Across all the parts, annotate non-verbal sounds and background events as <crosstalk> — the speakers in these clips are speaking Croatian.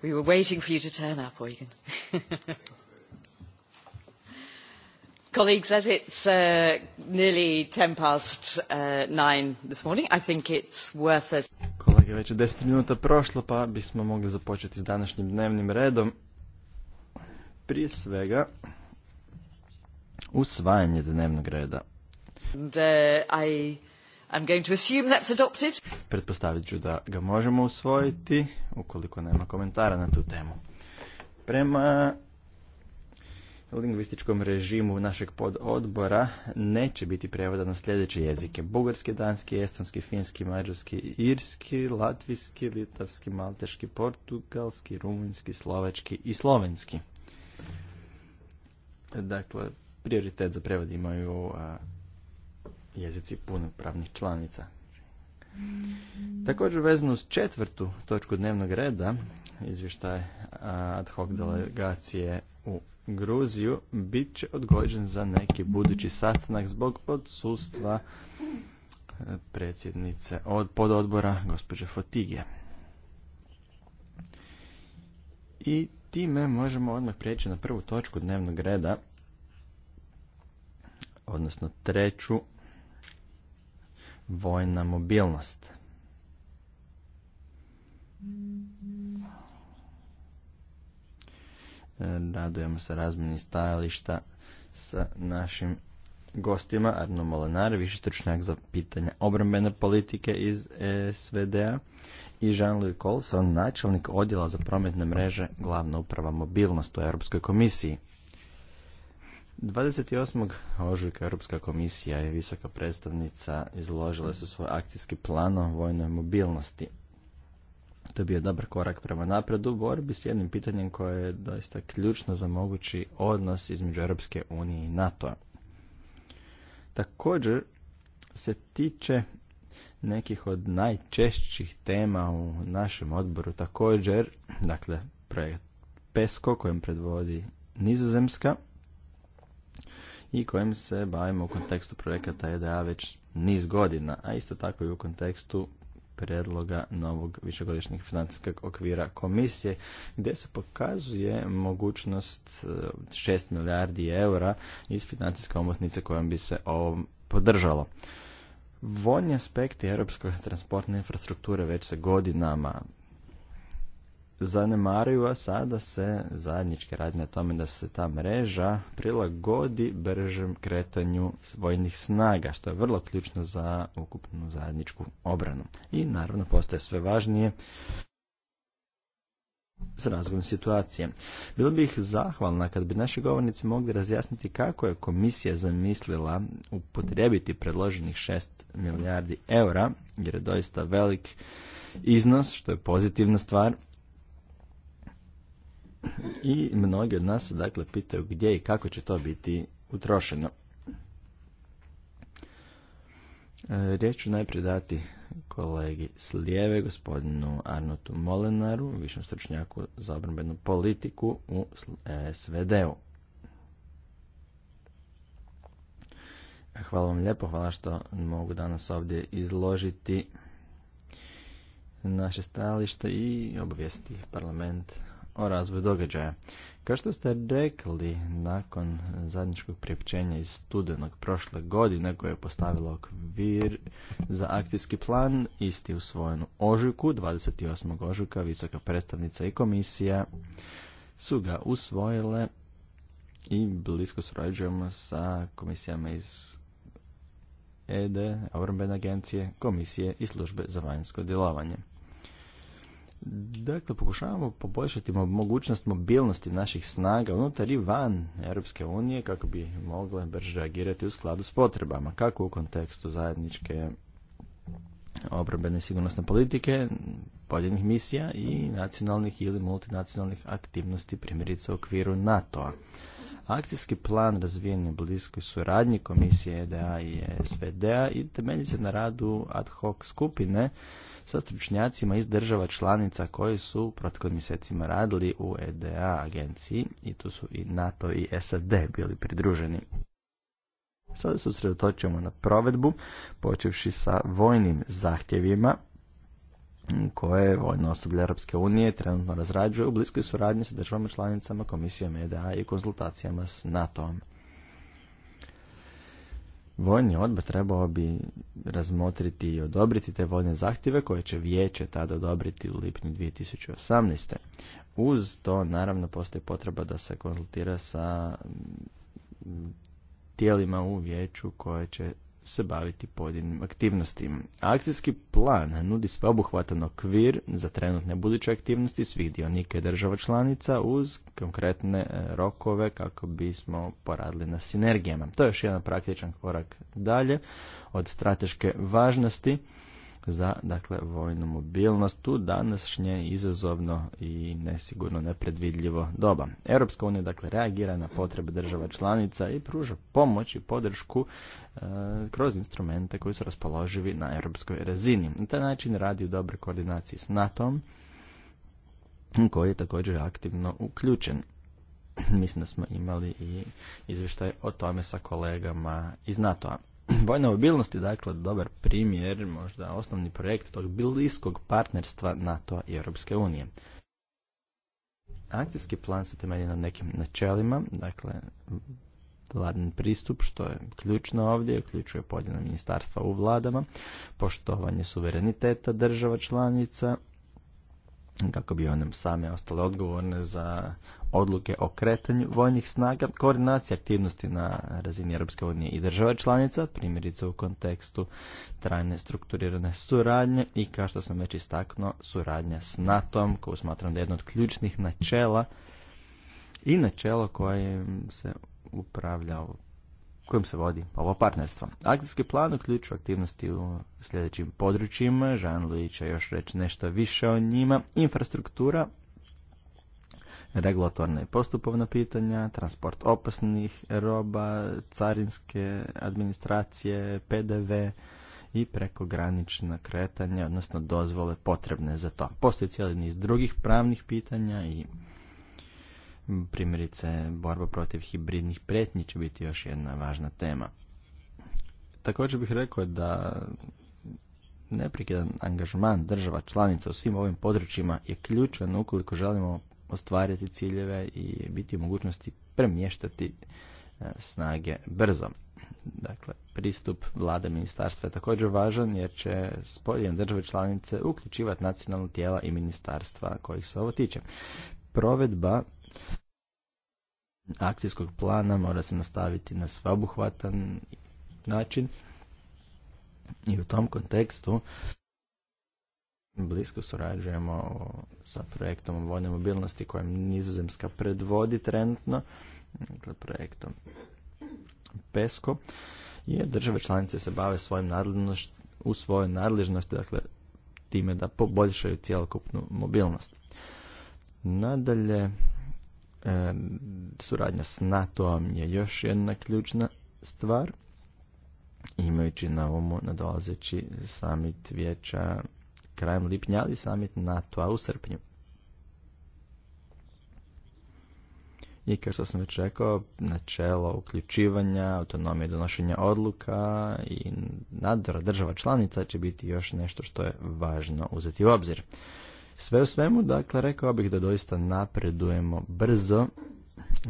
We were waiting for you to turn up, Eugen. <laughs> Colleagues, as it's uh, nearly ten past uh, nine this morning, I think it's worth it. Kolege, već je deset minuta prošlo, pa bismo mogli započeti s današnjim dnevnim redom. Prije svega, usvajanje dnevnog reda. And, uh, I I'm going to assume that's adopted. Pretpostavit ću da ga možemo usvojiti, ukoliko nema komentara na tu temu. Prema lingvističkom režimu našeg pododbora neće biti prevoda na sljedeće jezike. Bugarski, danski, estonski, finski, mađarski, irski, latvijski, litavski, malteški, portugalski, rumunjski, slovački i slovenski. Dakle, prioritet za prevod imaju jezici punopravnih članica. Također vezano uz četvrtu točku dnevnog reda, izvještaj ad hoc delegacije u Gruziju, bit će odgođen za neki budući sastanak zbog odsustva e, predsjednice od pododbora gospođe Fotige. I time možemo odmah prijeći na prvu točku dnevnog reda, odnosno treću vojna mobilnost. E, radujemo se razmjeni stajališta sa našim gostima Arno Molenar, višestručnjak za pitanja obrambene politike iz e SVD-a i Jean-Louis Colson, načelnik odjela za prometne mreže, glavna uprava mobilnost u Europskoj komisiji. 28. ožujka Europska komisija i visoka predstavnica izložile su svoj akcijski plan o vojnoj mobilnosti. To je bio dobar korak prema napredu u borbi s jednim pitanjem koje je doista ključno za mogući odnos između Europske unije i NATO-a. Također se tiče nekih od najčešćih tema u našem odboru također, dakle projekt PESCO kojem predvodi Nizozemska, i kojim se bavimo u kontekstu projekata EDA već niz godina, a isto tako i u kontekstu predloga novog višegodišnjeg financijskog okvira komisije, gdje se pokazuje mogućnost 6 e, milijardi eura iz financijske omotnice kojom bi se ovo podržalo. Vojni aspekti europske transportne infrastrukture već se godinama zanemaruju, a sada se zajednički radnje na tome da se ta mreža prilagodi bržem kretanju vojnih snaga, što je vrlo ključno za ukupnu zajedničku obranu. I naravno postaje sve važnije s razvojem situacije. Bilo bih zahvalna kad bi naši govornici mogli razjasniti kako je komisija zamislila upotrijebiti predloženih 6 milijardi eura, jer je doista velik iznos, što je pozitivna stvar, i mnogi od nas dakle pitaju gdje i kako će to biti utrošeno. E, riječ ću najprije dati kolegi s lijeve, gospodinu Arnotu Molenaru, višem stručnjaku za obrambenu politiku u SVD-u. E, hvala vam lijepo, hvala što mogu danas ovdje izložiti naše stajalište i obavijestiti parlament o razvoju događaja. Kao što ste rekli, nakon zadnjičkog priopćenja iz studenog prošle godine koje je postavilo okvir za akcijski plan, isti usvojen u ožujku, 28. ožujka, visoka predstavnica i komisija su ga usvojile i blisko surađujemo sa komisijama iz EDE, Obrambene agencije, komisije i službe za vanjsko djelovanje. Dakle, pokušavamo poboljšati mogućnost mobilnosti naših snaga unutar i van Europske unije kako bi mogle brže reagirati u skladu s potrebama, kako u kontekstu zajedničke obrambene sigurnosne politike, pojedinih misija i nacionalnih ili multinacionalnih aktivnosti, primjerice u okviru NATO-a. Akcijski plan razvijen bliskoj suradnji Komisije EDA i SVDA i temelji se na radu ad hoc skupine sa stručnjacima iz država članica koji su u mjesecima radili u EDA agenciji i tu su i NATO i SAD bili pridruženi. Sada se usredotočujemo na provedbu, počevši sa vojnim zahtjevima koje vojno osoblje Europske unije trenutno razrađuje u bliskoj suradnji sa državama članicama, komisijama e EDA i konzultacijama s NATO-om. Vojni odbor trebao bi razmotriti i odobriti te vojne zahtjeve koje će vijeće tada odobriti u lipnju 2018. Uz to naravno postoji potreba da se konzultira sa tijelima u vijeću koje će se baviti pojedinim aktivnostima. Akcijski plan nudi sveobuhvatan okvir za trenutne buduće aktivnosti svih dionika i država članica uz konkretne e, rokove kako bismo poradili na sinergijama. To je još jedan praktičan korak dalje od strateške važnosti za dakle, vojnu mobilnost u današnje izazovno i nesigurno nepredvidljivo doba. Europska unija dakle, reagira na potrebe država članica i pruža pomoć i podršku e, kroz instrumente koji su raspoloživi na europskoj razini. Na taj način radi u dobroj koordinaciji s NATO-om koji je također aktivno uključen. Mislim da smo imali i izvještaj o tome sa kolegama iz NATO-a. <clears throat> Vojna mobilnosti, dakle dobar primjer, možda osnovni projekt tog bliskog partnerstva NATO i Europske unije. Akcijski plan se temelji na nekim načelima, dakle vladan pristup, što je ključno ovdje, uključuje podjela ministarstva u vladama, poštovanje suvereniteta država članica, kako bi one same ostale odgovorne za odluke o kretanju vojnih snaga, koordinacija aktivnosti na razini Europske unije i država članica, primjerice u kontekstu trajne strukturirane suradnje i kao što sam već istaknuo, suradnja s NATO-om, koju smatram da je jedno od ključnih načela i načelo kojim se upravlja kojim se vodi ovo partnerstvo. Akcijski plan uključuje aktivnosti u sljedećim područjima, Žan Lujić će još reći nešto više o njima, infrastruktura, regulatorna i postupovna pitanja, transport opasnih roba, carinske administracije, PDV i prekogranična kretanja, odnosno dozvole potrebne za to. Postoji cijeli niz drugih pravnih pitanja i Primjerice, borba protiv hibridnih pretnji će biti još jedna važna tema. Također bih rekao da neprekidan angažman država članica u svim ovim područjima je ključan ukoliko želimo ostvariti ciljeve i biti u mogućnosti premještati e, snage brzo. Dakle, pristup vlade ministarstva je također važan jer će spoljene države članice uključivati nacionalna tijela i ministarstva kojih se ovo tiče. Provedba akcijskog plana mora se nastaviti na sveobuhvatan način i u tom kontekstu blisko surađujemo sa projektom vojne mobilnosti kojem Nizozemska predvodi trenutno, dakle projektom PESCO, jer države članice se bave svojim nadležnost, u svojoj nadležnosti, dakle time da poboljšaju cjelokupnu mobilnost. Nadalje, E, suradnja s NATO-om je još jedna ključna stvar. Imajući na umu nadolazeći samit vijeća krajem lipnja, ali samit NATO-a u srpnju. I kao što sam već rekao, načelo uključivanja, autonomije donošenja odluka i nadzora država članica će biti još nešto što je važno uzeti u obzir. Sve u svemu, dakle, rekao bih da doista napredujemo brzo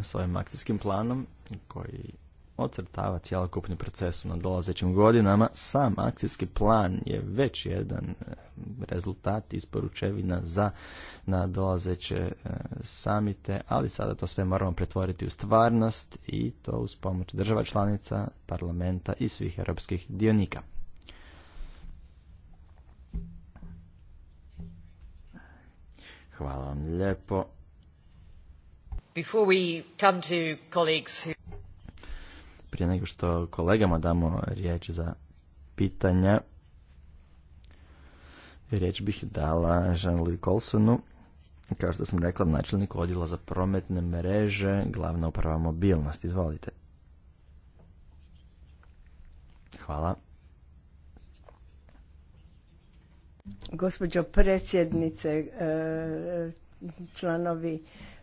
s ovim akcijskim planom koji ocrtava cijelokupni proces u nadolazećim godinama. Sam akcijski plan je već jedan e, rezultat isporučevina za nadolazeće e, samite, ali sada to sve moramo pretvoriti u stvarnost i to uz pomoć država članica, parlamenta i svih europskih dionika. Hvala vam lijepo. Prije nego što kolegama damo riječ za pitanja, riječ bih dala Jean-Louis Colsonu, kao što sam rekla, načelnik odjela za prometne mreže, glavna uprava mobilnost. Izvolite. Hvala. Gospođo predsjednice, e, članovi,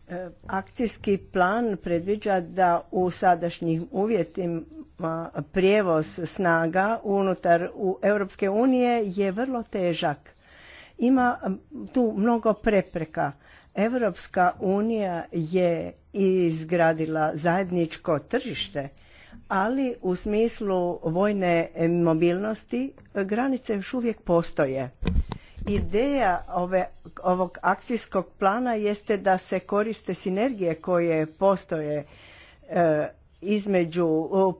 e, akcijski plan predviđa da u sadašnjim uvjetima prijevoz snaga unutar u Europske unije je vrlo težak. Ima tu mnogo prepreka. Europska unija je izgradila zajedničko tržište ali u smislu vojne mobilnosti granice još uvijek postoje. Ideja ove, ovog akcijskog plana jeste da se koriste sinergije koje postoje e, između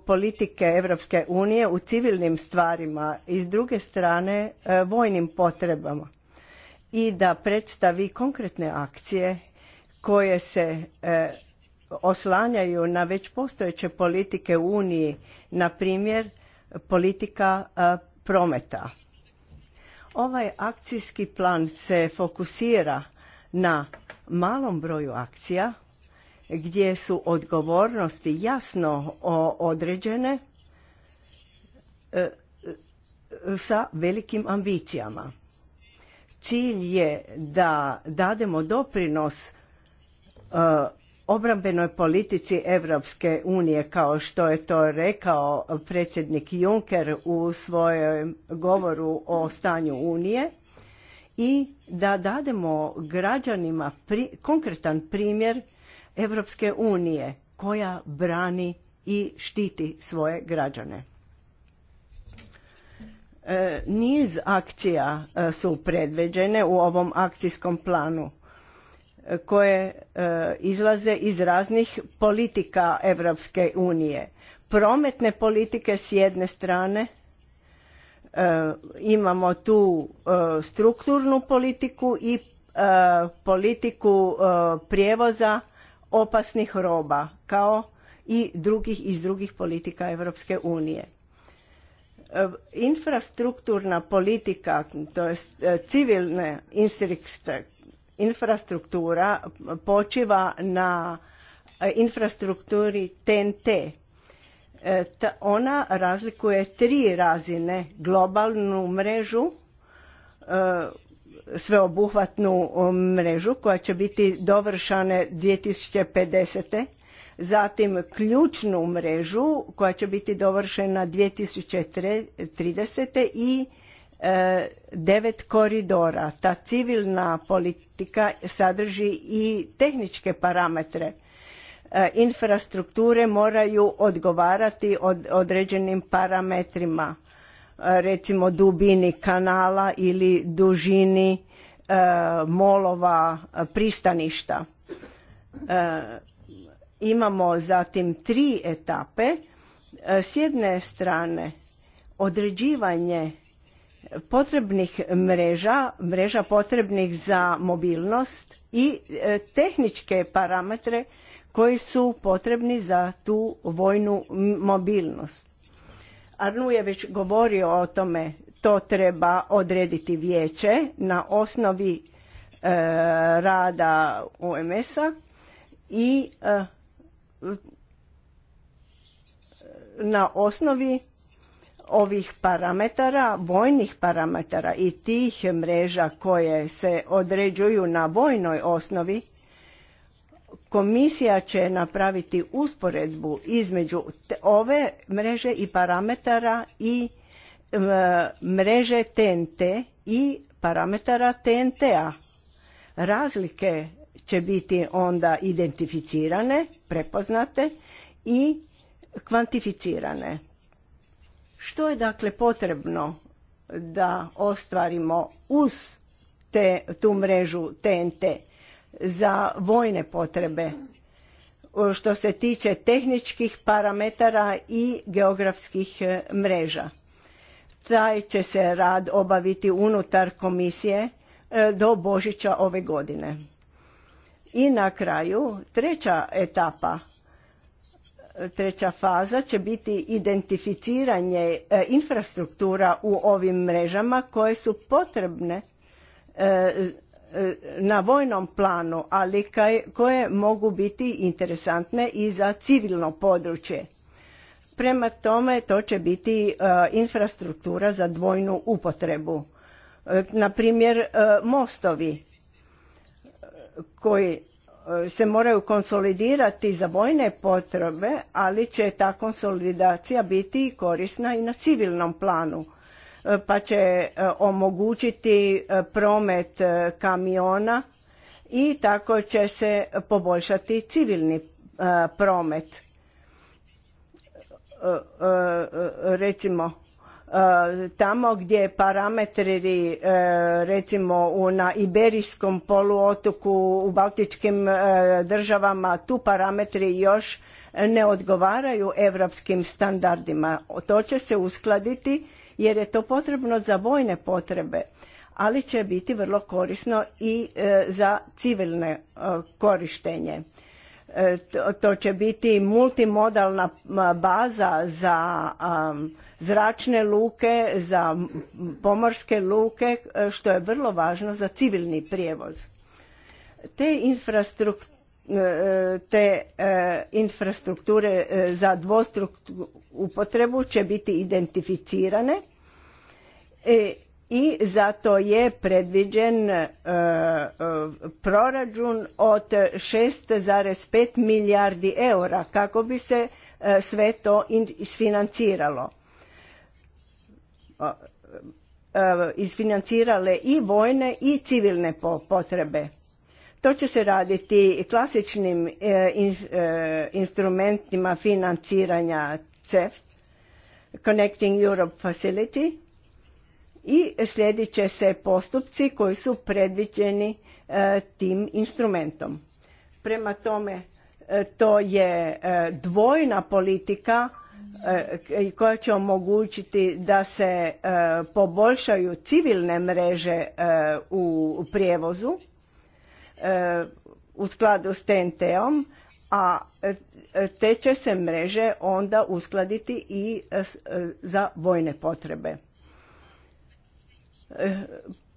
politike Europske unije u civilnim stvarima i s druge strane e, vojnim potrebama i da predstavi konkretne akcije koje se e, oslanjaju na već postojeće politike u Uniji, na primjer politika e, prometa. Ovaj akcijski plan se fokusira na malom broju akcija gdje su odgovornosti jasno određene e, sa velikim ambicijama. Cilj je da dademo doprinos e, obrambenoj politici Europske unije, kao što je to rekao predsjednik Juncker u svojem govoru o stanju Unije, i da dademo građanima konkretan primjer Europske unije koja brani i štiti svoje građane. E, niz akcija e, su predveđene u ovom akcijskom planu koje e, izlaze iz raznih politika Europske unije. Prometne politike s jedne strane, e, imamo tu e, strukturnu politiku i politiku prijevoza opasnih roba kao i drugih iz drugih politika Europske unije. Infrastrukturna politika, to je civilne infrastruktura počiva na e, infrastrukturi TNT. E, ona razlikuje tri razine, globalnu mrežu, e, sveobuhvatnu mrežu koja će biti dovršane 2050. Zatim ključnu mrežu koja će biti dovršena 2030. i E, devet koridora. Ta civilna politika sadrži i tehničke parametre. E, infrastrukture moraju odgovarati od određenim parametrima, e, recimo dubini kanala ili dužini molova pristaništa. Imamo zatim tri etape. S jedne strane određivanje potrebnih mreža, mreža potrebnih za mobilnost i e, tehničke parametre koji su potrebni za tu vojnu mobilnost. Arnu je već govorio o tome, to treba odrediti vijeće na osnovi e, rada OMS-a i e, na osnovi ovih parametara, vojnih parametara i tih mreža koje se određuju na vojnoj osnovi, komisija će napraviti usporedbu između ove mreže i parametara i mreže TNT i parametara TNT-a. Razlike će biti onda identificirane, prepoznate i kvantificirane. Što je dakle potrebno da ostvarimo uz te, tu mrežu TNT za vojne potrebe što se tiče tehničkih parametara i geografskih e, mreža. Taj će se rad obaviti unutar komisije e, do Božića ove godine. I na kraju treća etapa Treća faza će biti identificiranje e, infrastruktura u ovim mrežama koje su potrebne e, e, na vojnom planu, ali koje mogu biti interesantne i za civilno područje. Prema tome, to će biti infrastruktura za dvojnu upotrebu. Na primjer, mostovi koji E, se moraju konsolidirati za vojne potrebe, ali će ta konsolidacija biti korisna i na civilnom planu e, pa će e, omogućiti promet kamiona i tako će se poboljšati civilni promet recimo E, tamo gdje parametri e, recimo na Iberijskom poluotoku u Baltičkim e, državama tu parametri još ne odgovaraju europskim standardima. To će se uskladiti jer je to potrebno za vojne potrebe, ali će biti vrlo korisno i za civilne korištenje. To će biti multimodalna baza za zračne luke, za pomorske luke, što je vrlo važno za civilni prijevoz. Te e, e, infrastrukture te infrastrukture za dvostruku upotrebu će biti identificirane e, i zato je predviđen proračun od 6,5 milijardi eura kako bi se sve to isfinanciralo. E, isfinancirale i vojne i civilne potrebe. To će se raditi klasičnim e, e, instrumentima financiranja CEF, Connecting Europe Facility, i slijedit će se postupci koji su predviđeni tim instrumentom. Prema tome, to je dvojna politika E, i koja će omogućiti da se e, poboljšaju civilne mreže e, u prijevozu u skladu s TNT-om, a te će se mreže onda uskladiti i za vojne potrebe.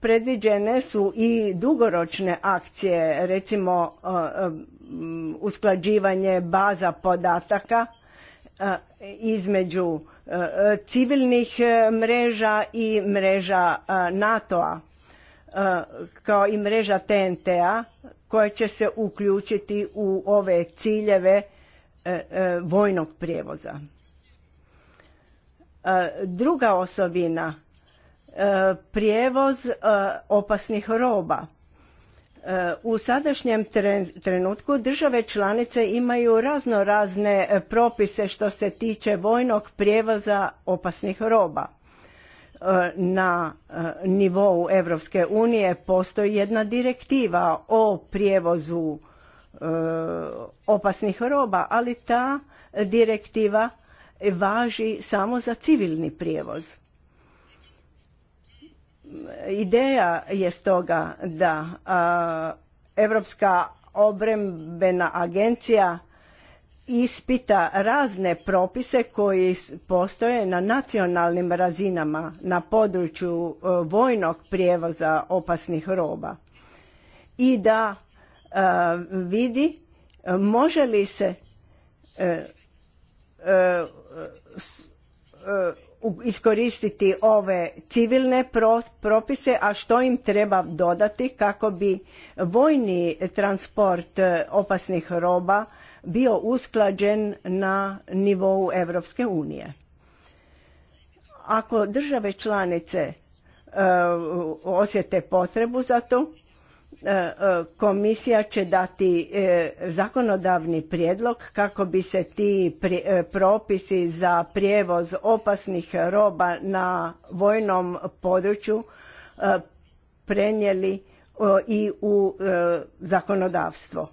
Predviđene su i dugoročne akcije, recimo usklađivanje baza podataka Eh, između eh, civilnih eh, mreža i mreža NATO-a kao i mreža TNT-a koja će se uključiti u ove ciljeve vojnog prijevoza. Druga osobina prijevoz opasnih roba u sadašnjem trenutku države članice imaju razno razne e, propise što se tiče vojnog prijevoza opasnih roba. E, na e, nivou Europske unije postoji jedna direktiva o prijevozu opasnih roba, ali ta direktiva važi samo za civilni prijevoz. Ideja je stoga da Europska obrambena agencija ispita razne propise koji postoje na nacionalnim razinama na području e, vojnog prijevoza opasnih roba i da e, vidi može li se e, iskoristiti ove civilne propise, a što im treba dodati kako bi vojni transport e, opasnih roba bio usklađen na nivou Europske unije. Ako države članice e, osjete potrebu za to, E, e, komisija će dati e, zakonodavni prijedlog kako bi se ti propisi za prijevoz opasnih roba na vojnom području prenijeli i u zakonodavstvo.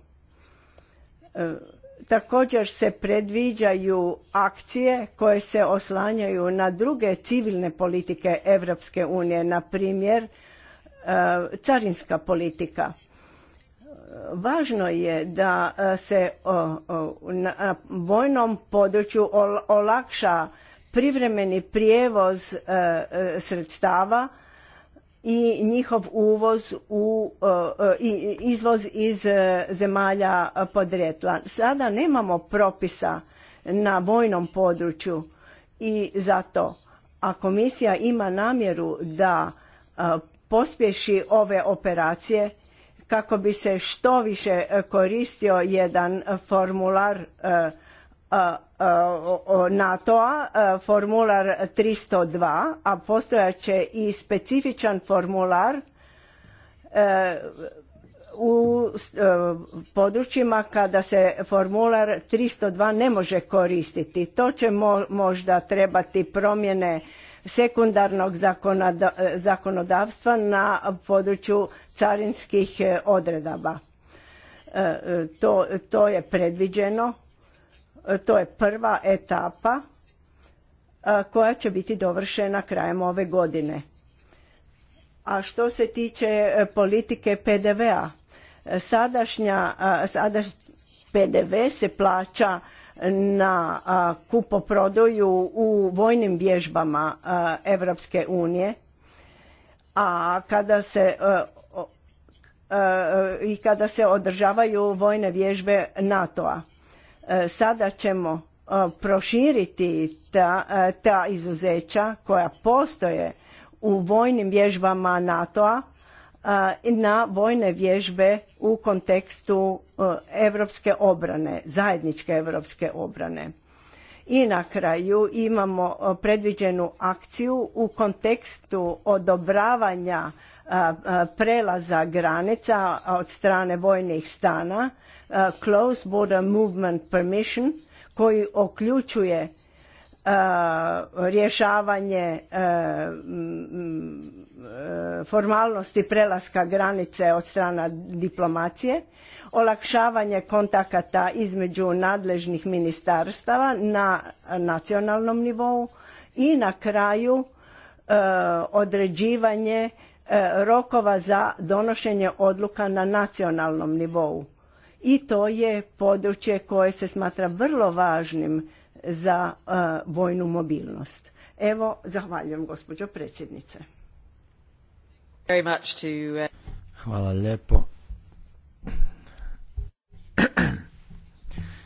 Također se predviđaju akcije koje se oslanjaju na druge civilne politike Europske unije, na primjer E, carinska politika. Važno je da e, se na vojnom području olakša privremeni prijevoz e, sredstava i njihov uvoz u i izvoz iz zemalja podrijetla. Sada nemamo propisa na vojnom području i zato a komisija ima namjeru da pospješi ove operacije kako bi se što više e, koristio jedan formular e, e, NATO-a, formular 302, a postojat će i specifičan formular u područjima kada se formular 302 ne može koristiti. To će možda trebati promjene sekundarnog e, zakonodavstva na području carinskih e, odredaba. E, to, je predviđeno, to je prva etapa koja će biti dovršena krajem ove godine. A što se tiče politike PDV-a, sadašnja, sadašnja PDV se plaća na kupoprodaju u vojnim vježbama Evropske unije, a kada se i kada se održavaju vojne vježbe NATO-a. E, sada ćemo proširiti ta, ta izuzeća koja postoje u vojnim vježbama NATO-a na vojne vježbe u kontekstu europske obrane, zajedničke europske obrane. I na kraju imamo e, predviđenu akciju u kontekstu odobravanja e, e, prelaza granica od strane vojnih stana, Close Border Movement Permission, koji uključuje rješavanje E, formalnosti prelaska granice od strana diplomacije, olakšavanje kontakata između nadležnih ministarstava na nacionalnom nivou i na kraju e, određivanje e, rokova za donošenje odluka na nacionalnom nivou. I to je područje koje se smatra vrlo važnim za vojnu mobilnost. Evo, zahvaljujem gospođo predsjednice. Uh, Hvala lijepo. <clears throat>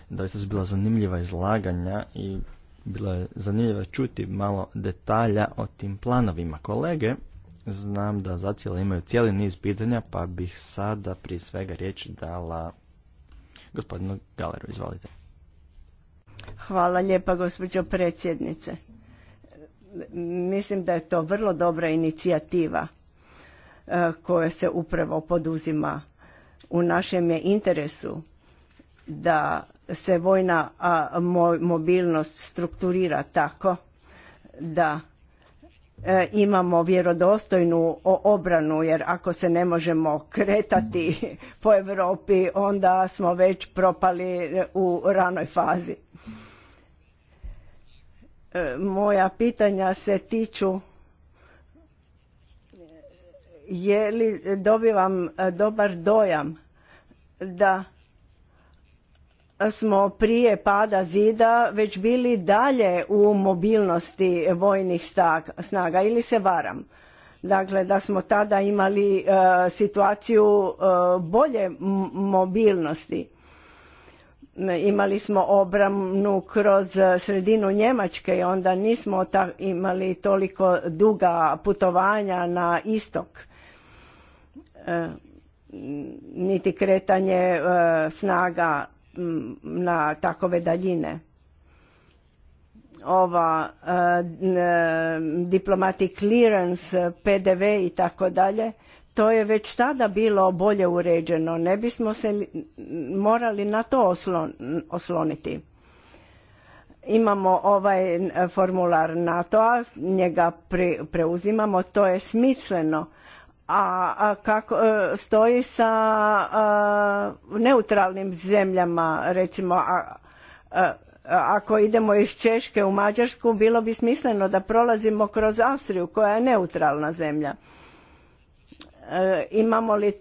Doista su bila zanimljiva izlaganja i bilo je zanimljivo čuti malo detalja o tim planovima. Kolege, znam da zacijelo imaju cijeli niz pitanja, pa bih sada pri svega riječ dala gospodinu Galeru. Izvolite. Hvala lijepa gospođo predsjednice. Mislim da je to vrlo dobra inicijativa E, koje se upravo poduzima. U našem je interesu da se vojna mobilnost strukturira tako da e, imamo vjerodostojnu obranu jer ako se ne možemo kretati <laughs> po Europi onda smo već propali u ranoj fazi. E, moja pitanja se tiču je li dobivam e, dobar dojam da smo prije pada zida već bili dalje u mobilnosti vojnih snaga ili se varam dakle da smo tada imali e, situaciju e, bolje mobilnosti imali smo obramnu kroz sredinu njemačke i onda nismo imali toliko duga putovanja na istok E, niti kretanje e, snaga na takove daljine. Ova e, diplomatic clearance, PDV i tako dalje, to je već tada bilo bolje uređeno. Ne bismo se morali na to osloniti. Imamo ovaj formular NATO-a, njega preuzimamo, to je smisleno a kako e, stoji sa neutralnim zemljama recimo ako idemo iz Češke u Mađarsku bilo bi smisleno da prolazimo kroz Austriju koja je neutralna zemlja e, imamo li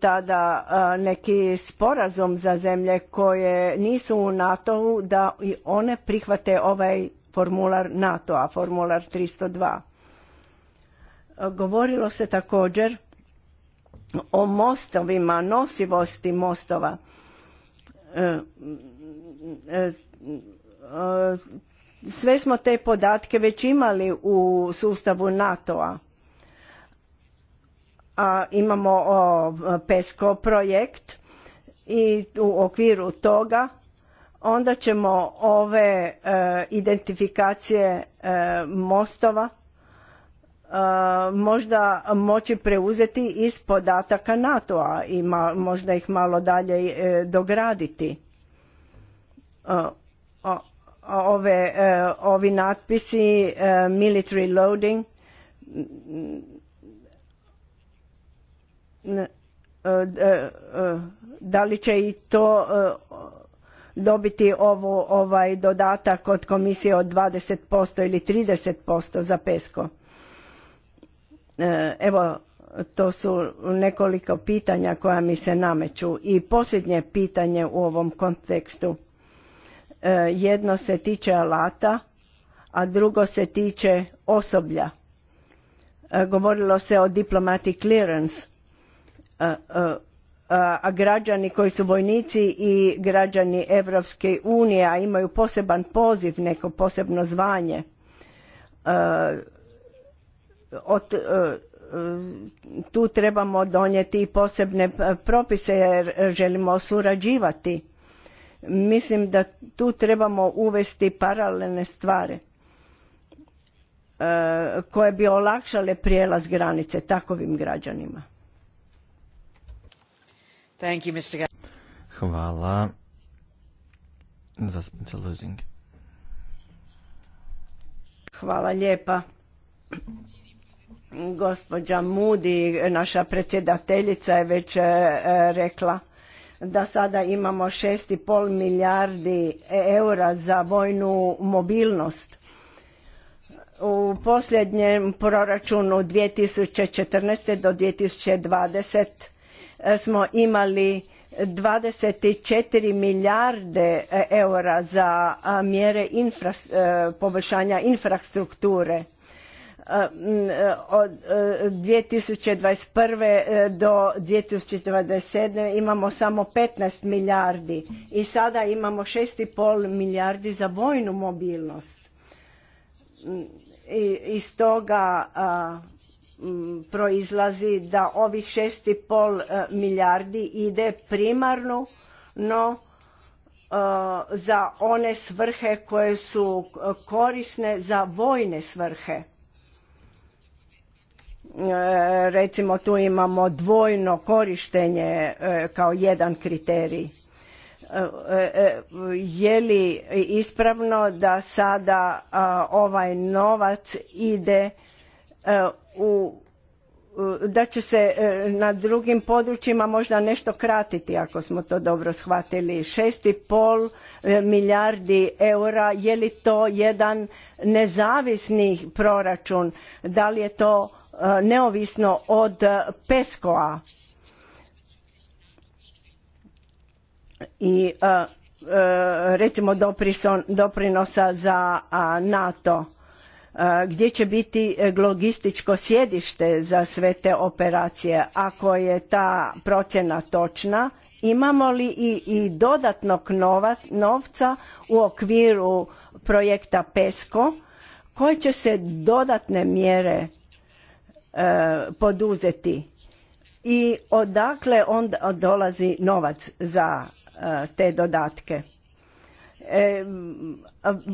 tada neki sporazum za zemlje koje nisu u NATO-u da i one prihvate ovaj formular NATO-a, formular 302. Govorilo se također o mostovima, nosivosti mostova. E, e, e, sve smo te podatke već imali u sustavu NATO-a. A imamo PESCO projekt i u okviru toga onda ćemo ove identifikacije mostova Eh, možda moći preuzeti iz podataka NATO-a i možda ih malo dalje eh, dograditi. Eh, ove, ovi natpisi military loading da li će i to dobiti ovaj dodatak od komisije od 20% ili 30% za PESCO. E, evo, to su nekoliko pitanja koja mi se nameću. I posljednje pitanje u ovom kontekstu. E, jedno se tiče alata, a drugo se tiče osoblja. E, govorilo se o diplomatic clearance, a građani koji su vojnici i građani Evropske unije, a imaju poseban poziv, neko posebno zvanje, od, e, e, tu trebamo donijeti posebne propise jer želimo surađivati. Mislim da tu trebamo uvesti paralelne stvari e, koje bi olakšale prijelaz granice takovim građanima. Hvala. Hvala lijepa. Gospođa Mudi, naša predsjedateljica je već e, e, rekla da sada imamo 6,5 milijardi e, eura za vojnu mobilnost. U posljednjem proračunu 2014. do 2020. smo imali 24 milijarde eura za mjere poboljšanja infrastrukture od 2021. E, e, do 2027. imamo samo 15 milijardi i sada imamo 6,5 milijardi za vojnu mobilnost. I iz toga proizlazi da ovih 6,5 e, milijardi ide primarno no za one svrhe koje su korisne za vojne svrhe E, recimo tu imamo dvojno korištenje e, kao jedan kriterij. E, je li ispravno da sada ovaj novac ide u da će se na drugim područjima možda nešto kratiti ako smo to dobro shvatili. 6,5 milijardi eura, je li to jedan nezavisni proračun? Da li je to Eh, neovisno od eh, PESCO-a. I eh, recimo doprinosa za NATO gdje će biti logističko sjedište za sve te operacije. Ako je ta procjena točna, imamo li i, dodatnog novca u okviru projekta PESCO koje će se dodatne mjere E, poduzeti i odakle onda dolazi novac za e, te dodatke. E,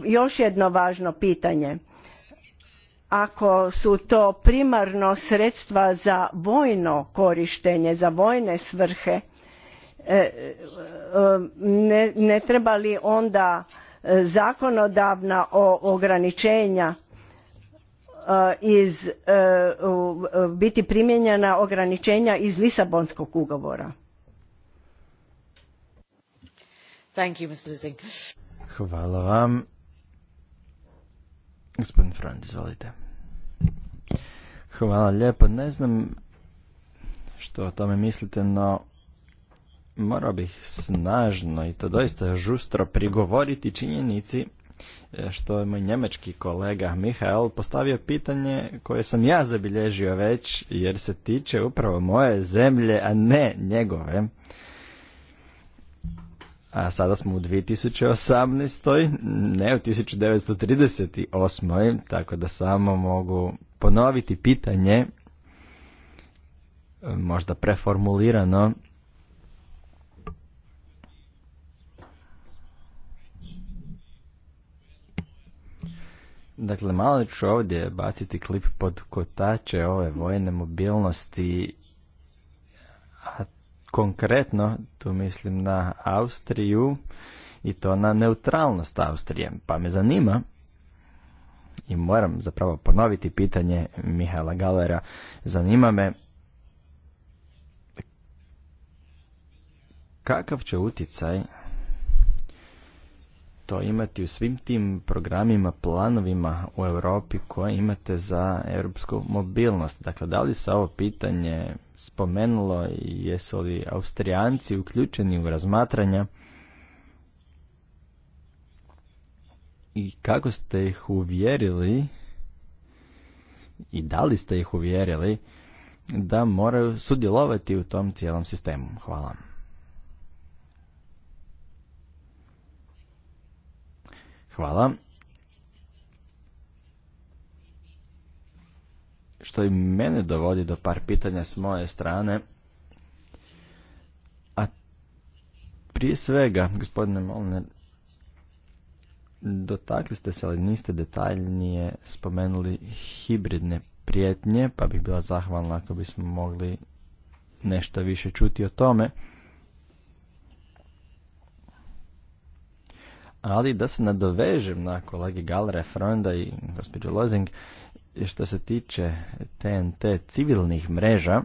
još jedno važno pitanje. Ako su to primarno sredstva za vojno korištenje, za vojne svrhe, e, ne, ne treba li onda zakonodavna ograničenja E, iz, e, e, biti primjenjena ograničenja iz Lisabonskog ugovora. Thank you, Mr. Hvala vam. Gospodin Frant, izvolite. Hvala lijepo. Ne znam što o tome mislite, no morao bih snažno i to doista žustro prigovoriti činjenici E, što je moj njemački kolega Mihael postavio pitanje koje sam ja zabilježio već jer se tiče upravo moje zemlje, a ne njegove. A sada smo u 2018. ne u 1938. tako da samo mogu ponoviti pitanje e, možda preformulirano Dakle, malo ću ovdje baciti klip pod kotače ove vojne mobilnosti, a konkretno tu mislim na Austriju i to na neutralnost Austrije. Pa me zanima, i moram zapravo ponoviti pitanje Mihaela Galera, zanima me kakav će utjecaj imati u svim tim programima, planovima u Europi koje imate za europsku mobilnost. Dakle, da li se ovo pitanje spomenulo i jesu li Austrijanci uključeni u razmatranja i kako ste ih uvjerili i da li ste ih uvjerili da moraju sudjelovati u tom cijelom sistemu? Hvala. Hvala. Što i mene dovodi do par pitanja s moje strane. A prije svega, gospodine Molner, dotakli ste se, ali niste detaljnije spomenuli hibridne prijetnje, pa bih bila zahvalna ako bismo mogli nešto više čuti o tome. Ali da se nadovežem na kolegi Galera, Fronda i gospođu Lozing, što se tiče TNT civilnih mreža,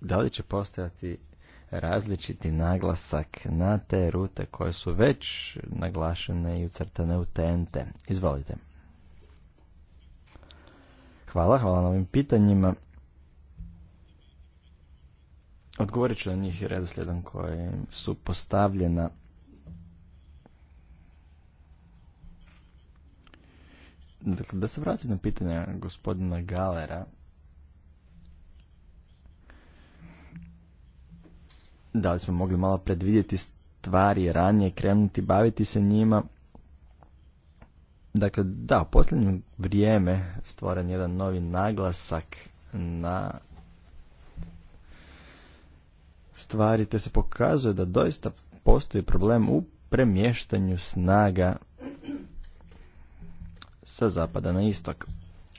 da li će postojati različiti naglasak na te rute koje su već naglašene i ucrtane u TNT. Izvolite. Hvala, hvala na ovim pitanjima. Odgovorit ću na njih redoslijedom koji su postavljena. Dakle, da se vratim na pitanje gospodina Galera. Da li smo mogli malo predvidjeti stvari ranije, krenuti, baviti se njima? Dakle, da, u posljednje vrijeme stvoren jedan novi naglasak na stvari te se pokazuje da doista postoji problem u premještanju snaga sa zapada na istok.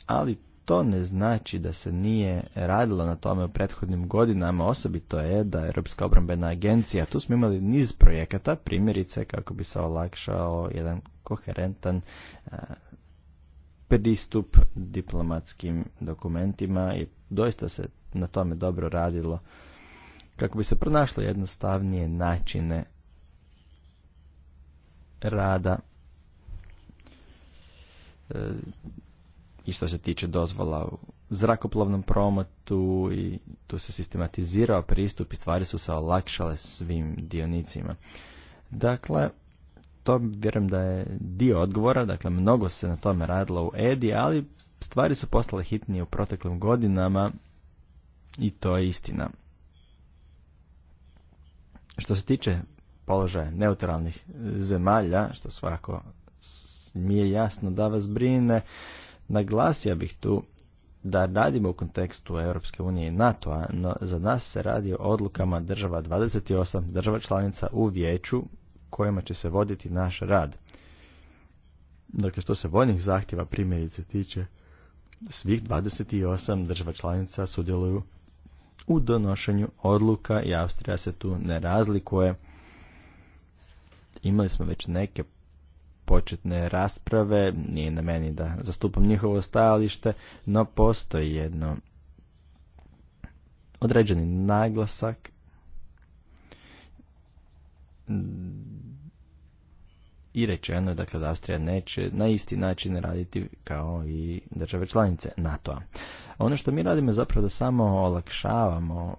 Ali to ne znači da se nije radilo na tome u prethodnim godinama, osobito je da Europska obrambena agencija, tu smo imali niz projekata, primjerice kako bi se olakšao jedan koherentan eh, pristup diplomatskim dokumentima i doista se na tome dobro radilo kako bi se pronašlo jednostavnije načine rada e, i što se tiče dozvola u zrakoplovnom prometu i tu se sistematizirao pristup i stvari su se olakšale svim dionicima. Dakle, to vjerujem da je dio odgovora, dakle mnogo se na tome radilo u EDI, ali stvari su postale hitnije u proteklim godinama i to je istina. Što se tiče položaja neutralnih e, zemalja, što svakako mi je jasno da vas brine, naglasio bih tu da radimo u kontekstu Europske unije i NATO-a, no za nas se radi o odlukama država 28, država članica u vijeću kojima će se voditi naš rad. Dakle, što se vojnih zahtjeva primjerice tiče, svih 28 država članica sudjeluju u donošenju odluka i Austrija se tu ne razlikuje. Imali smo već neke početne rasprave, nije na meni da zastupam njihovo stajalište, no postoji jedno određeni naglasak i rečeno je dakle, da Austrija neće na isti način raditi kao i države članice NATO-a. Ono što mi radimo je zapravo da samo olakšavamo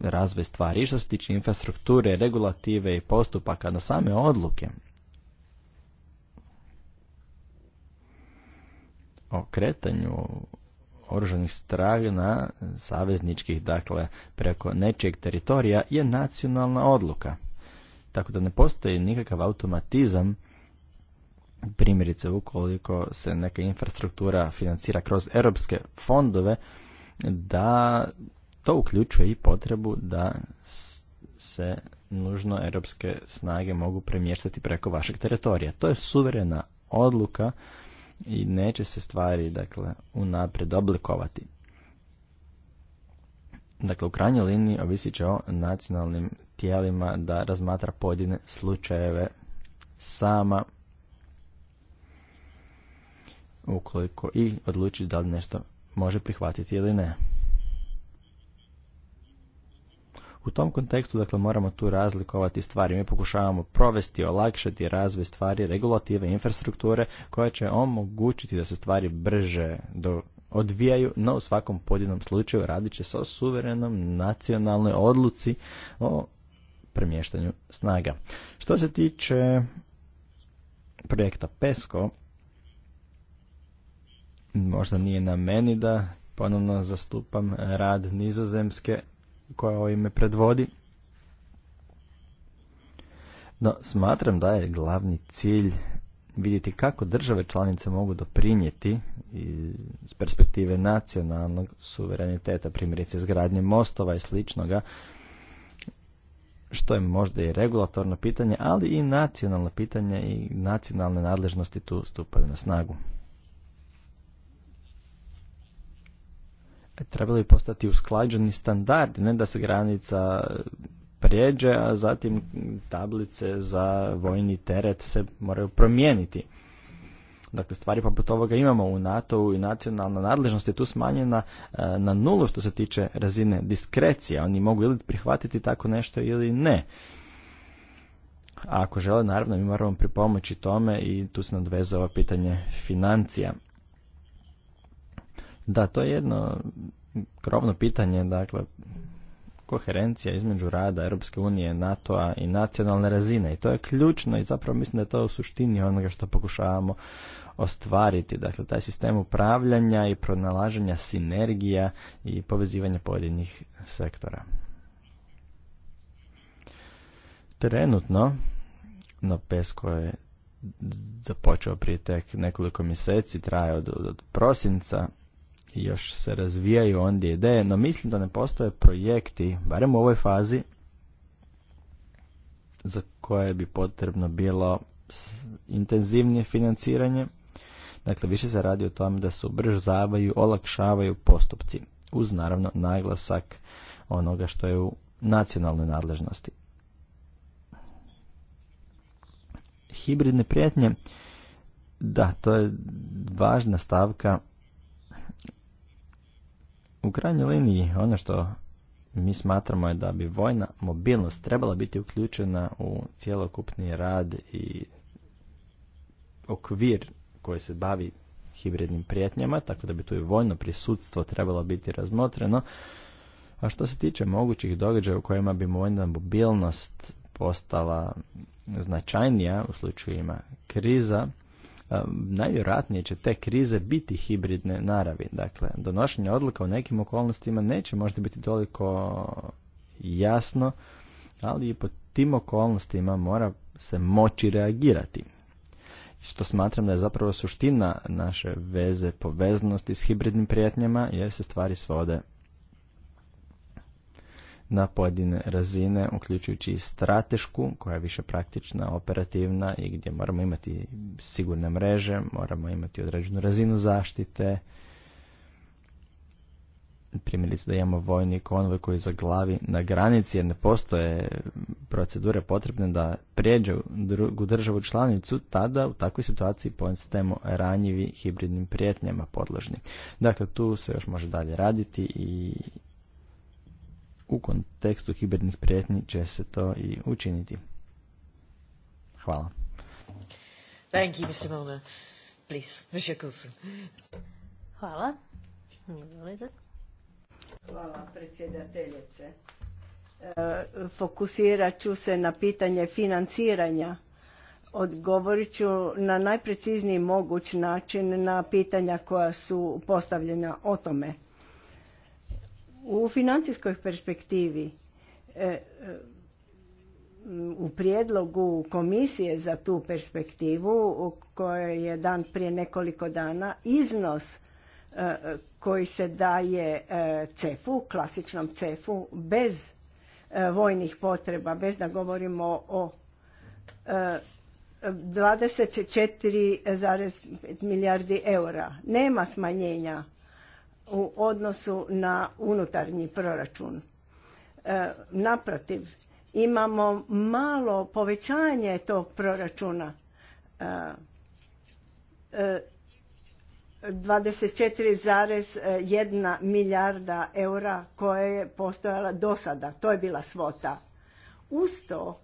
razvoj stvari što se tiče infrastrukture, regulative i postupaka na same odluke o kretanju oružanih strana savezničkih, dakle preko nečijeg teritorija je nacionalna odluka. Tako da ne postoji nikakav automatizam primjerice ukoliko se neka infrastruktura financira kroz europske fondove da to uključuje i potrebu da se nužno europske snage mogu premještati preko vašeg teritorija. To je suverena odluka i neće se stvari dakle unaprijed oblikovati. Dakle, u krajnjoj liniji ovisit će o nacionalnim tijelima da razmatra pojedine slučajeve sama ukoliko i odluči da li nešto može prihvatiti ili ne. U tom kontekstu dakle moramo tu razlikovati stvari. Mi pokušavamo provesti, olakšati razvoj stvari, regulative, infrastrukture koja će omogućiti da se stvari brže do odvijaju, no u svakom pojedinom slučaju radit će se o suverenom nacionalnoj odluci o premještanju snaga. Što se tiče projekta PESCO, možda nije na meni da ponovno zastupam rad nizozemske koja ovime predvodi. No, smatram da je glavni cilj vidjeti kako države članice mogu doprinijeti iz perspektive nacionalnog suvereniteta, primjerice izgradnje mostova i sličnoga, što je možda i regulatorno pitanje, ali i nacionalno pitanje i nacionalne nadležnosti tu stupaju na snagu. E, trebali bi postati usklađeni standardi, ne da se granica prijeđe, a zatim tablice za vojni teret se moraju promijeniti. Dakle, stvari poput ovoga imamo u NATO-u i nacionalna nadležnost je tu smanjena e, na nulu što se tiče razine diskrecija. Oni mogu ili prihvatiti tako nešto ili ne. A ako žele, naravno, mi moramo pripomoći tome i tu se nadveze ovo pitanje financija. Da, to je jedno krovno pitanje, dakle, koherencija između rada Europske unije, NATO-a i nacionalne razine. I to je ključno i zapravo mislim da je to u suštini onoga što pokušavamo ostvariti. Dakle, taj sistem upravljanja i pronalaženja sinergija i povezivanja pojedinih sektora. Trenutno, no Pesko je započeo prije tek nekoliko mjeseci, traje od, od, od prosinca i još se razvijaju ondje ideje, no mislim da ne postoje projekti, barem u ovoj fazi, za koje bi potrebno bilo intenzivnije financiranje Dakle, više se radi o tome da se ubrzavaju, olakšavaju postupci uz naravno naglasak onoga što je u nacionalnoj nadležnosti. Hibridne prijetnje, da, to je važna stavka. U krajnjoj liniji ono što mi smatramo je da bi vojna mobilnost trebala biti uključena u cjelokupni rad i okvir koje se bavi hibridnim prijetnjama, tako da bi tu i vojno prisutstvo trebalo biti razmotreno. A što se tiče mogućih događaja u kojima bi vojna mobilnost postala značajnija u slučajima kriza, najvjerojatnije će te krize biti hibridne naravi. Dakle, donošenje odluka u nekim okolnostima neće možda biti toliko jasno, ali i pod tim okolnostima mora se moći reagirati što smatram da je zapravo suština naše veze poveznosti s hibridnim prijetnjama jer se stvari svode na pojedine razine, uključujući i stratešku, koja je više praktična, operativna i gdje moramo imati sigurne mreže, moramo imati određenu razinu zaštite, primjerice da imamo vojni konvoj koji zaglavi na granici jer ne postoje procedure potrebne da prijeđu drugu državu članicu, tada u takvoj situaciji postajemo ranjivi hibridnim prijetnjama podložni. Dakle, tu se još može dalje raditi i u kontekstu hibridnih prijetnji će se to i učiniti. Hvala. Thank you, Mr. Please, Hvala. Hvala predsjedateljice. E, fokusirat ću se na pitanje financiranja. Odgovorit ću na najprecizniji moguć način na pitanja koja su postavljena o tome. U financijskoj perspektivi e, e, u prijedlogu komisije za tu perspektivu koja je dan prije nekoliko dana iznos koji se daje e, cefu, klasičnom cefu, bez e, vojnih potreba, bez da govorimo o 24,5 e, milijardi eura. Nema smanjenja u odnosu na unutarnji proračun. Naprotiv, imamo malo povećanje tog proračuna 24,1 milijarda eura koja je postojala do sada. To je bila svota. Uz to,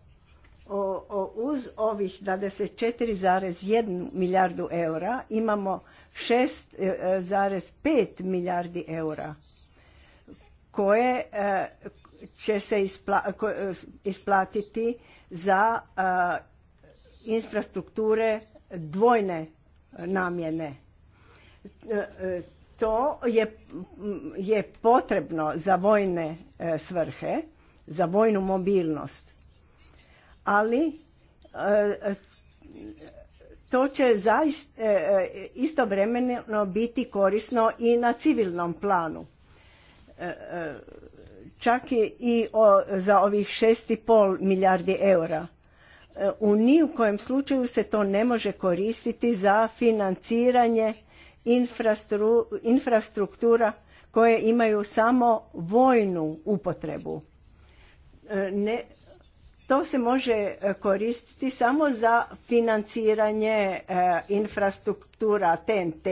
uz ovih 24,1 milijardu eura imamo 6,5 milijardi eura koje e, će se e, isplatiti za e, infrastrukture dvojne namjene E, e, to je, je potrebno za vojne e, svrhe, za vojnu mobilnost. Ali to će zaista istovremeno biti korisno i na civilnom planu. Čak i za ovih 6,5 milijardi eura. U ni u kojem slučaju se to ne može koristiti za financiranje infrastruktura koje imaju samo vojnu upotrebu. E, ne, to se može e, koristiti samo za financiranje e, infrastruktura TNT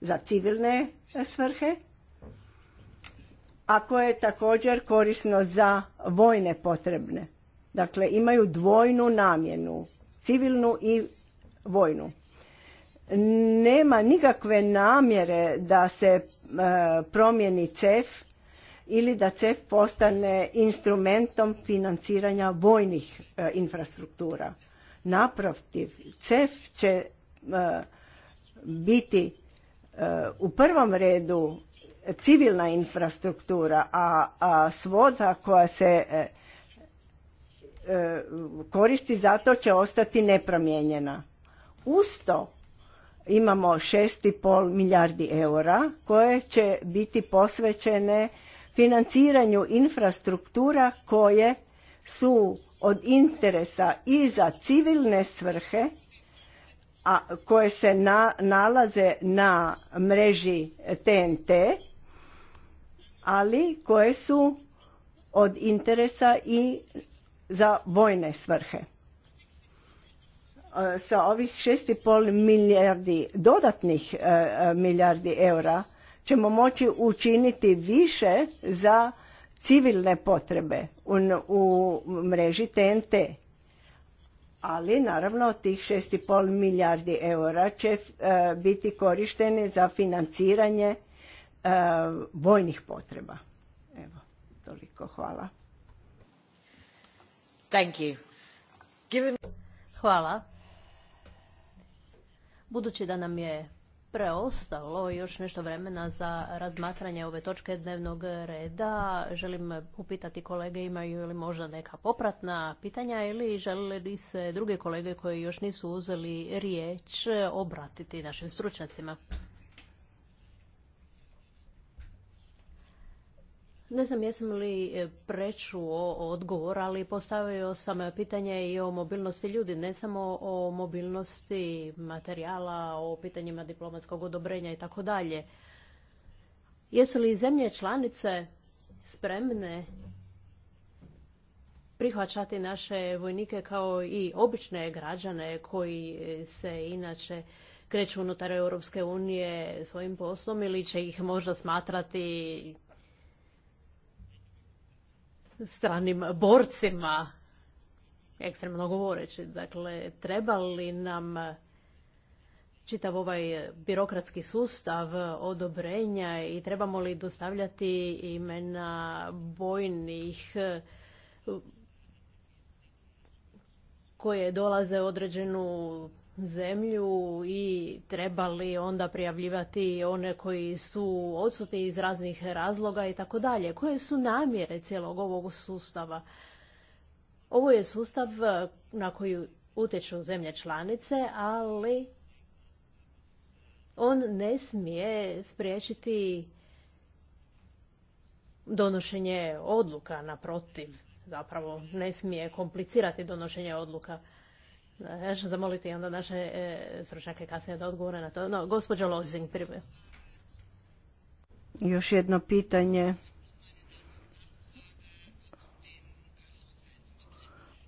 za civilne svrhe, a koje je također korisno za vojne potrebne. Dakle, imaju dvojnu namjenu, civilnu i vojnu nema nikakve namjere da se e, promijeni CEF ili da CEF postane instrumentom financiranja vojnih e, infrastruktura. Naprotiv, CEF će e, biti u prvom redu civilna infrastruktura, a, svoda koja se koristi zato će ostati nepromijenjena. Uz to imamo 6,5 milijardi eura koje će biti posvećene financiranju infrastruktura koje su od interesa i za civilne svrhe, a koje se nalaze na mreži TNT, ali koje su od interesa i za vojne svrhe. E, sa ovih 6,5 milijardi, dodatnih e, e, milijardi eura, ćemo moći učiniti više za civilne potrebe u, mreži TNT. Ali naravno tih 6,5 milijardi eura će biti korišteni za financiranje vojnih potreba. Evo, toliko. Hvala. Hvala. Budući da nam je preostalo još nešto vremena za razmatranje ove točke dnevnog reda, želim upitati kolege imaju li možda neka popratna pitanja ili žele li se druge kolege koji još nisu uzeli riječ obratiti našim stručnjacima. Ne znam jesam li e, prečuo odgovor, ali postavio sam pitanje i o mobilnosti ljudi, ne samo o mobilnosti materijala, o pitanjima diplomatskog odobrenja i tako dalje. Jesu li zemlje članice spremne prihvaćati naše vojnike kao i obične građane koji e, se inače kreću unutar Europske unije svojim poslom ili će ih možda smatrati stranim borcima, ekstremno govoreći. Dakle, treba li nam čitav ovaj birokratski sustav odobrenja i trebamo li dostavljati imena bojnih eh, koje dolaze u određenu zemlju i trebali onda prijavljivati one koji su odsutni iz raznih razloga i tako dalje. Koje su namjere cijelog ovog sustava? Ovo je sustav na koji utječu zemlje članice, ali on ne smije spriječiti donošenje odluka naprotiv. Zapravo ne smije komplicirati donošenje odluka. Ja ću zamoliti onda naše e, stručnjake kasnije da odgovore na to. No, gospođa Lozing prvi. Još jedno pitanje.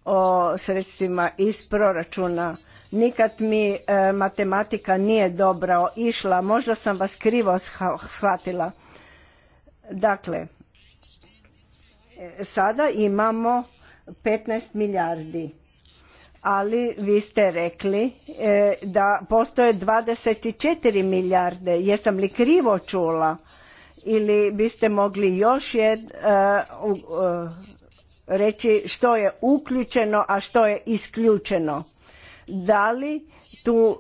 o sredstvima iz proračuna. Nikad mi e, matematika nije dobra išla, možda sam vas krivo shvatila. Dakle, e, sada imamo 15 milijardi ali vi ste rekli e, da postoje 24 milijarde. Jesam li krivo čula? Ili biste mogli još jed, e, e, reći što je uključeno, a što je isključeno? Da li tu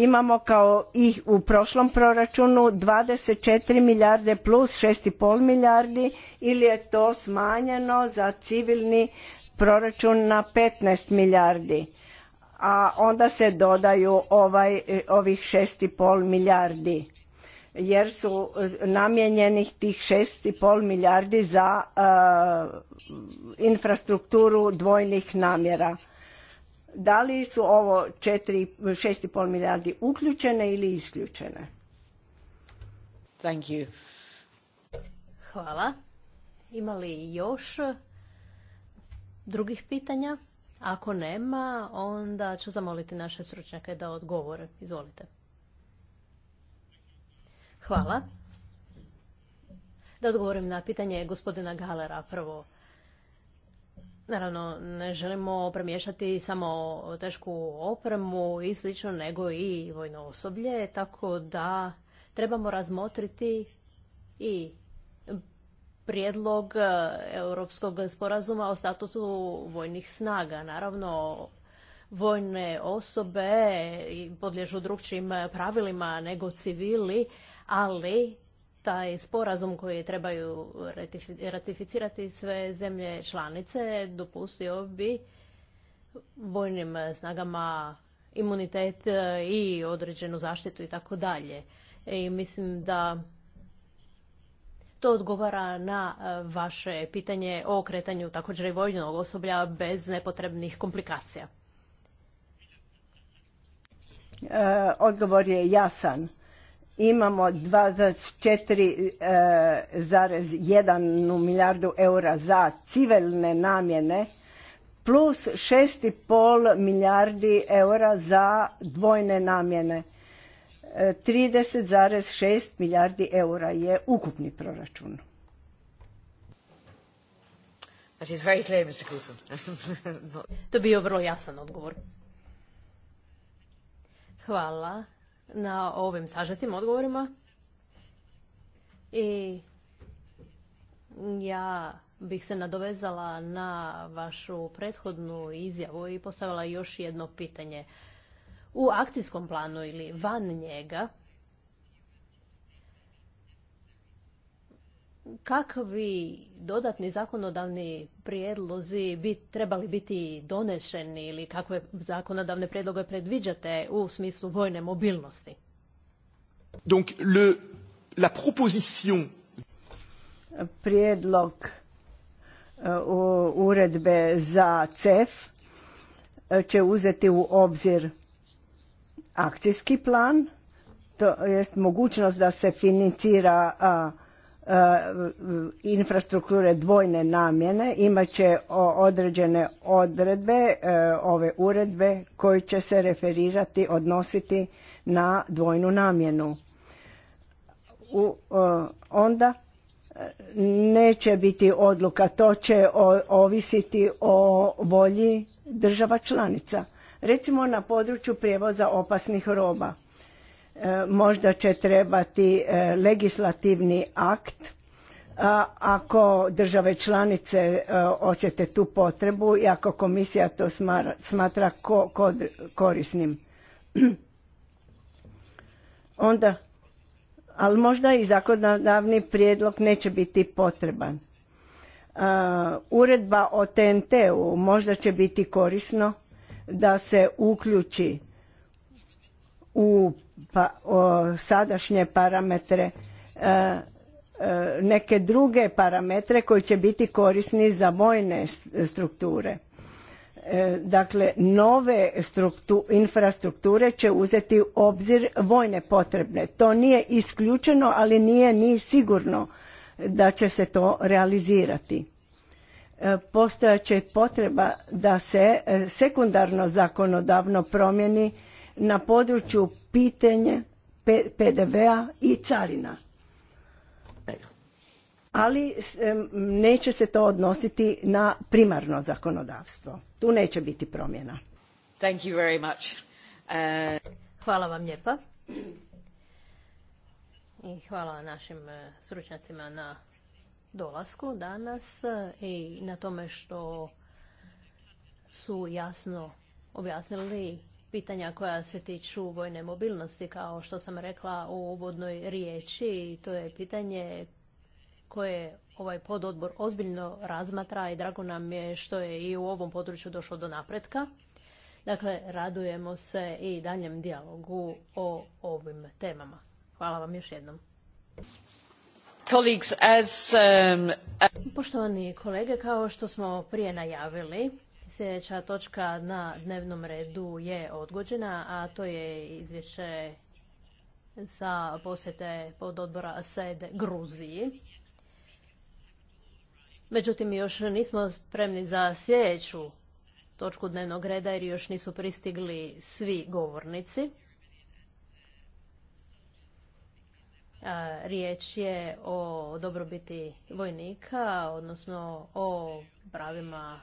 imamo kao i u prošlom proračunu 24 milijarde plus 6,5 milijardi ili je to smanjeno za civilni proračun na 15 milijardi, a onda se dodaju ovaj, ovih 6,5 milijardi jer su namijenjenih tih 6,5 milijardi za uh, infrastrukturu dvojnih namjera. Da li su ovo 4, 6,5 milijardi uključene ili isključene? Thank you. Hvala. Ima li još drugih pitanja? Ako nema, onda ću zamoliti naše stručnjake da odgovore. Izvolite. Hvala. Da odgovorim na pitanje gospodina Galera prvo. Naravno, ne želimo premješati samo tešku opremu i slično, nego i vojno osoblje, tako da trebamo razmotriti i prijedlog e, Europskog sporazuma o statusu vojnih snaga. Naravno, vojne osobe podliježu drugčijim pravilima nego civili, ali taj sporazum koji trebaju ratificirati sve zemlje članice dopustio bi vojnim snagama imunitet i određenu zaštitu i tako dalje. I mislim da to odgovara na e, vaše pitanje o kretanju također i vojnog osoblja bez nepotrebnih komplikacija. E, odgovor je jasan. Imamo 24,1 e, milijardu eura za civilne namjene plus 6,5 milijardi eura za dvojne namjene. 30,6 milijardi eura je ukupni proračun. <laughs> to bio vrlo jasan odgovor. Hvala na ovim sažetim odgovorima. I ja bih se nadovezala na vašu prethodnu izjavu i postavila još jedno pitanje u akcijskom planu ili van njega, kakvi dodatni zakonodavni prijedlozi bi trebali biti donešeni ili kakve zakonodavne prijedloge predviđate u smislu vojne mobilnosti? Donc, le, la proposition... Prijedlog e, uredbe za CEF e, će uzeti u obzir akcijski plan, to jest mogućnost da se financira infrastrukture dvojne namjene, imat će određene odredbe e, ove uredbe koji će se referirati, odnositi na dvojnu namjenu. U, onda e, neće biti odluka, to će ovisiti o volji država članica recimo na području prijevoza opasnih roba. E, možda će trebati e, legislativni akt e, ako države članice osjete tu potrebu i ako komisija to smatra korisnim. <clears throat> Onda, ali možda i zakonodavni prijedlog neće biti potreban. Uredba o TNT-u možda će biti korisno da se uključi u pa, sadašnje parametre e, e, neke druge parametre koji će biti korisni za vojne strukture. E, dakle, nove infrastrukture će uzeti u obzir vojne potrebne. To nije isključeno, ali nije ni sigurno da će se to realizirati. E, postojaće potreba da se e, sekundarno zakonodavno promjeni na području pitanje PDV-a i carina. Ali e, neće se to odnositi na primarno zakonodavstvo. Tu neće biti promjena. Hvala vam lijepa. I hvala našim stručnjacima na dolasku danas e, i na tome što su jasno objasnili pitanja koja se tiču vojne mobilnosti, kao što sam rekla u uvodnoj riječi. To je pitanje koje ovaj pododbor ozbiljno razmatra i drago nam je što je i u ovom području došlo do napretka. Dakle, radujemo se i daljem dijalogu o ovim temama. Hvala vam još jednom. Um, Poštovani kolege, kao što smo prije najavili, sljedeća točka na dnevnom redu je odgođena, a to je izvješće sa posjete pod odbora SED Gruziji. Međutim, još nismo spremni za sljedeću točku dnevnog reda jer još nisu pristigli svi govornici. Riječ je o dobrobiti vojnika, odnosno o pravima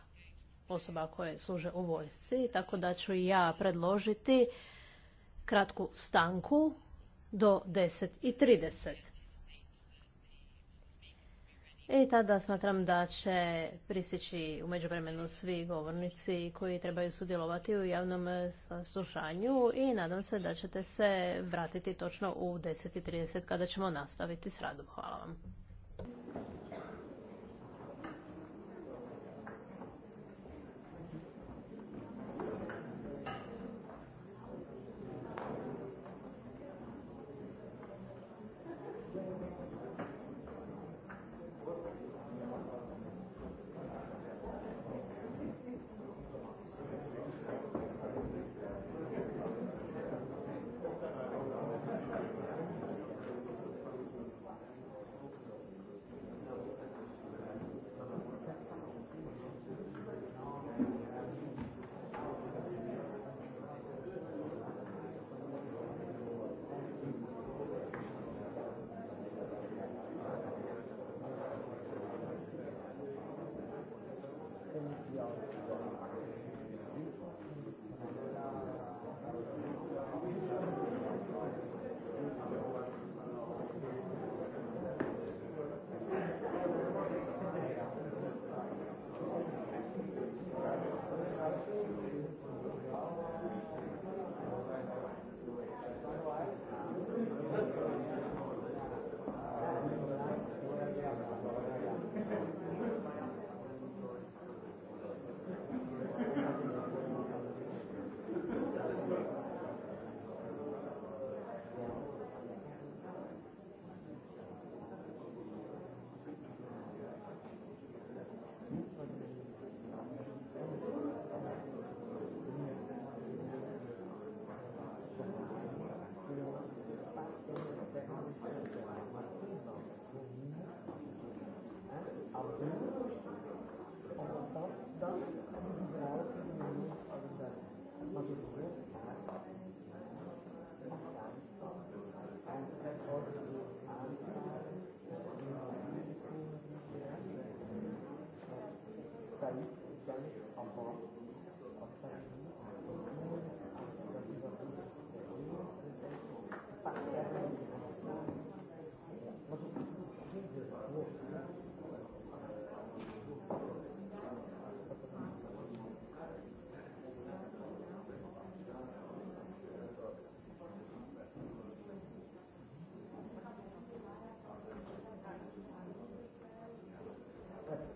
osoba koje služe u vojsci, tako da ću ja predložiti kratku stanku do 10.30. I tada smatram da će prisjeći u međuvremenu svi govornici koji trebaju sudjelovati u javnom e, saslušanju i nadam se da ćete se vratiti točno u 10.30 kada ćemo nastaviti s radom. Hvala vam.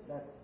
Yes,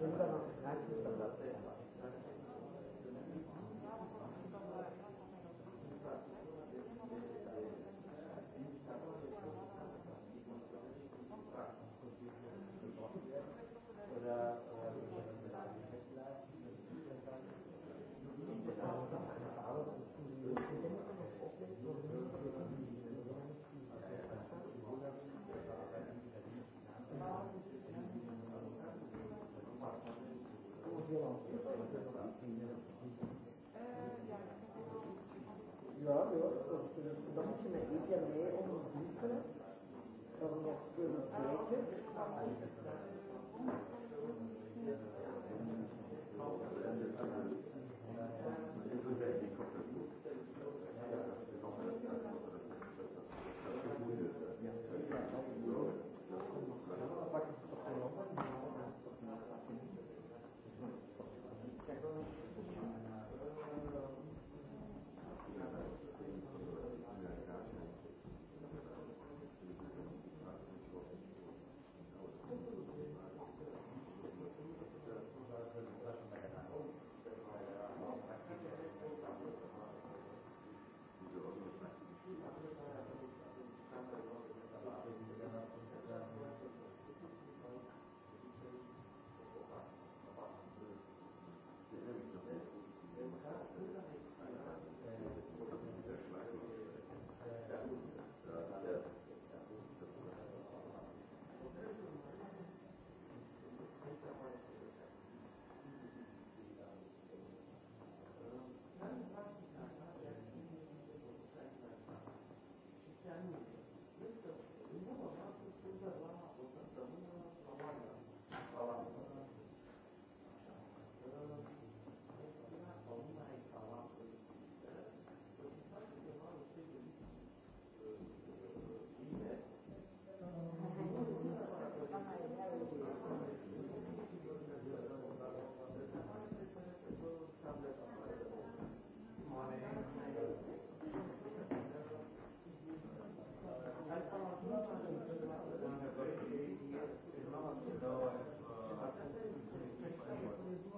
Hvala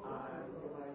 Hvala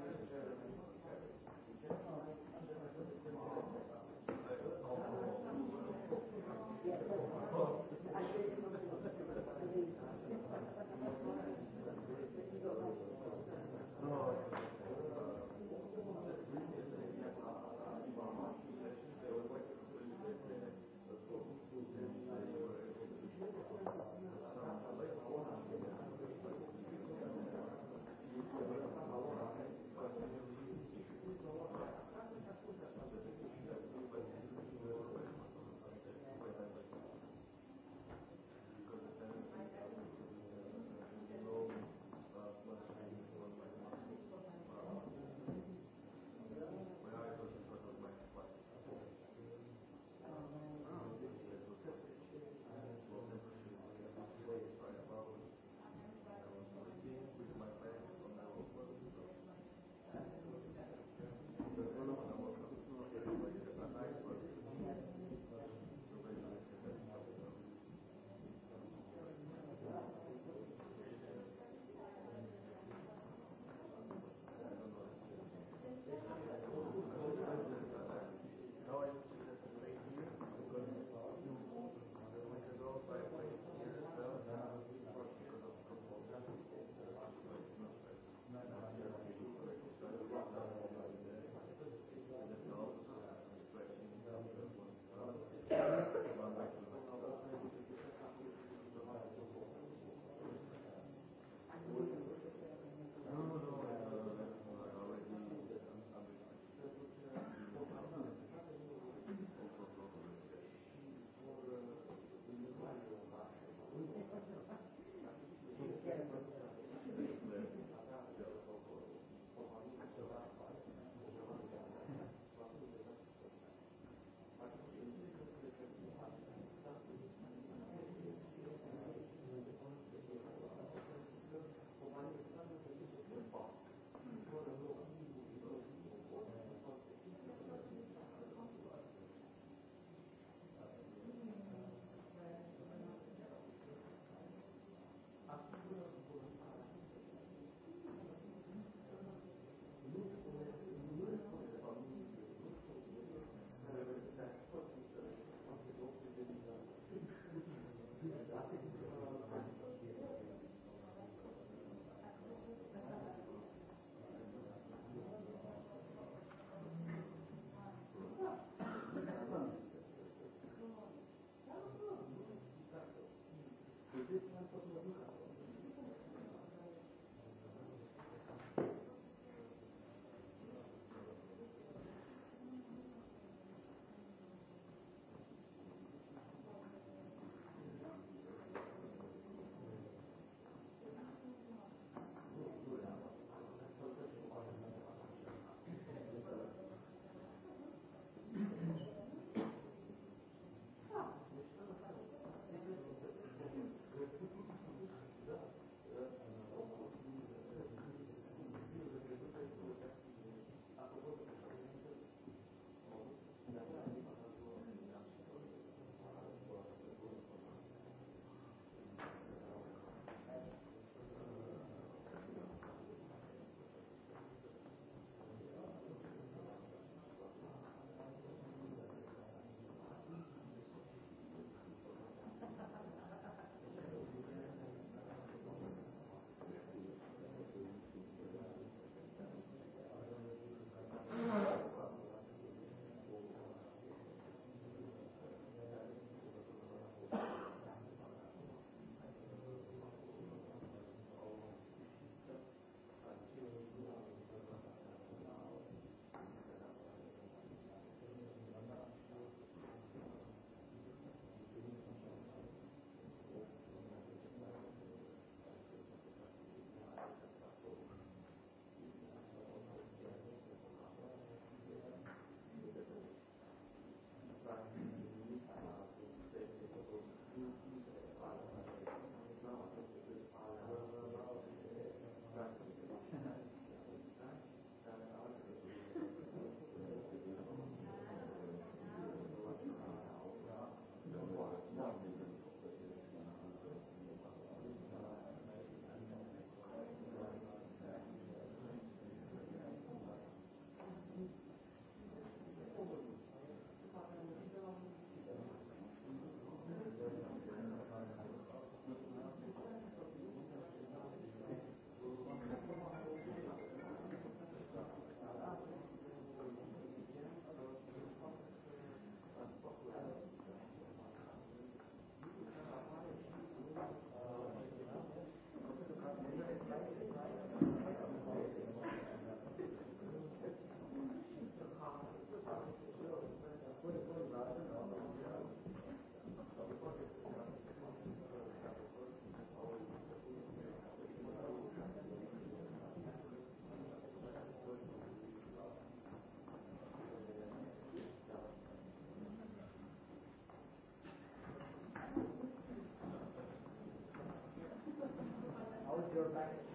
back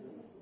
mm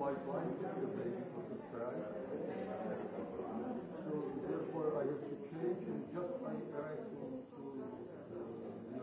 my So therefore I have to change and just my direction to the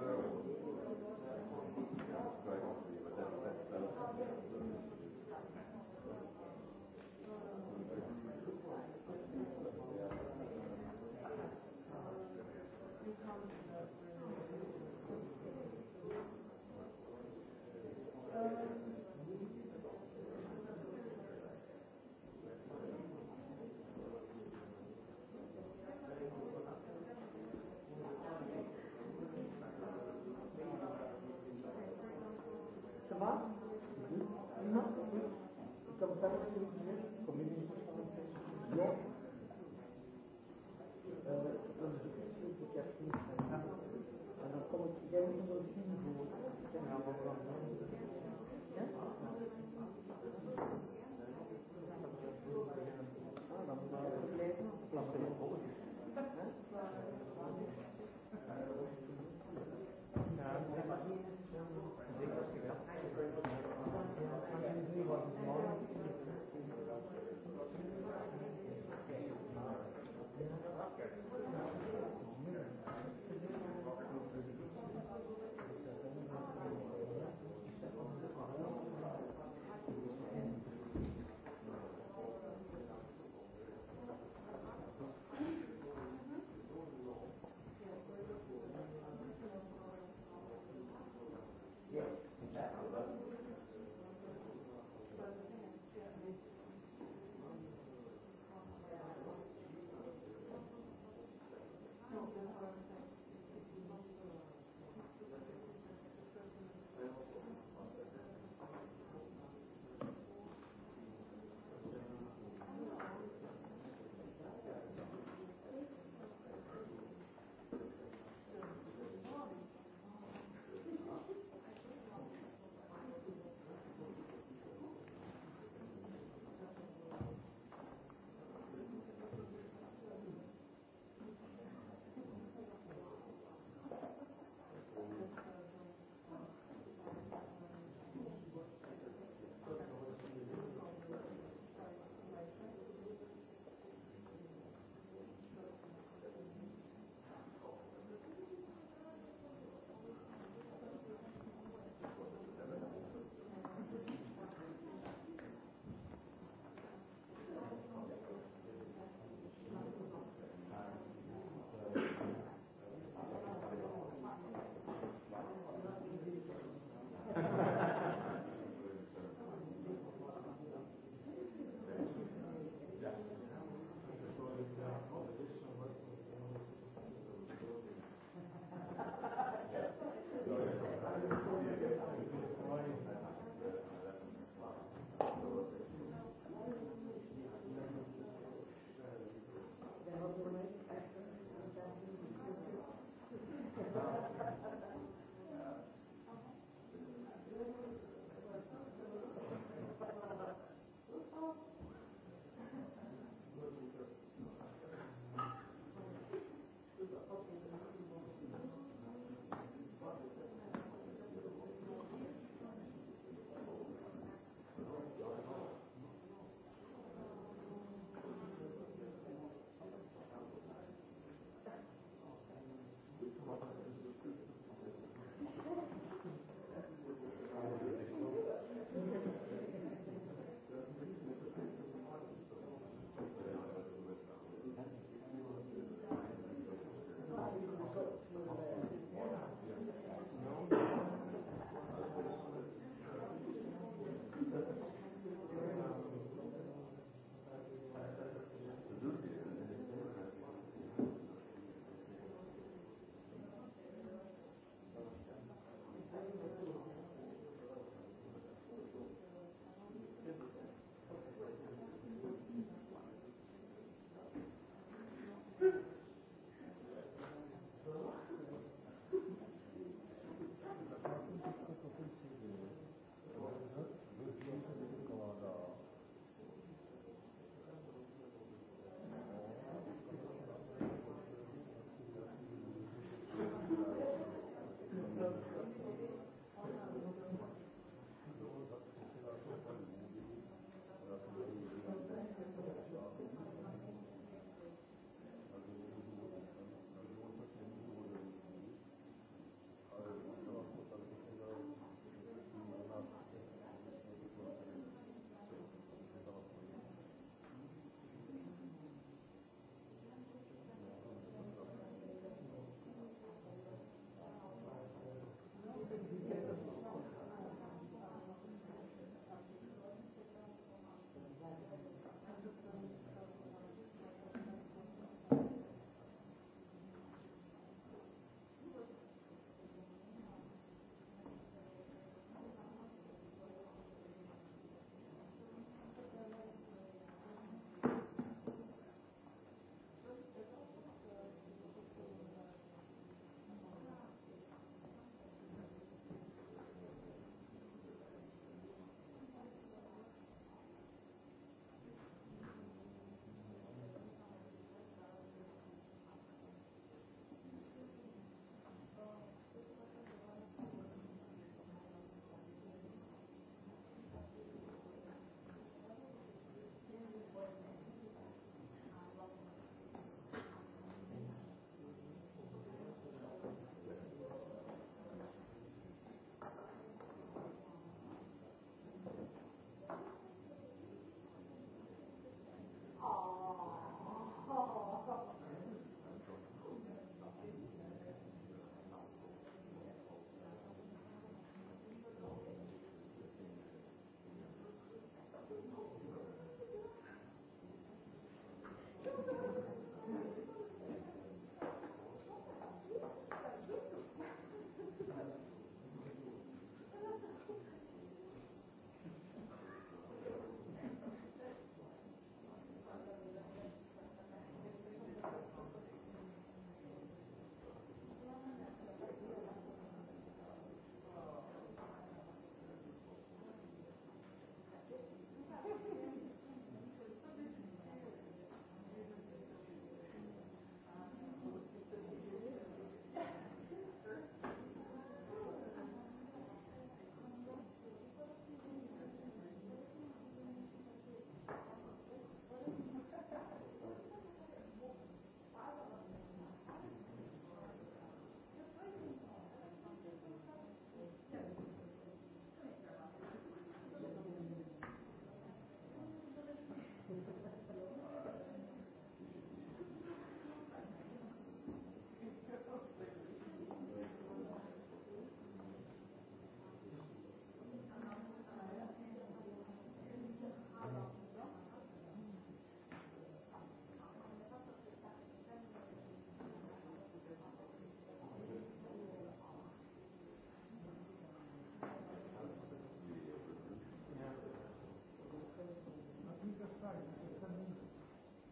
Okay.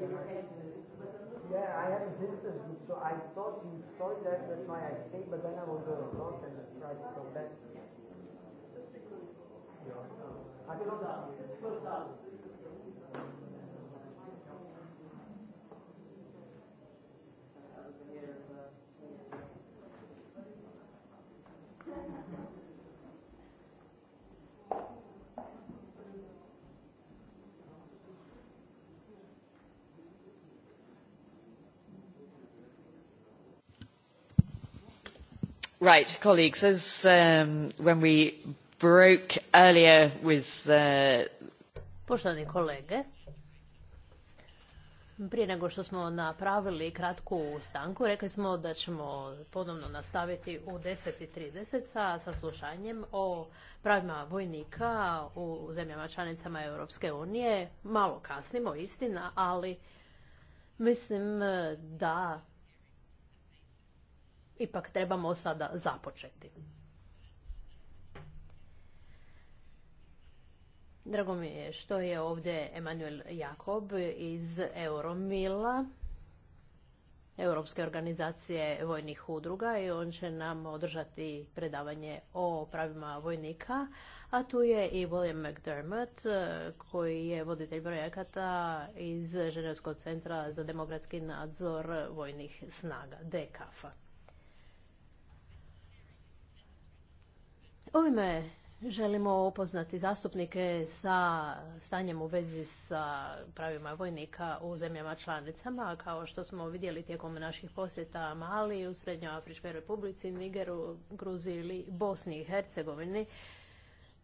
Yeah, I have a you, so I thought you saw that, that's why but then I was and tried to back. Yeah. Right, colleagues, as um, when we broke earlier with uh, Poštovani kolege, prije nego što smo napravili kratku stanku, rekli smo da ćemo ponovno nastaviti u 10.30 sa saslušanjem o pravima vojnika u zemljama članicama Europske unije. Malo kasnimo, istina, ali mislim da ipak trebamo sada započeti. Drago mi je što je ovdje Emanuel Jakob iz Euromila, Europske organizacije vojnih udruga i on će nam održati predavanje o pravima vojnika. A tu je i William McDermott koji je voditelj projekata iz Ženevskog centra za demokratski nadzor vojnih snaga, dkf Ovime želimo upoznati zastupnike sa stanjem u vezi sa pravima vojnika u zemljama članicama, kao što smo vidjeli tijekom naših posjeta Mali, u Afričkoj republici, Nigeru, Gruziji ili Bosni i Hercegovini,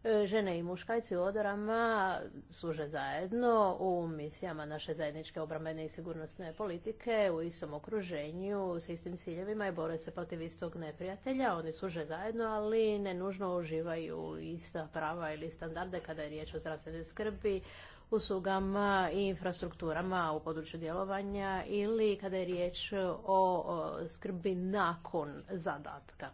E, žene i muškajci u odorama služe zajedno u misijama naše zajedničke obrambene i sigurnosne politike u istom okruženju s istim ciljevima i bore se protiv istog neprijatelja. Oni služe zajedno, ali ne nužno uživaju ista prava ili standarde kada je riječ o zdravstvenoj skrbi, uslugama i infrastrukturama u području djelovanja ili kada je riječ o skrbi nakon zadatka.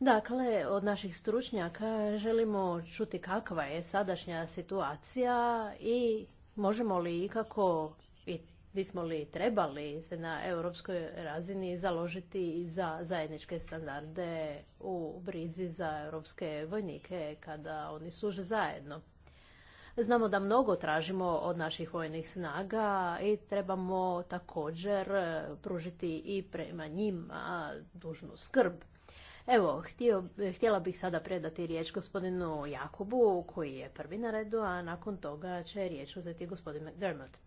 Dakle, od naših stručnjaka želimo čuti kakva je sadašnja situacija i možemo li ikako i bismo li trebali se na europskoj razini založiti za zajedničke standarde u brizi za europske vojnike kada oni služe zajedno. Znamo da mnogo tražimo od naših vojnih snaga i trebamo također pružiti i prema njima dužnu skrb. Evo, htjela bih sada predati riječ gospodinu Jakobu, koji je prvi na redu, a nakon toga će riječ uzeti gospodin McDermott.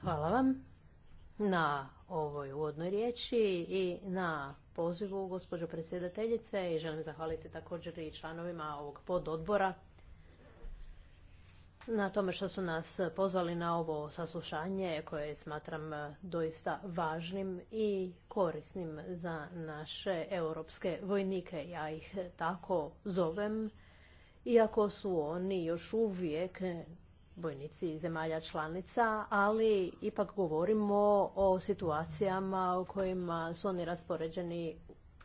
Hvala vam na ovoj uvodnoj riječi i na pozivu gospođo predsjedateljice i želim zahvaliti također i članovima ovog pododbora na tome što su nas pozvali na ovo saslušanje koje smatram e, doista važnim i korisnim za naše europske vojnike. Ja ih tako zovem, iako su oni još uvijek vojnici zemalja članica, ali ipak govorimo o situacijama u kojima su oni raspoređeni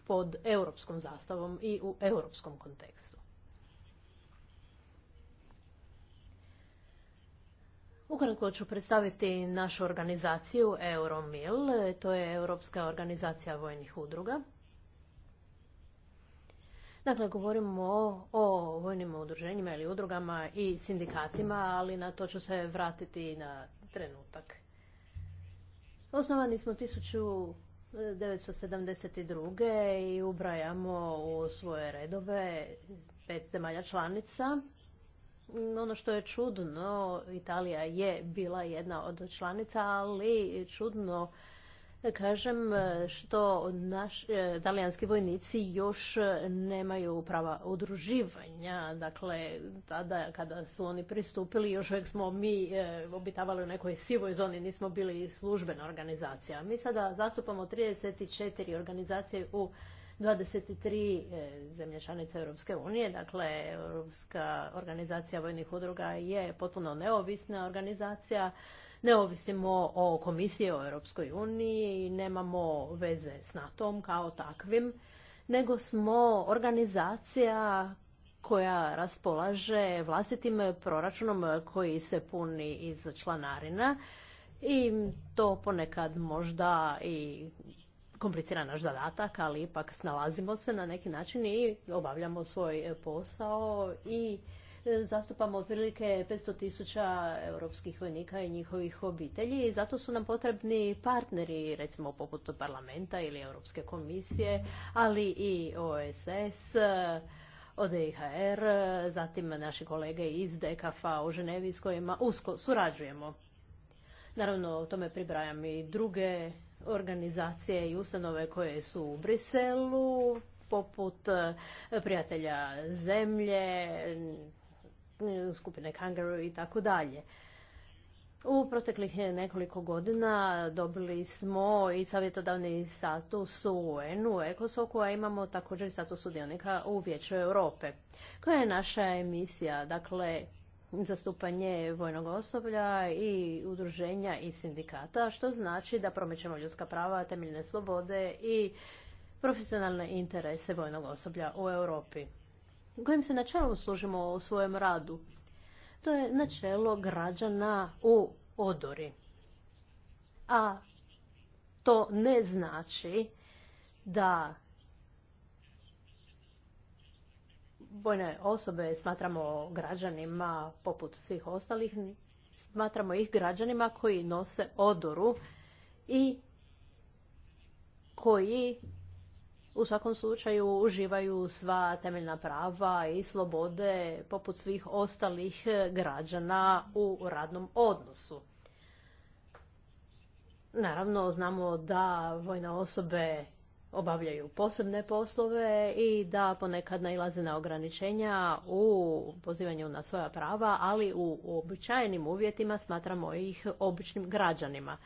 pod europskom zastavom i u europskom kontekstu. Ukratko ću predstaviti našu organizaciju Euromil, to je Europska organizacija vojnih udruga. Dakle, govorimo o, vojnim udruženjima ili udrugama i sindikatima, ali na to ću se vratiti na trenutak. Osnovani smo 1972. i ubrajamo u svoje redove pet zemalja članica ono što je čudno, Italija je bila jedna od članica, ali čudno kažem što naši e, talijanski vojnici još nemaju prava udruživanja. Dakle, tada kada su oni pristupili, još uvijek smo mi e, obitavali u nekoj sivoj zoni, nismo bili službena organizacija. Mi sada zastupamo 34 organizacije u 23 e, zemlje članice Europske unije. Dakle, Europska organizacija vojnih udruga je potpuno neovisna organizacija. Neovisimo o komisiji o Europskoj uniji i nemamo veze s NATO-om kao takvim, nego smo organizacija koja raspolaže vlastitim proračunom koji se puni iz članarina i to ponekad možda i Komplicira naš zadatak, ali ipak snalazimo se na neki način i obavljamo svoj e, posao i e, zastupamo otprilike 500 tisuća europskih vojnika i njihovih obitelji i zato su nam potrebni partneri, recimo poput parlamenta ili Europske komisije, ali i OSS, ODIHR, zatim naši kolege iz DKFA u Ženevi s kojima usko surađujemo. Naravno, tome pribrajam i druge organizacije i ustanove koje su u Briselu, poput e, prijatelja zemlje, skupine Kangaroo i tako dalje. U proteklih nekoliko godina dobili smo i savjetodavni status u UN-u, a imamo također status sudionika u Vijeću Europe. Koja je naša emisija? Dakle, zastupanje vojnog osoblja i udruženja i sindikata, što znači da promičemo ljudska prava, temeljne slobode i profesionalne interese vojnog osoblja u Europi. Kojim se načelom služimo u svojem radu? To je načelo građana u odori. A to ne znači da vojne osobe smatramo građanima poput svih ostalih, smatramo ih građanima koji nose odoru i koji u svakom slučaju uživaju sva temeljna prava i slobode poput svih ostalih građana u radnom odnosu. Naravno, znamo da vojne osobe obavljaju posebne poslove i da ponekad nailaze na ograničenja u pozivanju na svoja prava, ali u uobičajenim uvjetima smatramo ih običnim građanima.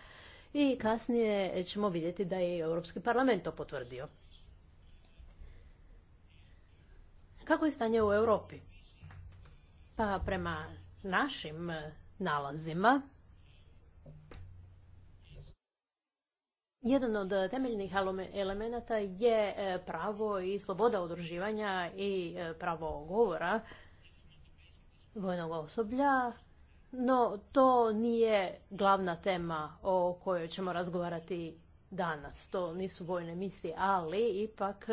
I kasnije ćemo vidjeti da je i Europski parlament to potvrdio. Kako je stanje u Europi? Pa prema našim nalazima Jedan od e, temeljnih elemenata je e, pravo i sloboda udruživanja i e, pravo govora vojnog osoblja, no to nije glavna tema o kojoj ćemo razgovarati danas. To nisu vojne misije, ali ipak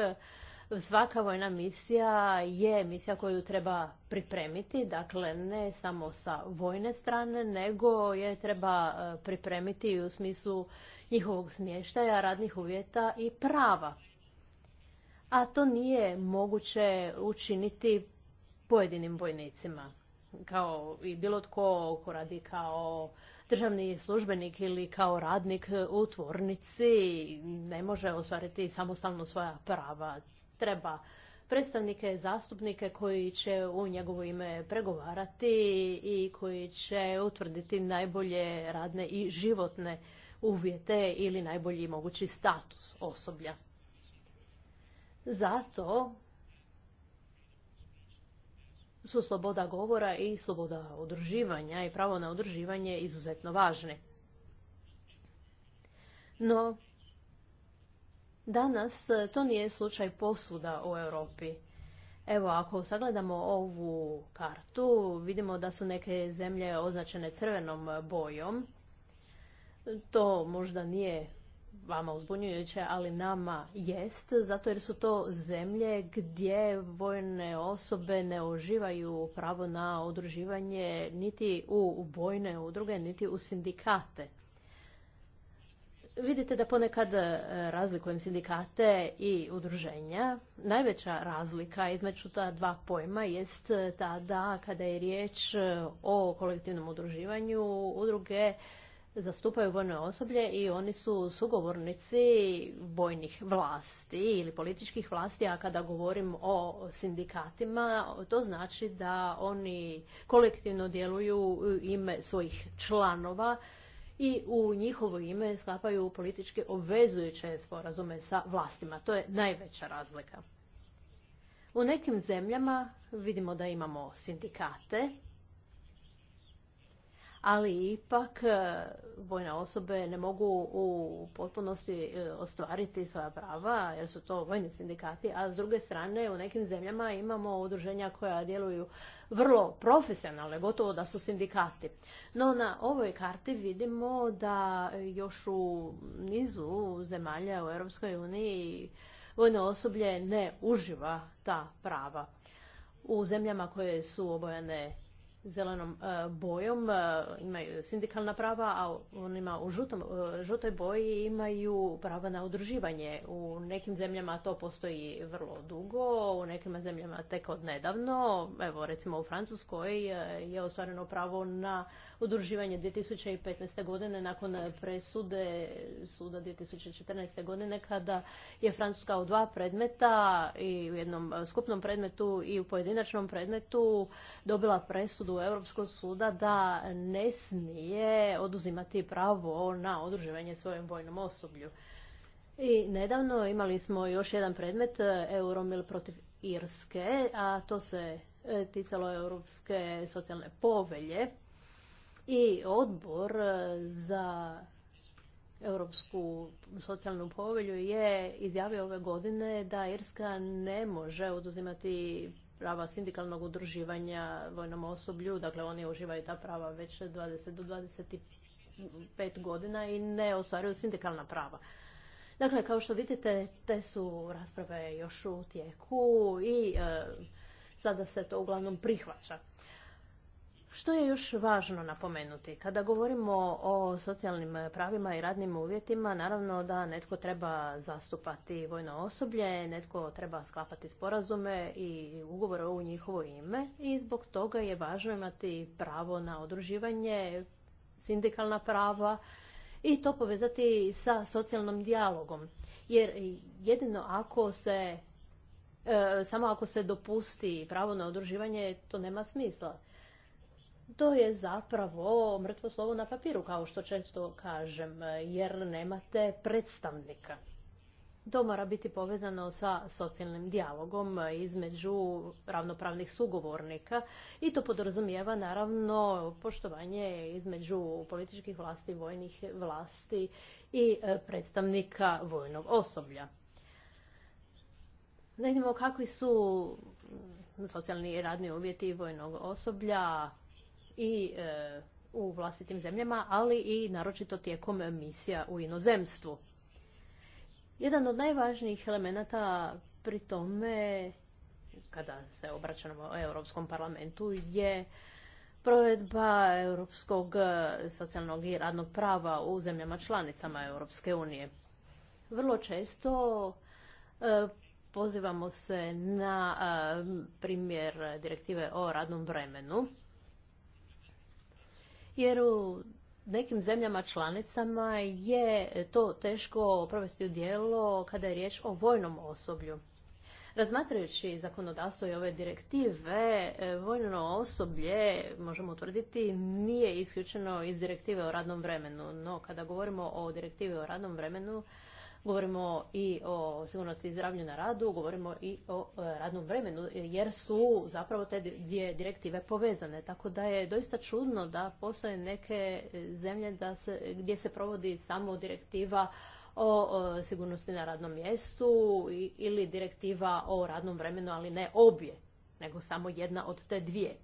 Svaka vojna misija je misija koju treba pripremiti, dakle ne samo sa vojne strane, nego je treba e, pripremiti u smislu njihovog smještaja, radnih uvjeta i prava. A to nije moguće učiniti pojedinim vojnicima kao i bilo tko ko radi kao državni službenik ili kao radnik u tvornici ne može ostvariti samostalno svoja prava treba predstavnike, zastupnike koji će u njegovo ime pregovarati i koji će utvrditi najbolje radne i životne uvjete ili najbolji mogući status osoblja. Zato su sloboda govora i sloboda udruživanja i pravo na održivanje izuzetno važne. No, Danas e, to nije slučaj posuda u Europi. Evo, ako sagledamo ovu kartu, vidimo da su neke zemlje označene crvenom bojom. To možda nije vama uzbunjujuće, ali nama jest, zato jer su to zemlje gdje vojne osobe ne uživaju pravo na udruživanje niti u vojne udruge, niti u sindikate vidite da ponekad e, razlikujem sindikate i udruženja. Najveća razlika između ta dva pojma jest e, tada kada je riječ e, o kolektivnom udruživanju, udruge zastupaju vojno osoblje i oni su sugovornici vojnih vlasti ili političkih vlasti, a kada govorim o sindikatima, to znači da oni kolektivno djeluju u ime svojih članova i u njihovo ime sklapaju političke obvezujuće sporazume sa vlastima. To je najveća razlika. U nekim zemljama vidimo da imamo sindikate, ali ipak e, vojne osobe ne mogu u potpunosti e, ostvariti svoja prava, jer su to vojni sindikati, a s druge strane u nekim zemljama imamo udruženja koja djeluju vrlo profesionalne, gotovo da su sindikati. No na ovoj karti vidimo da još u nizu zemalja u Europskoj uniji vojno osoblje ne uživa ta prava. U zemljama koje su obojene zelenom e, bojom e, imaju sindikalna prava, a onima u žutom, e, žutoj boji imaju prava na udruživanje. U nekim zemljama to postoji vrlo dugo, u nekim zemljama tek od nedavno. Evo, recimo u Francuskoj je ostvareno pravo na udruživanje 2015. godine nakon presude suda 2014. godine kada je Francuska u dva predmeta i u jednom skupnom predmetu i u pojedinačnom predmetu dobila presudu Europskog suda da ne smije oduzimati pravo na odruživanje svojem vojnom osoblju. I nedavno imali smo još jedan predmet e, Euromil protiv Irske, a to se e, ticalo Europske socijalne povelje i odbor e, za Europsku socijalnu povelju je izjavio ove godine da Irska ne može oduzimati prava sindikalnog udruživanja vojnom osoblju, dakle oni uživaju ta prava već 20 do 25 godina i ne ostvaruju sindikalna prava. Dakle, kao što vidite, te su rasprave još u tijeku i e, sada se to uglavnom prihvaća. Što je još važno napomenuti? Kada govorimo o socijalnim pravima i radnim uvjetima, naravno da netko treba zastupati vojno osoblje, netko treba sklapati sporazume i ugovore u njihovo ime i zbog toga je važno imati pravo na odruživanje, sindikalna prava i to povezati sa socijalnom dijalogom. Jer jedino ako se, e, samo ako se dopusti pravo na odruživanje, to nema smisla to je zapravo mrtvo slovo na papiru, kao što često kažem, jer nemate predstavnika. To mora biti povezano sa socijalnim dijalogom između ravnopravnih sugovornika i to podrazumijeva naravno poštovanje između političkih vlasti, vojnih vlasti i e, predstavnika vojnog osoblja. Da vidimo kakvi su socijalni i radni uvjeti vojnog osoblja, i e, u vlastitim zemljama, ali i naročito tijekom misija u inozemstvu. Jedan od najvažnijih elemenata pri tome, kada se obraćamo Europskom parlamentu, je provedba europskog e, socijalnog i radnog prava u zemljama članicama Europske unije. Vrlo često e, pozivamo se na primjer direktive o radnom vremenu, jer u nekim zemljama članicama je to teško provesti u djelo kada je riječ o vojnom osoblju. Razmatrajući zakonodavstvo i ove direktive, e, vojno osoblje, možemo utvrditi, nije isključeno iz direktive o radnom vremenu. No, kada govorimo o direktivi o radnom vremenu, Govorimo i o sigurnosti i zdravlju na radu, govorimo i o e, radnom vremenu, e, jer su zapravo te dvije direktive povezane. Tako da je doista čudno da postoje neke e, zemlje da se, gdje se provodi samo direktiva o sigurnosti na radnom mjestu ili direktiva o radnom vremenu, ali ne obje, nego samo jedna od te dvije.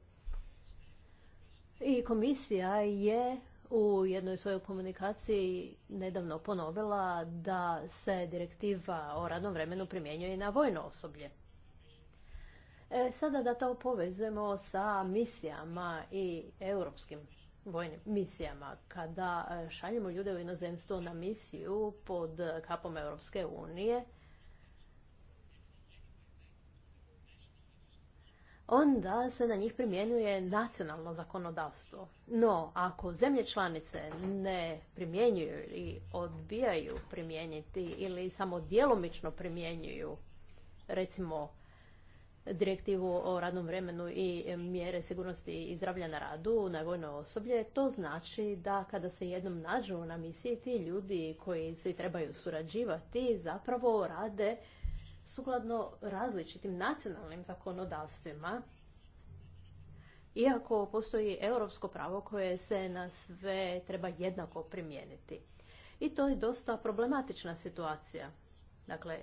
I komisija je u jednoj svojoj komunikaciji nedavno ponovila da se direktiva o radnom vremenu primjenjuje i na vojno osoblje. E, sada da to povezujemo sa misijama i europskim vojnim misijama. Kada e, šaljemo ljude u inozemstvo na misiju pod kapom Europske unije, onda se na njih primjenjuje nacionalno zakonodavstvo. No, ako zemlje članice ne primjenjuju ili odbijaju primijeniti ili samo djelomično primjenjuju, recimo, direktivu o radnom vremenu i mjere sigurnosti i zdravlja na radu na vojno osoblje, to znači da kada se jednom nađu na misiji ti ljudi koji se trebaju surađivati zapravo rade sukladno različitim nacionalnim zakonodavstvima, iako postoji europsko pravo koje se na sve treba jednako primijeniti. I to je dosta problematična situacija. Dakle,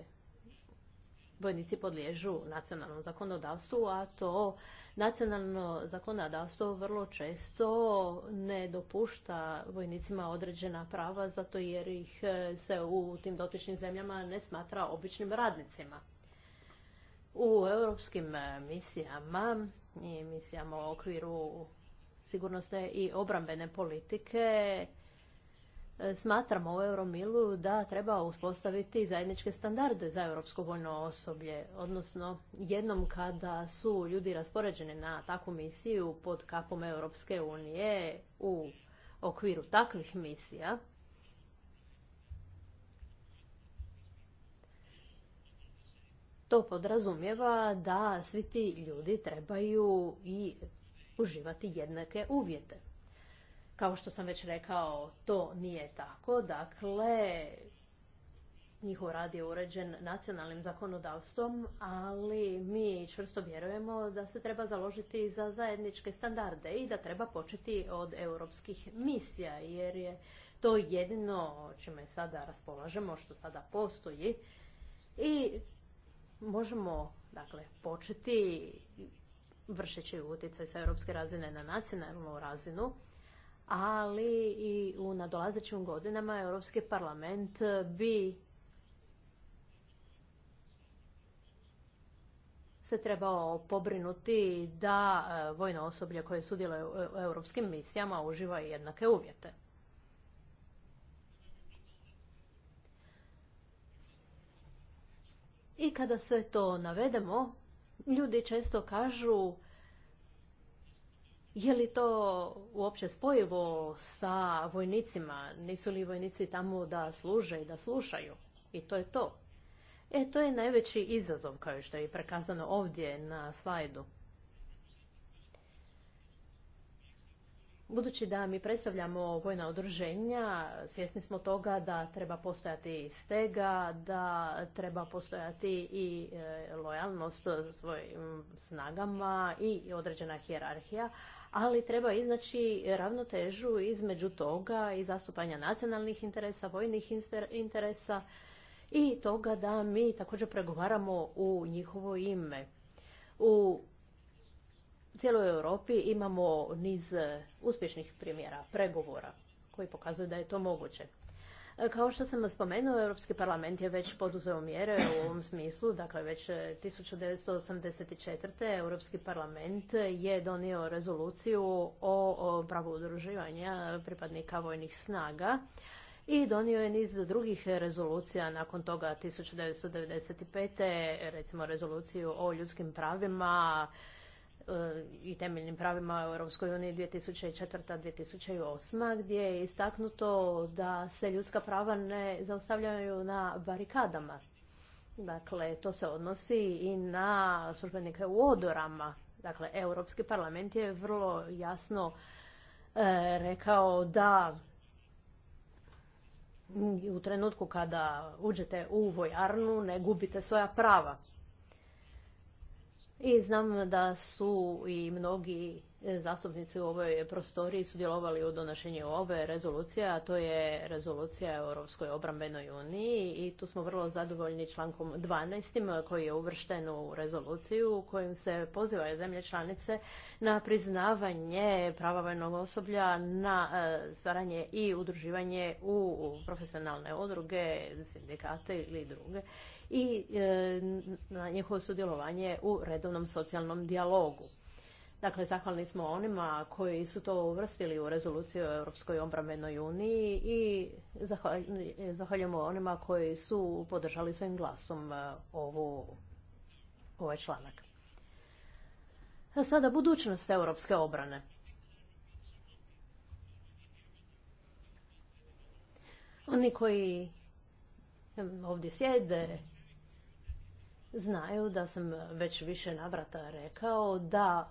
vojnici podliježu nacionalnom zakonodavstvu, a to nacionalno zakonodavstvo vrlo često ne dopušta vojnicima određena prava zato jer ih e, se u tim dotičnim zemljama ne smatra običnim radnicima. U europskim e, misijama i misijama u okviru sigurnosne i obrambene politike E, smatramo u Euromilu da treba uspostaviti zajedničke standarde za europsko vojno osoblje, odnosno jednom kada su ljudi raspoređeni na takvu misiju pod kapom Europske unije u okviru takvih misija, to podrazumijeva da svi ti ljudi trebaju i uživati jednake uvjete. Kao što sam već rekao, to nije tako. Dakle, njihov rad je uređen nacionalnim zakonodavstvom, ali mi čvrsto vjerujemo da se treba založiti za zajedničke standarde i da treba početi od europskih misija, jer je to jedino čime sada raspolažemo, što sada postoji. I možemo dakle, početi vršeći utjecaj sa europske razine na nacionalnu razinu, ali i u nadolazećim godinama Europski parlament bi se trebao pobrinuti da e, vojno osoblje koje sudjeluje u europskim misijama uživa jednake uvjete. I kada sve to navedemo, ljudi često kažu je li to uopće spojivo sa vojnicima? Nisu li vojnici tamo da služe i da slušaju? I to je to. E, to je najveći izazov, kao što je prekazano ovdje na slajdu. Budući da mi predstavljamo vojna odruženja, svjesni smo toga da treba postojati stega, da treba postojati i e, lojalnost svojim snagama i određena hjerarhija, ali treba iznaći ravnotežu između toga i zastupanja nacionalnih interesa, vojnih interesa i toga da mi također pregovaramo u njihovo ime. U cijeloj Europi imamo niz uspješnih primjera pregovora koji pokazuju da je to moguće. E, kao što sam spomenuo, Europski parlament je već poduzeo mjere u ovom smislu. Dakle, već 1984. E, Europski parlament je donio rezoluciju o pravu udruživanja pripadnika vojnih snaga i donio je niz drugih rezolucija nakon toga 1995. recimo rezoluciju o ljudskim pravima, E, i temeljnim pravima u Europskoj uniji 2004-2008 gdje je istaknuto da se ljudska prava ne zaustavljaju na barikadama. Dakle, to se odnosi i na službenike u odorama. Dakle, Europski parlament je vrlo jasno e, rekao da u trenutku kada uđete u vojarnu ne gubite svoja prava. I znam da su i mnogi zastupnici u ovoj prostoriji sudjelovali u donošenju ove rezolucije, a to je rezolucija Europskoj obrambenoj uniji i tu smo vrlo zadovoljni člankom 12. koji je uvršten u rezoluciju u kojim se pozivaju zemlje članice na priznavanje prava vojnog osoblja na e, stvaranje i udruživanje u profesionalne udruge, sindikate ili druge i e, na njihovo sudjelovanje u redovnom socijalnom dijalogu. Dakle, zahvalni smo onima koji su to uvrstili u rezoluciju o Europskoj obrambenoj uniji i zahvaljujemo onima koji su podržali svojim glasom e, ovu, ovaj članak. A sada budućnost europske obrane. Oni koji ovdje sjede znaju da sam već više navrata rekao da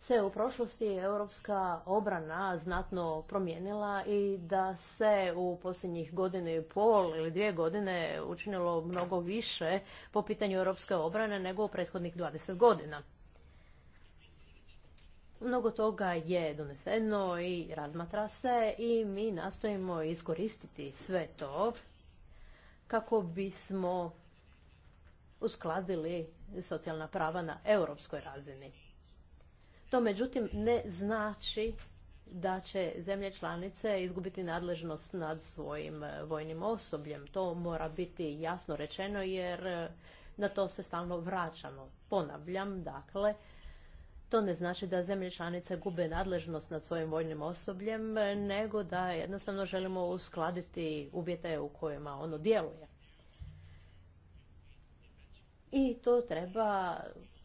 se u prošlosti europska obrana znatno promijenila i da se u posljednjih godinu i pol ili dvije godine učinilo mnogo više po pitanju europske obrane nego u prethodnih 20 godina. Mnogo toga je doneseno i razmatra se i mi nastojimo iskoristiti sve to kako bismo uskladili socijalna prava na europskoj razini. To međutim ne znači da će zemlje članice izgubiti nadležnost nad svojim vojnim osobljem. To mora biti jasno rečeno jer na to se stalno vraćamo. Ponavljam, dakle, to ne znači da zemlje članice gube nadležnost nad svojim vojnim osobljem, nego da jednostavno želimo uskladiti uvjete u kojima ono djeluje. I to treba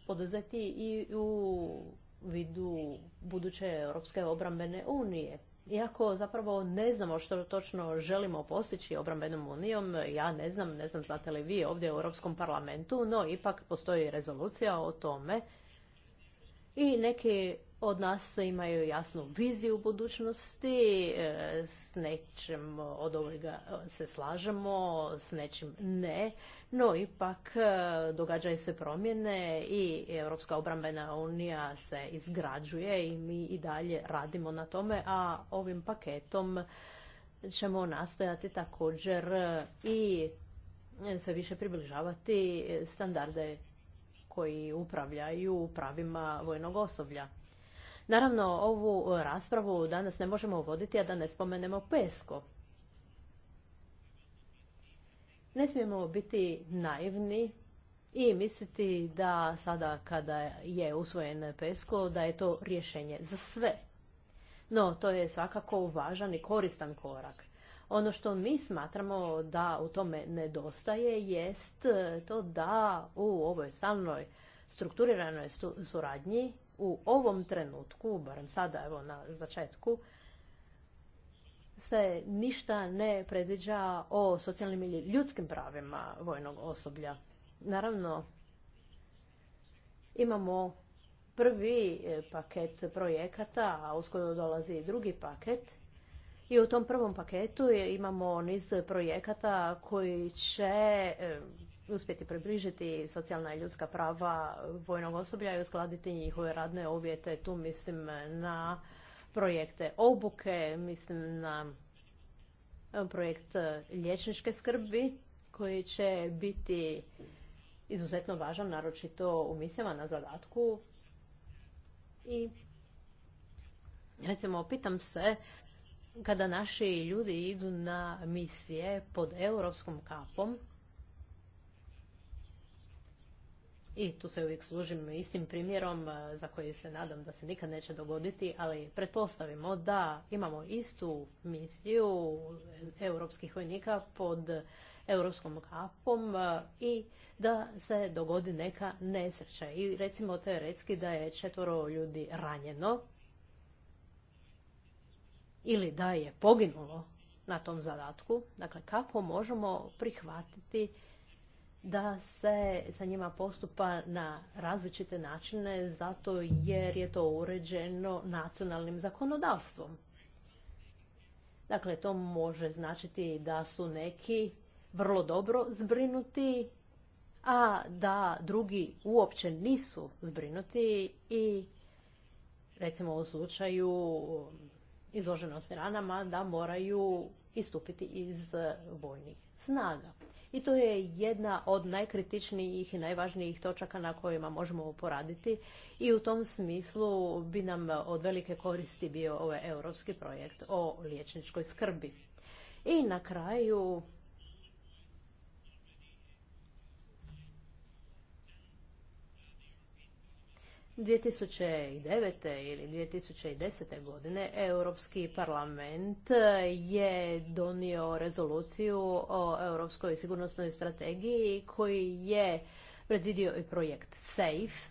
poduzeti i u vidu buduće Europske obrambene unije. Iako zapravo ne znamo što točno želimo postići obrambenom unijom, ja ne znam, ne znam znate li vi ovdje u Europskom parlamentu, no ipak postoji rezolucija o tome i neki od nas imaju jasnu viziju budućnosti, e, s nečim od ovoga e, se slažemo, s nečim ne, no ipak e, događaju se promjene i Europska obrambena unija se izgrađuje i mi i dalje radimo na tome, a ovim paketom ćemo nastojati također i se više približavati standarde koji upravljaju pravima vojnog osoblja. Naravno, ovu raspravu danas ne možemo voditi a da ne spomenemo pesko. Ne smijemo biti naivni i misliti da sada kada je usvojen pesko, da je to rješenje za sve. No, to je svakako važan i koristan korak. Ono što mi smatramo da u tome nedostaje jest to da u ovoj stalnoj strukturiranoj suradnji u ovom trenutku, barem sada evo na začetku, se ništa ne predviđa o socijalnim ili ljudskim pravima vojnog osoblja. Naravno, imamo prvi eh, paket projekata, a uskoro dolazi i drugi paket. I u tom prvom paketu imamo niz projekata koji će e, uspjeti približiti socijalna i ljudska prava vojnog osoblja i uskladiti njihove radne uvjete. Tu mislim na projekte obuke, mislim na e, projekt e, liječničke skrbi koji će biti izuzetno važan, naročito u misijama na zadatku. I recimo, pitam se kada naši ljudi idu na misije pod europskom kapom, i tu se uvijek služim istim primjerom e, za koji se nadam da se nikad neće dogoditi, ali pretpostavimo da imamo istu misiju europskih vojnika pod europskom kapom e, i da se dogodi neka nesreća. I recimo teoretski da je četvoro ljudi ranjeno, ili da je poginulo na tom zadatku, dakle kako možemo prihvatiti da se sa njima postupa na različite načine zato jer je to uređeno nacionalnim zakonodavstvom. Dakle, to može značiti da su neki vrlo dobro zbrinuti, a da drugi uopće nisu zbrinuti i recimo u slučaju izloženost ranama da moraju istupiti iz vojnih snaga. I to je jedna od najkritičnijih i najvažnijih točaka na kojima možemo poraditi i u tom smislu bi nam od velike koristi bio ovaj europski projekt o liječničkoj skrbi. I na kraju 2009. ili 2010. godine Europski parlament je donio rezoluciju o Europskoj sigurnosnoj strategiji koji je predvidio i projekt SAFE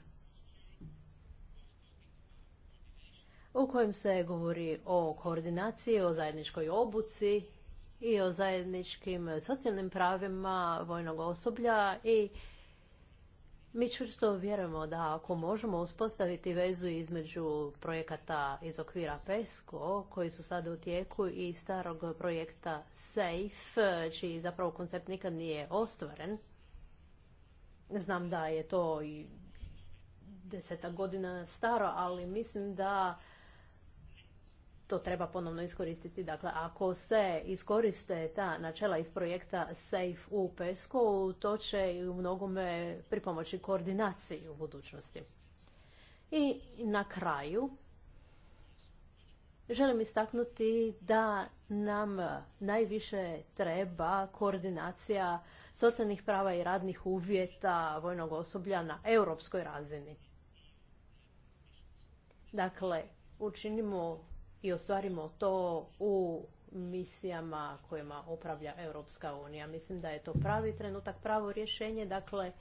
u kojem se govori o koordinaciji, o zajedničkoj obuci i o zajedničkim socijalnim pravima vojnog osoblja i mi čvrsto vjerujemo da ako možemo uspostaviti vezu između projekata iz okvira PESCO, koji su sada u tijeku, i starog projekta SAFE, čiji zapravo koncept nikad nije ostvaren, znam da je to i deseta godina staro, ali mislim da to treba ponovno iskoristiti. Dakle, ako se iskoriste ta načela iz projekta SAFE u PESCO, to će i u mnogome pripomoći koordinaciji u budućnosti. I na kraju, želim istaknuti da nam najviše treba koordinacija socijalnih prava i radnih uvjeta vojnog osoblja na europskoj razini. Dakle, učinimo i ostvarimo to u misijama kojima upravlja Europska unija. Mislim da je to pravi trenutak, pravo rješenje. Dakle,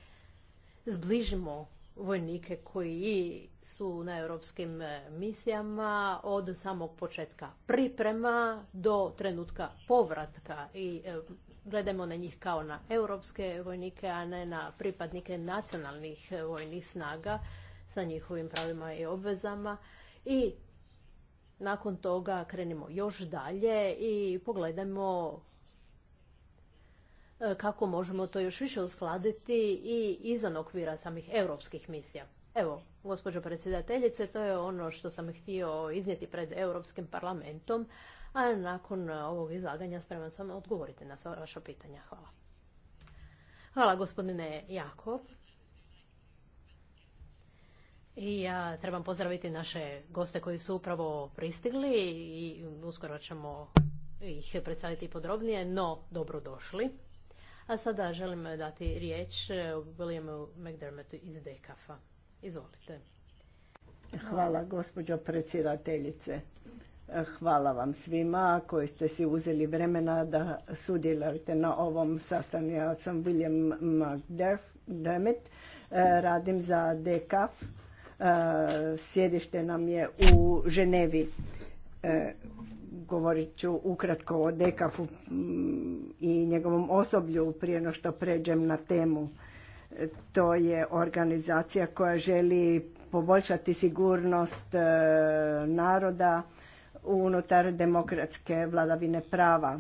zbližimo vojnike koji su na europskim e, misijama od samog početka priprema do trenutka povratka i e, gledajmo na njih kao na europske vojnike, a ne na pripadnike nacionalnih e, vojnih snaga sa njihovim pravima i obvezama i nakon toga krenimo još dalje i pogledajmo e, kako možemo to još više uskladiti i izvan okvira samih europskih misija. Evo, gospođo predsjedateljice, to je ono što sam htio iznijeti pred Europskim parlamentom, a nakon ovog izlaganja spreman sam odgovoriti na sva vaša pitanja. Hvala. Hvala gospodine Jakob. I ja trebam pozdraviti naše goste koji su upravo pristigli i uskoro ćemo ih predstaviti podrobnije, no dobro došli. A sada želim dati riječ Williamu McDermottu iz Dekafa. Izvolite. Hvala gospođo predsjedateljice. Hvala vam svima koji ste si uzeli vremena da sudjelujete na ovom sastanju. Ja sam William McDermott, radim za DKF. E, sjedište nam je u Ženevi. E, govorit ću ukratko o Dekafu mm, i njegovom osoblju prije no što pređem na temu. E, to je organizacija koja želi poboljšati sigurnost naroda unutar demokratske vladavine prava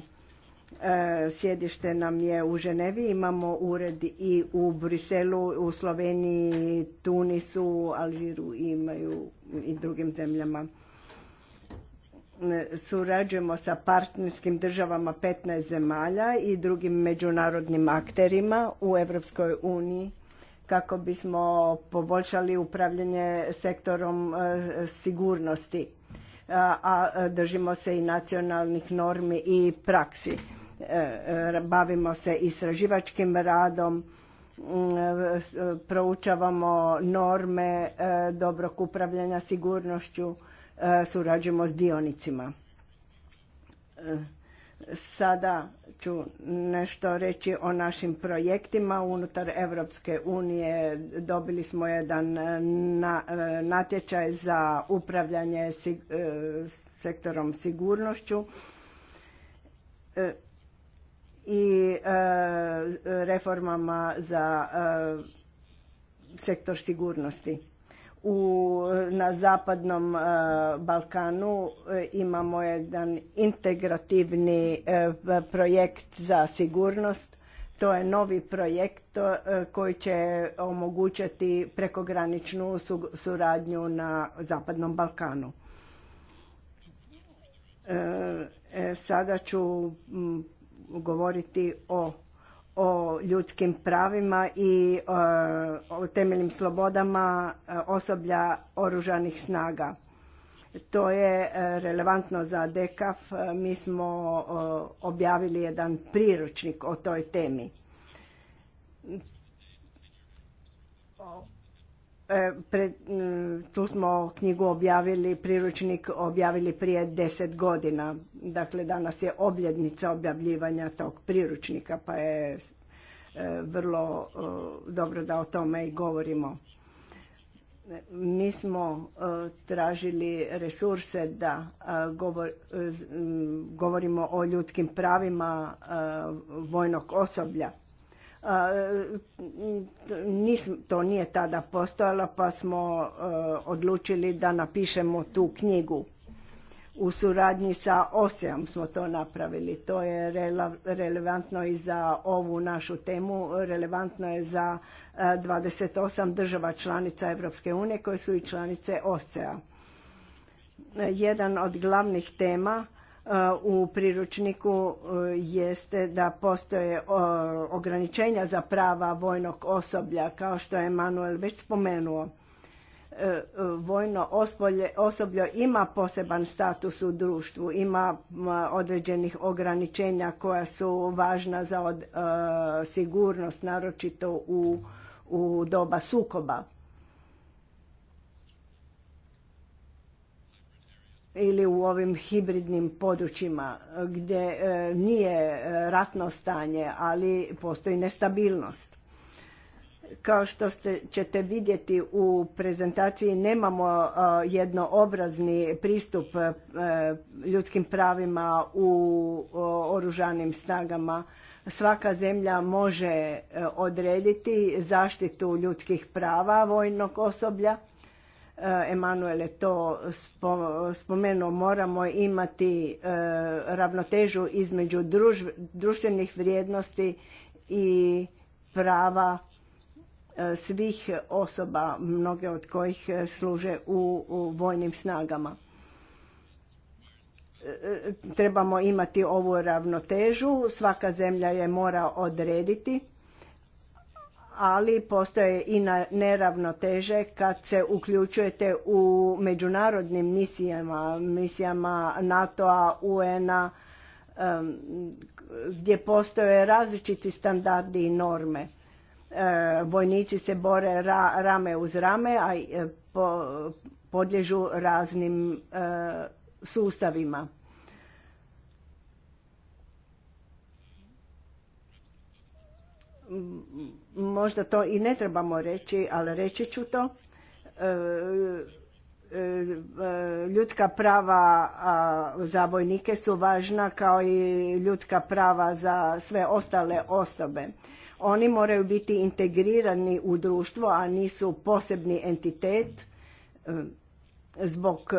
E, sjedište nam je u Ženevi, imamo ured i u Briselu, u Sloveniji, Tunisu, Alžiru imaju i drugim zemljama. E, surađujemo sa partnerskim državama 15 zemalja i drugim međunarodnim akterima u Europskoj uniji kako bismo poboljšali upravljanje sektorom e, sigurnosti a držimo se i nacionalnih normi i praksi E, e, bavimo se istraživačkim radom, e, proučavamo norme dobrog upravljanja sigurnošću, surađujemo s dionicima. Sada ću nešto reći o našim projektima unutar Europske unije. Dobili smo jedan natječaj za upravljanje sektorom sigurnošću i e, reformama za e, sektor sigurnosti. U, na zapadnom e, Balkanu imamo jedan integrativni projekt za sigurnost. To je novi projekt koji će omogućati prekograničnu suradnju na zapadnom Balkanu. Sada ću govoriti o, o ljudskim pravima i e, o temeljnim slobodama e, osoblja oružanih snaga. To je e, relevantno za DEKAF. Mi smo objavili jedan priručnik o toj temi. E, tu smo knjigu objavili, priručnik objavili prije deset godina. Dakle, danas je obljednica objavljivanja tog priručnika, pa je e, vrlo dobro da o tome i govorimo. Mi smo tražili resurse da govorimo o ljudskim pravima vojnog osoblja to nije tada postojalo pa smo e, odlučili da napišemo tu knjigu. U suradnji sa OSEAM smo to napravili. To je relevantno i za ovu našu temu, relevantno je za 28 e, država članica Europske unije koje su i članice Osea. E, jedan od glavnih tema E, u priručniku e, jeste da postoje e, ograničenja za prava vojnog osoblja, kao što je Manuel već spomenuo. Vojno osoblje, ima poseban status u društvu, ima određenih ograničenja koja su važna za sigurnost, naročito u doba sukoba ili u ovim hibridnim područjima e, gdje e, nije e, ratno stanje, ali postoji nestabilnost. Kao što ste, ćete vidjeti u prezentaciji nemamo jednoobrazni pristup ljudskim pravima u oružanim snagama. Svaka zemlja može odrediti zaštitu ljudskih prava vojnog osoblja Eh, Emanuele to spomenuo, moramo imati eh, ravnotežu između društvenih vrijednosti i prava eh, svih osoba, mnoge od kojih služe u vojnim snagama. Trebamo imati ovu ravnotežu, svaka zemlja je mora odrediti ali postoje i neravnoteže kad se uključujete u međunarodnim misijama, misijama NATO-a, UN-a, gdje postoje različiti standardi i norme. E, vojnici se bore rame uz rame, a e, po, podlježu raznim e, sustavima možda to i ne trebamo reći, ali reći ću to. E, e, ljudska prava za vojnike su važna kao i ljudska prava za sve ostale osobe. Oni moraju biti integrirani u društvo, a nisu posebni entitet e, zbog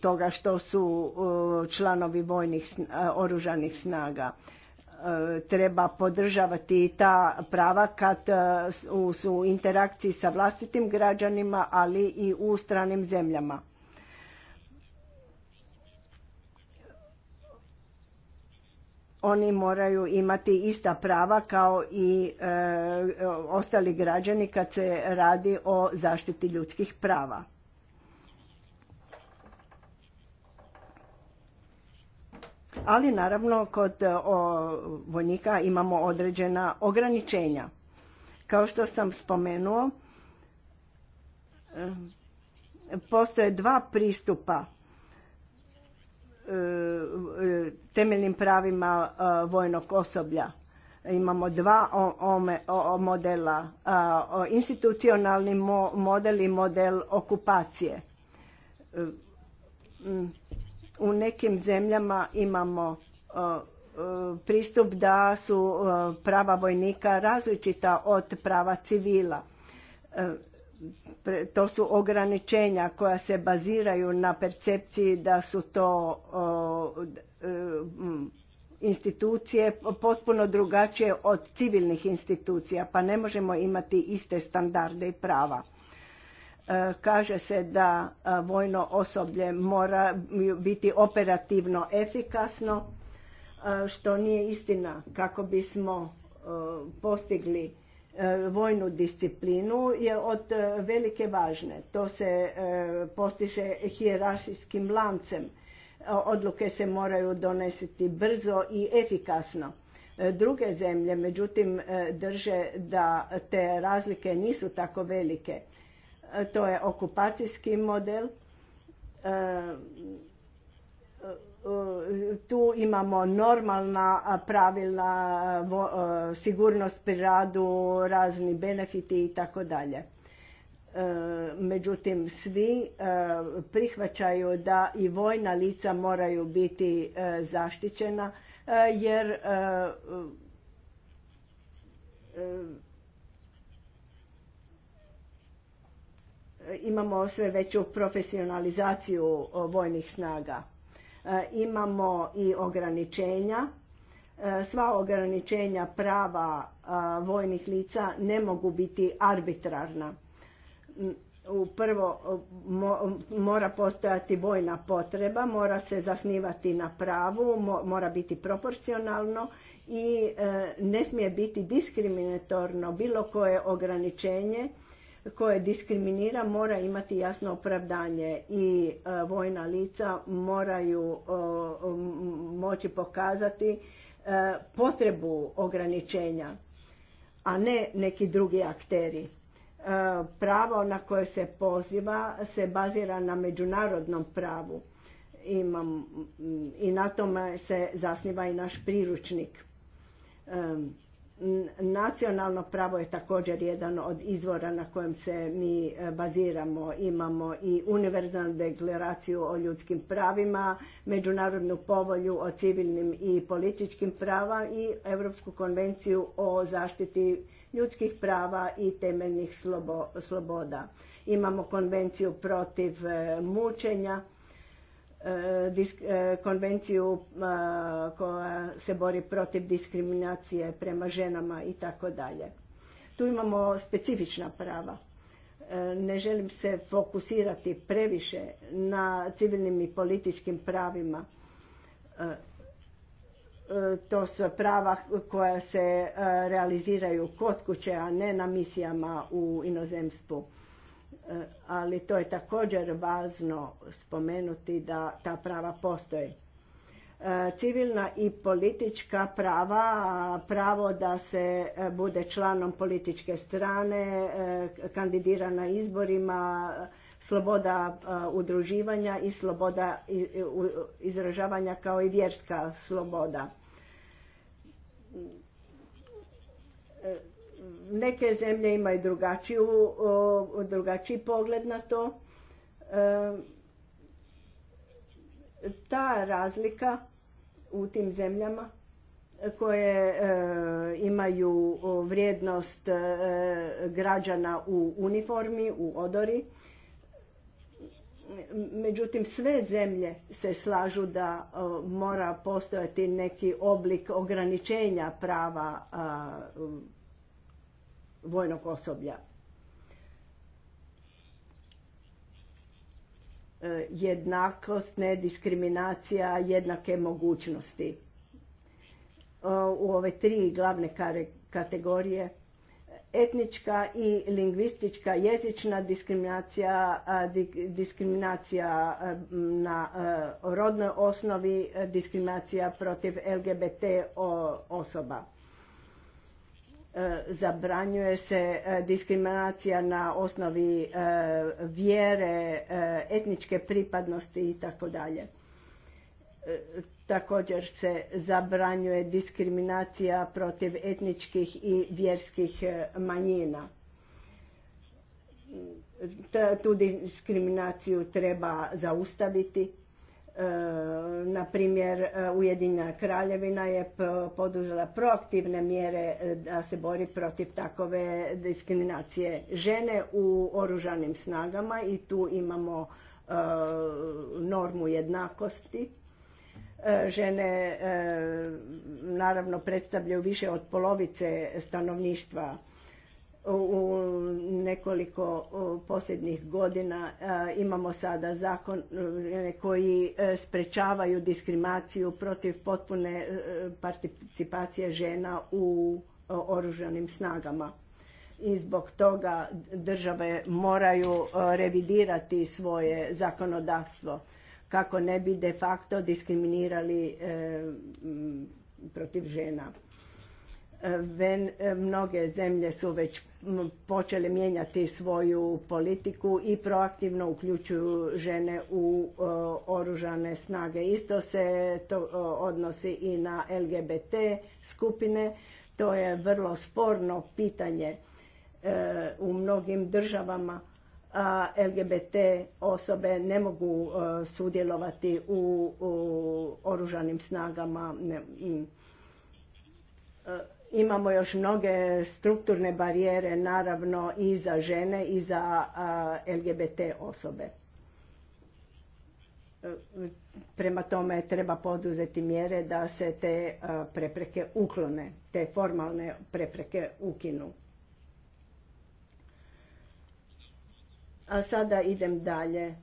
toga što su članovi vojnih oružanih snaga. E, treba podržavati ta prava kad e, su u interakciji sa vlastitim građanima, ali i u stranim zemljama. Oni moraju imati ista prava kao i e, ostali građani kad se radi o zaštiti ljudskih prava. ali naravno kod e, vojnika imamo određena ograničenja. Kao što sam spomenuo, e, postoje dva pristupa e, temeljnim pravima vojnog osoblja. Imamo dva modela, institucionalni model i model okupacije u nekim zemljama imamo uh, uh, pristup da su uh, prava vojnika različita od prava civila. To su ograničenja koja se baziraju na percepciji da su to institucije potpuno drugačije od civilnih institucija, pa ne možemo imati iste standarde i prava. E, kaže se da e, vojno osoblje mora biti operativno efikasno, e, što nije istina kako bismo postigli vojnu disciplinu je od velike važne. To se postiže hijerarhijskim lancem. Odluke se moraju donesiti brzo i efikasno. Druge zemlje, međutim, drže da te razlike nisu tako velike to je okupacijski model. E, tu imamo normalna pravila, sigurnost pri radu, razni benefiti i tako dalje. E, međutim, svi e, prihvaćaju da i vojna lica moraju biti zaštićena jer E, imamo sve veću profesionalizaciju vojnih snaga. E, imamo i ograničenja. E, sva ograničenja prava vojnih lica ne mogu biti arbitrarna. U prvo mora postojati vojna potreba, mora se zasnivati na pravu, mora biti proporcionalno i ne smije biti diskriminatorno bilo koje ograničenje koje diskriminira mora imati jasno opravdanje i e, vojna lica moraju moći pokazati e, potrebu ograničenja, a ne neki drugi akteri. E, pravo na koje se poziva se bazira na međunarodnom pravu i na tome se zasniva i naš priručnik. Nacionalno pravo je također jedan od izvora na kojem se mi e, baziramo. Imamo i univerzalnu deklaraciju o ljudskim pravima, međunarodnu povolju o civilnim i političkim prava i Europsku konvenciju o zaštiti ljudskih prava i temeljnih sloboda. Imamo konvenciju protiv e, mučenja E, konvenciju e, koja se bori protiv diskriminacije prema ženama i tako dalje. Tu imamo specifična prava. E, ne želim se fokusirati previše na civilnim i političkim pravima. To su prava koja se realiziraju kod kuće, a ne na misijama u inozemstvu E, ali to je također važno spomenuti da ta prava postoje. E, civilna i politička prava, pravo da se e, bude članom političke strane, kandidira na izborima, sloboda udruživanja i sloboda izražavanja kao i vjerska sloboda Neke zemlje imaju drugačiji pogled na to. E, ta razlika u tim zemljama koje e, imaju vrijednost e, građana u uniformi, u odori. Međutim, sve zemlje se slažu da mora postojati neki oblik ograničenja prava vojnog osoblja. E, jednakost, nediskriminacija, jednake mogućnosti. E, u ove tri glavne kategorije etnička i lingvistička jezična diskriminacija, diskriminacija e, na rodnoj osnovi, diskriminacija protiv LGBT osoba. E, zabranjuje se e, diskriminacija na osnovi e, vjere, etničke pripadnosti i tako dalje. Također se zabranjuje diskriminacija protiv etničkih i vjerskih manjina. Tu diskriminaciju treba zaustaviti na primjer e, Ujedinjena kraljevina je poduzela proaktivne mjere e, da se bori protiv takove diskriminacije žene u oružanim snagama i tu imamo e, normu jednakosti. žene naravno predstavljaju više od polovice stanovništva u nekoliko posljednjih godina imamo sada zakon e, koji e, sprečavaju diskriminaciju protiv potpune e, participacije žena u oružanim snagama. I zbog toga države moraju revidirati svoje zakonodavstvo kako ne bi de facto diskriminirali protiv žena Ven, e, mnoge zemlje su već počele mijenjati svoju politiku i proaktivno uključuju žene u e, oružane snage. Isto se to e, odnosi i na LGBT skupine. To je vrlo sporno pitanje u mnogim državama. A LGBT osobe ne mogu sudjelovati u, oružanim snagama. Ne, Imamo još mnoge strukturne barijere, naravno, i za žene i za LGBT osobe. Prema tome treba poduzeti mjere da se te prepreke uklone, te formalne prepreke ukinu. A sada idem dalje e,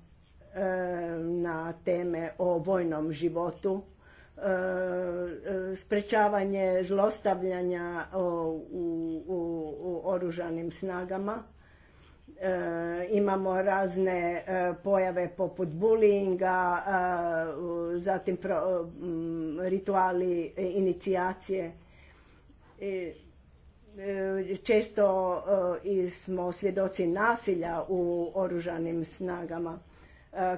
na teme o vojnom životu E, sprečavanje zlostavljanja u, oružanim snagama. E, imamo razne e, pojave poput bullyinga, zatim rituali inicijacije. Često smo svjedoci nasilja u oružanim snagama,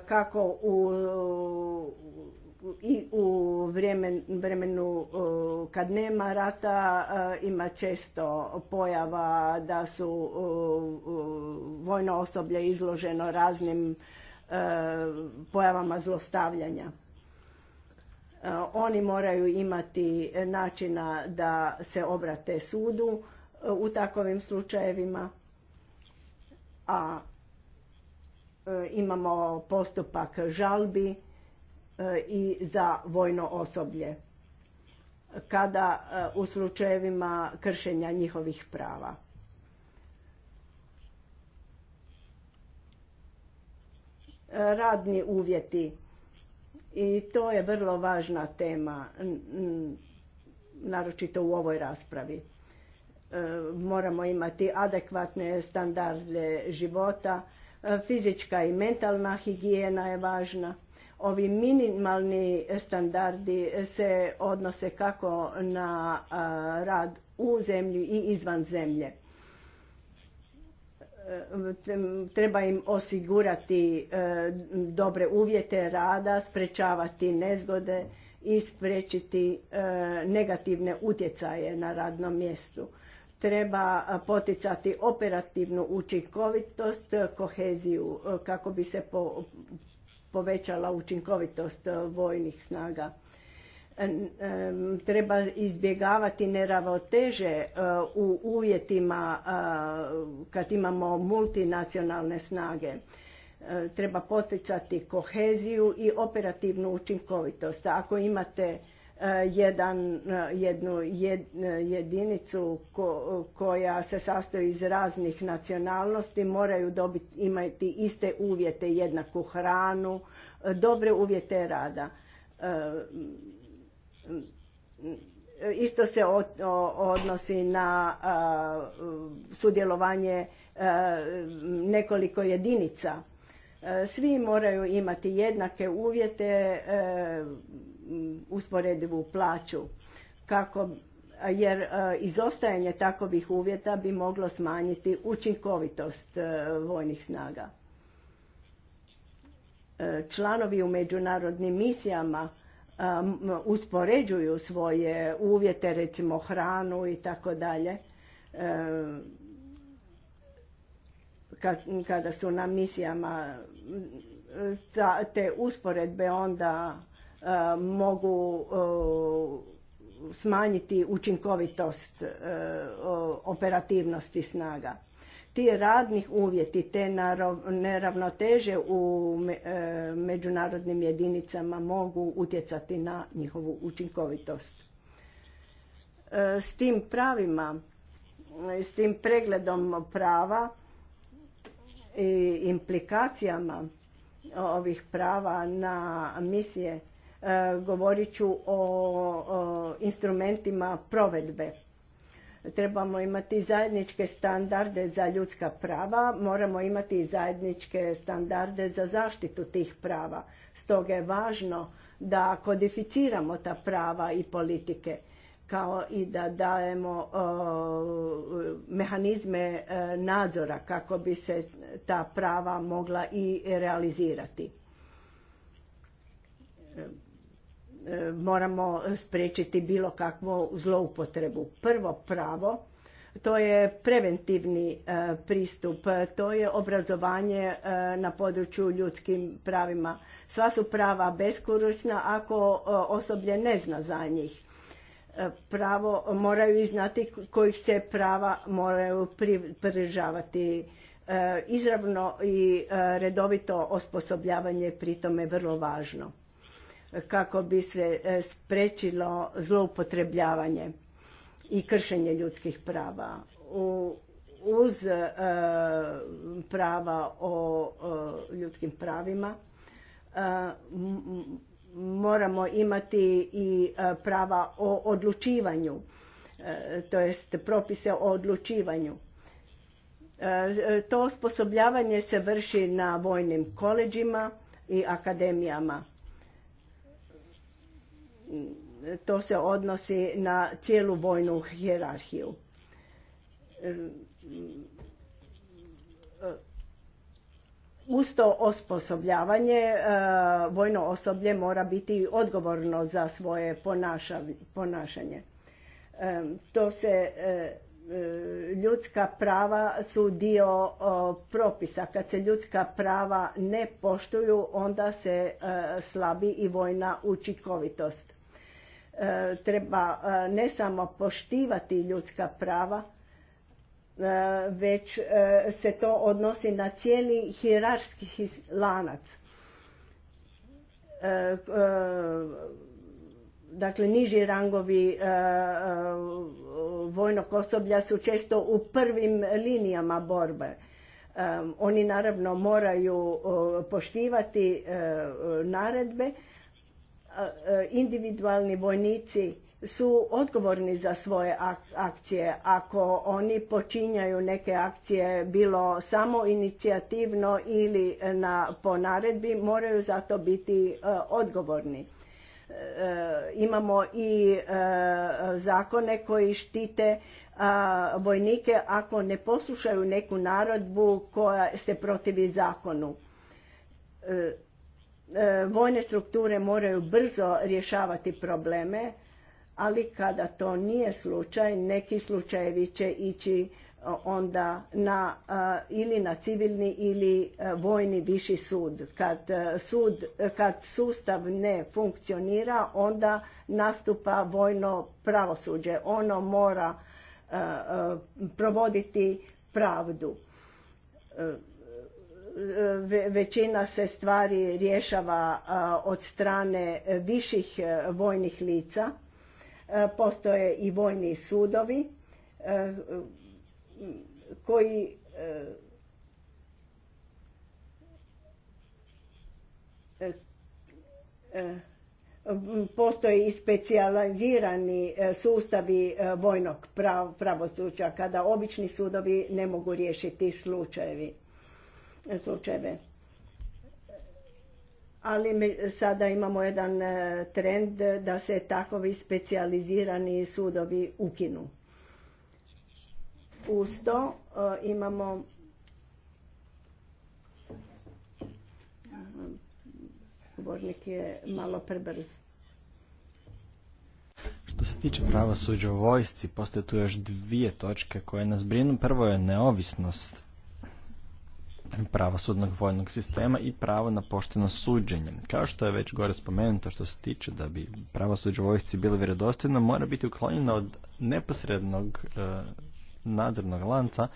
kako u, i u vremenu kad nema rata ima često pojava da su vojno osoblje izloženo raznim e, pojavama zlostavljanja. E, oni moraju imati načina da se obrate sudu e, u takovim slučajevima, a imamo postupak žalbi E, i za vojno osoblje kada e, u slučajevima kršenja njihovih prava. Radni uvjeti i to je vrlo važna tema, naročito u ovoj raspravi. E, moramo imati adekvatne standarde života, fizička i mentalna higijena je važna Ovi minimalni standardi se odnose kako na rad u zemlji i izvan zemlje. E, treba im osigurati e, dobre uvjete rada, sprečavati nezgode i sprečiti e, negativne utjecaje na radnom mjestu treba poticati operativnu učinkovitost, koheziju kako bi se povećala učinkovitost e, vojnih snaga. E, e, treba izbjegavati neravnoteže u uvjetima kad imamo multinacionalne snage. Treba poticati koheziju i operativnu učinkovitost. Ako imate Eh, jedan, eh, jednu eh, jedinicu koja se sastoji iz raznih nacionalnosti moraju dobiti, imati iste uvjete, jednaku hranu, dobre uvjete rada. Mm, isto se odnosi na sudjelovanje nekoliko jedinica. Svi moraju imati jednake uvjete, usporedivu plaću kako jer e, izostajanje takovih uvjeta bi moglo smanjiti učinkovitost e, vojnih snaga. E, članovi u međunarodnim misijama uspoređuju svoje uvjete, recimo hranu i tako dalje, kada su na misijama te usporedbe onda E, mogu e, smanjiti učinkovitost e, operativnosti snaga. Ti radnih uvjeti, te neravnoteže u međunarodnim jedinicama mogu utjecati na njihovu učinkovitost. S tim pravima, s tim pregledom prava i implikacijama ovih prava na misije E, govorit ću o, instrumentima provedbe. Trebamo imati zajedničke standarde za ljudska prava, moramo imati zajedničke standarde za zaštitu tih prava. Stoga je važno da kodificiramo ta prava i politike kao i da dajemo mehanizme e, nadzora kako bi se ta prava mogla i realizirati E, moramo spriječiti bilo kakvu zloupotrebu. Prvo pravo, to je preventivni e, pristup, to je obrazovanje e, na području ljudskim pravima. Sva su prava beskorisna ako osoblje ne zna za njih. Pravo moraju i znati kojih se prava moraju pridržavati. Izravno i redovito osposobljavanje pritom je vrlo važno kako bi se e, sprečilo zloupotrebljavanje i kršenje ljudskih prava. U, uz e, prava o, ljudskim pravima e, moramo imati i prava o odlučivanju, e, to jest propise o odlučivanju. To osposobljavanje se vrši na vojnim koleđima i akademijama to se odnosi na cijelu vojnu hijerarhiju. Uz to osposobljavanje e, vojno osoblje mora biti odgovorno za svoje ponašanje. E, to se e, ljudska prava su dio propisa. Kad se ljudska prava ne poštuju, onda se slabi i vojna učinkovitost. E, treba e, ne samo poštivati ljudska prava, e, već se to odnosi na cijeli hirarski lanac. Dakle, niži rangovi vojnog osoblja su često u prvim linijama borbe. Oni naravno moraju poštivati naredbe, E, individualni vojnici su odgovorni za svoje akcije. Ako oni počinjaju neke akcije bilo samo inicijativno ili na, po naredbi, moraju za to biti e, odgovorni. E, imamo i zakone koji štite vojnike ako ne poslušaju neku narodbu koja se protivi zakonu. E, vojne strukture moraju brzo rješavati probleme, ali kada to nije slučaj, neki slučajevi će ići e, onda na e, ili na civilni ili vojni viši sud. Kad, sud. kad sustav ne funkcionira, onda nastupa vojno pravosuđe. Ono mora provoditi pravdu većina se stvari rješava od strane viših e, vojnih lica, e, postoje i vojni sudovi e, koji postoje i specijalizirani sustavi vojnog pravosuđa kada obični sudovi ne mogu riješiti slučajevi slučajeve. Ali mi sada imamo jedan e, trend da se takovi specijalizirani sudovi ukinu. Uz to e, imamo govornik je malo prebrz. Što se tiče pravosuđa u vojsci, postoje tu još dvije točke koje nas brinu. Prvo je neovisnost pravosudnog vojnog sistema i pravo na pošteno suđenje. Kao što je već gore spomenuto što se tiče da bi pravosuđe vojsci bilo vjerodostojno, mora biti uklonjeno od neposrednog e, nadzornog lanca,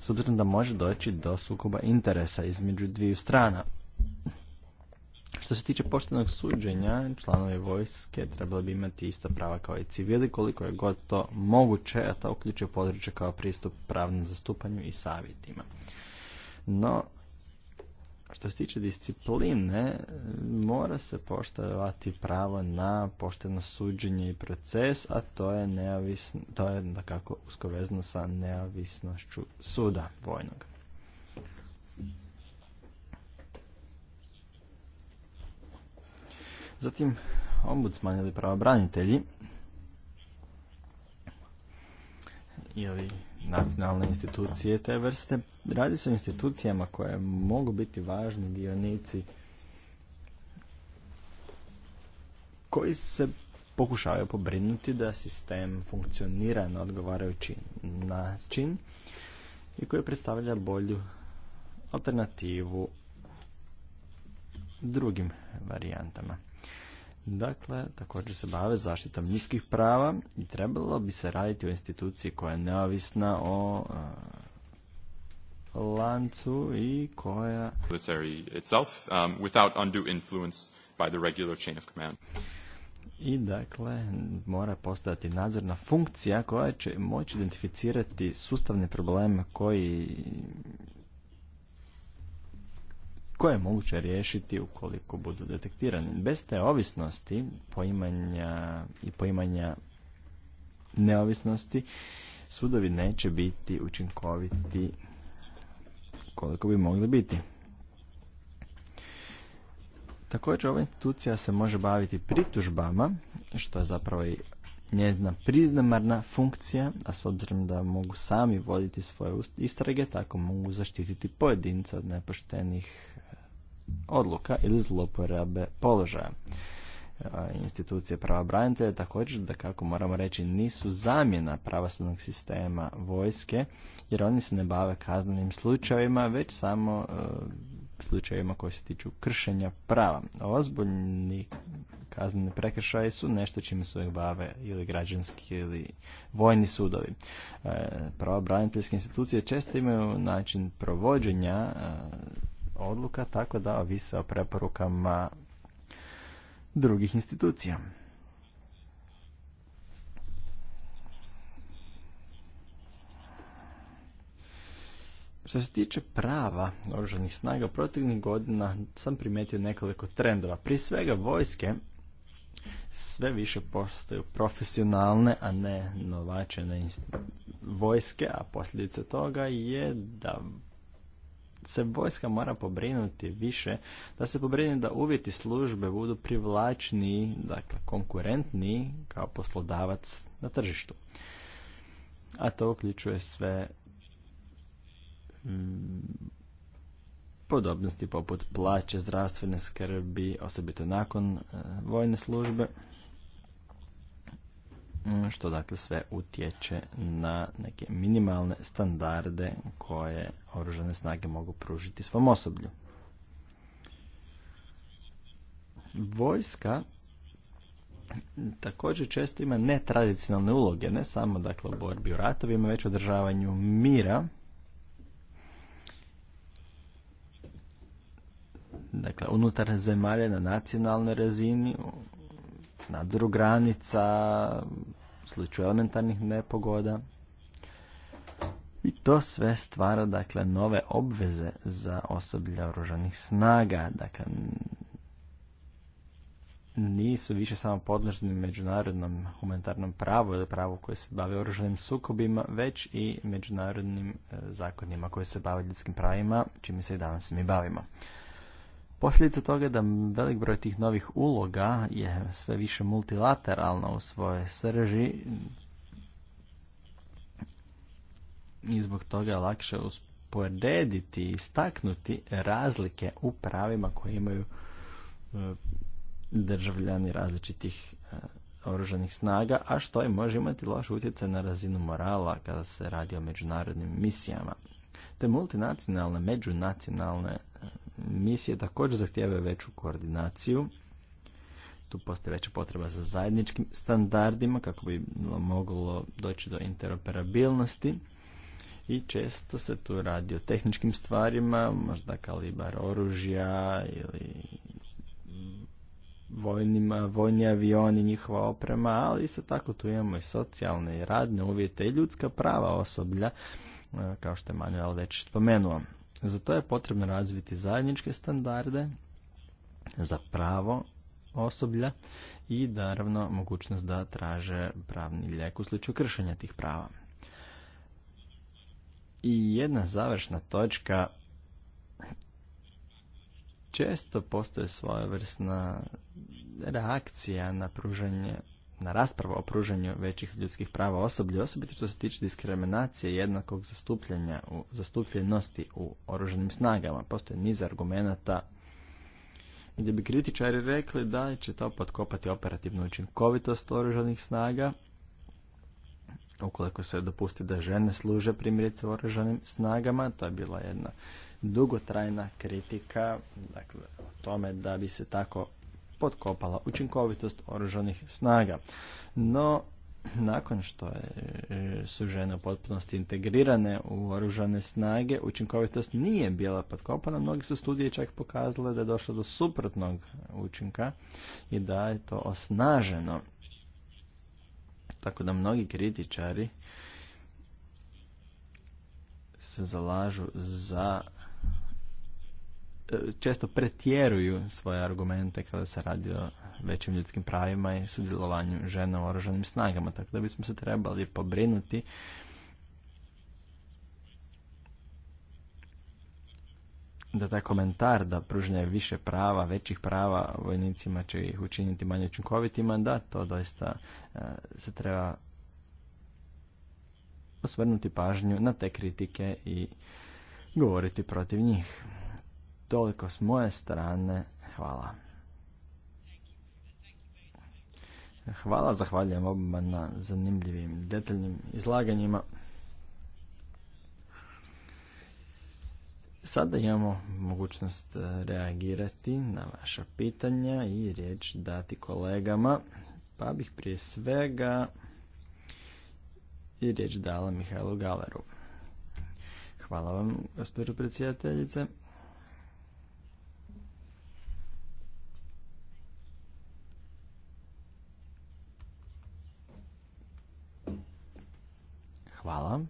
s obzirom da može doći do sukoba interesa između dviju strana. Što se tiče poštenog suđenja, članovi vojske trebali bi imati ista prava kao i civili koliko je god to moguće, a to uključuje područje kao pristup pravnom zastupanju i savjetima. No, što se tiče discipline, mora se poštovati pravo na pošteno suđenje i proces, a to je neovisno, to je kako usko vezano sa neovisnošću suda vojnog. Zatim, ombudsman ili pravobranitelji ili nacionalne institucije te vrste. Radi se o institucijama koje mogu biti važni dionici koji se pokušavaju pobrinuti da sistem funkcionira na odgovarajući način i koji predstavlja bolju alternativu drugim varijantama. Dakle, također se bave zaštitom ljudskih prava i trebalo bi se raditi u instituciji koja je neovisna o e, lancu i koja itself, um, without undue influence by the regular chain of command. I dakle, mora postati nadzorna funkcija koja će moći identificirati sustavne probleme koji koje je moguće riješiti ukoliko budu detektirani. Bez te ovisnosti poimanja i poimanja neovisnosti sudovi neće biti učinkoviti koliko bi mogli biti. Također ova institucija se može baviti pritužbama, što je zapravo i njezna priznamarna funkcija, a s obzirom da mogu sami voditi svoje istrage, tako mogu zaštititi pojedinca od nepoštenih odluka ili zloporabe položaja. Institucije pravobranitelja također da kako moramo reći nisu zamjena pravosudnog sistema vojske jer oni se ne bave kaznenim slučajevima već samo e, slučajevima koji se tiču kršenja prava. Ozbiljni kazneni prekršaji su nešto čime se bave ili građanski ili vojni sudovi. E, pravobraniteljske institucije često imaju način provođenja e, odluka, tako da ovise o preporukama drugih institucija. Što se tiče prava oružanih snaga, proteklih godina sam primijetio nekoliko trendova. Prije svega vojske sve više postaju profesionalne, a ne novačene vojske, a posljedice toga je da se vojska mora pobrinuti više, da se pobrine da uvjeti službe budu privlačni, dakle konkurentni kao poslodavac na tržištu. A to uključuje sve mm, podobnosti poput plaće, zdravstvene skrbi, osobito nakon e, vojne službe. Mm. što dakle sve utječe na neke minimalne standarde koje oružane snage mogu pružiti svom osoblju. Vojska također često ima netradicionalne uloge, ne samo dakle u borbi u ratovima, već u održavanju mira. Dakle, unutar zemalje na nacionalnoj razini, nadzoru granica, slučaju elementarnih nepogoda. I to sve stvara dakle nove obveze za osoblja oružanih snaga. Dakle, nisu više samo podložni međunarodnom humanitarnom pravu ili pravu koje se bave oružanim sukobima, već i međunarodnim e, zakonima koje se bave ljudskim pravima, čime se i danas mi bavimo. Posljedica toga je da velik broj tih novih uloga je sve više multilateralna u svojoj srži i zbog toga je lakše usporediti i istaknuti razlike u pravima koje imaju e, državljani različitih e, oružanih snaga, a što je može imati loš utjecaj na razinu morala kada se radi o međunarodnim misijama. Te multinacionalne, međunacionalne misije također zahtijevaju veću koordinaciju. Tu postoji veća potreba za zajedničkim standardima kako bi moglo doći do interoperabilnosti i često se tu radi o tehničkim stvarima, možda kalibar oružja ili vojnima, vojni avioni, njihova oprema, ali isto tako tu imamo i socijalne i radne uvjete i ljudska prava osoblja, kao što je Manuel već spomenuo. Za to je potrebno razviti zajedničke standarde za pravo osoblja i naravno mogućnost da traže pravni lijek u slučaju kršenja tih prava. I jedna završna točka često postoje svojevrsna reakcija na pružanje na raspravu o pružanju većih ljudskih prava osoblje, osobito što se tiče diskriminacije jednakog u zastupljenosti u oruženim snagama. Postoje niz argumenata gdje bi kritičari rekli da će to potkopati operativnu učinkovitost oružanih snaga, ukoliko se dopusti da žene služe primjerice u oružanim snagama, to je bila jedna dugotrajna kritika dakle, o tome da bi se tako potkopala učinkovitost oružanih snaga. No, nakon što e, su žene u potpunosti integrirane u oružane snage, učinkovitost nije bila potkopana. Mnogi su studije čak pokazale da je došlo do suprotnog učinka i da je to osnaženo. Tako da mnogi kritičari se zalažu za često pretjeruju svoje argumente kada se radi o većim ljudskim pravima i sudjelovanju žena u oružanim snagama. Tako da bismo se trebali pobrinuti da taj komentar da pružne više prava, većih prava vojnicima će ih učiniti manje učinkovitima, da to doista e, se treba osvrnuti pažnju na te kritike i govoriti protiv njih. Toliko s moje strane. Hvala. Hvala, zahvaljujem obama na zanimljivim, detaljnim izlaganjima. Sada imamo mogućnost e, reagirati na vaša pitanja i riječ dati kolegama. Pa bih prije svega i riječ dala Mihajlu Galeru. Hvala vam, gospođo predsjedateljice. Hvala.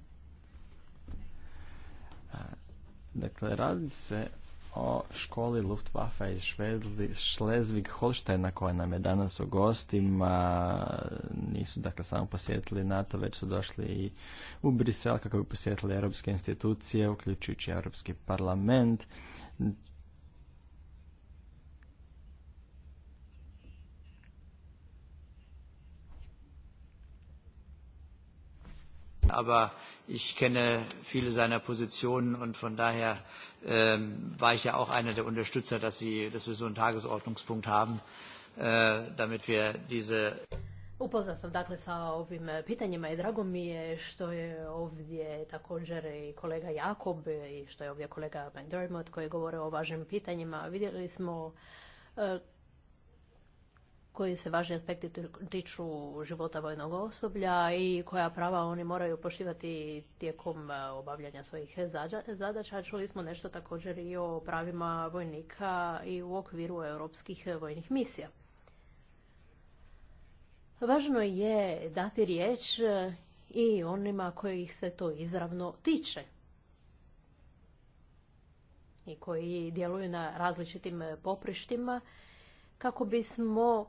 Dakle, radi se o školi Luftwaffe iz Šlezvig Holštajna koja nam je danas u gostima. Nisu dakle samo posjetili NATO, već su došli i u Brisel kako bi posjetili europske institucije, uključujući Europski parlament. Aber ich kenne viele seiner Positionen und von daher ähm, war ich ja auch einer der Unterstützer, dass, sie, dass wir so einen Tagesordnungspunkt haben, äh, damit wir diese... Upoznao sam dakle sa ovim e, pitanjima i drago mi je što je ovdje također i kolega Jakob i što je ovdje kolega McDermott koji govore o važnim pitanjima. Vidjeli smo e, koji se važni aspekti tiču života vojnog osoblja i koja prava oni moraju poštivati tijekom e, obavljanja svojih zadaća. Čuli smo nešto također i o pravima vojnika i u okviru europskih vojnih misija. Važno je dati riječ e, i onima kojih se to izravno tiče i koji djeluju na različitim poprištima kako bismo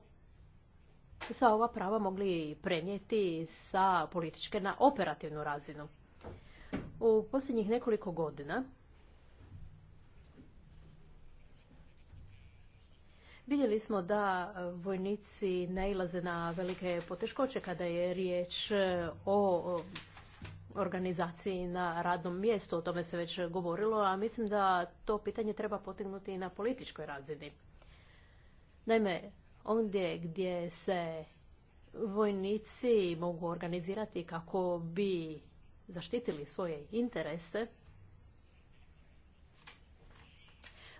sva ova prava mogli prenijeti sa političke na operativnu razinu. U posljednjih nekoliko godina Vidjeli smo da vojnici nailaze na velike poteškoće kada je riječ o organizaciji na radnom mjestu, o tome se već govorilo, a mislim da to pitanje treba potignuti i na političkoj razini. Naime, ondje gdje se vojnici mogu organizirati kako bi zaštitili svoje interese.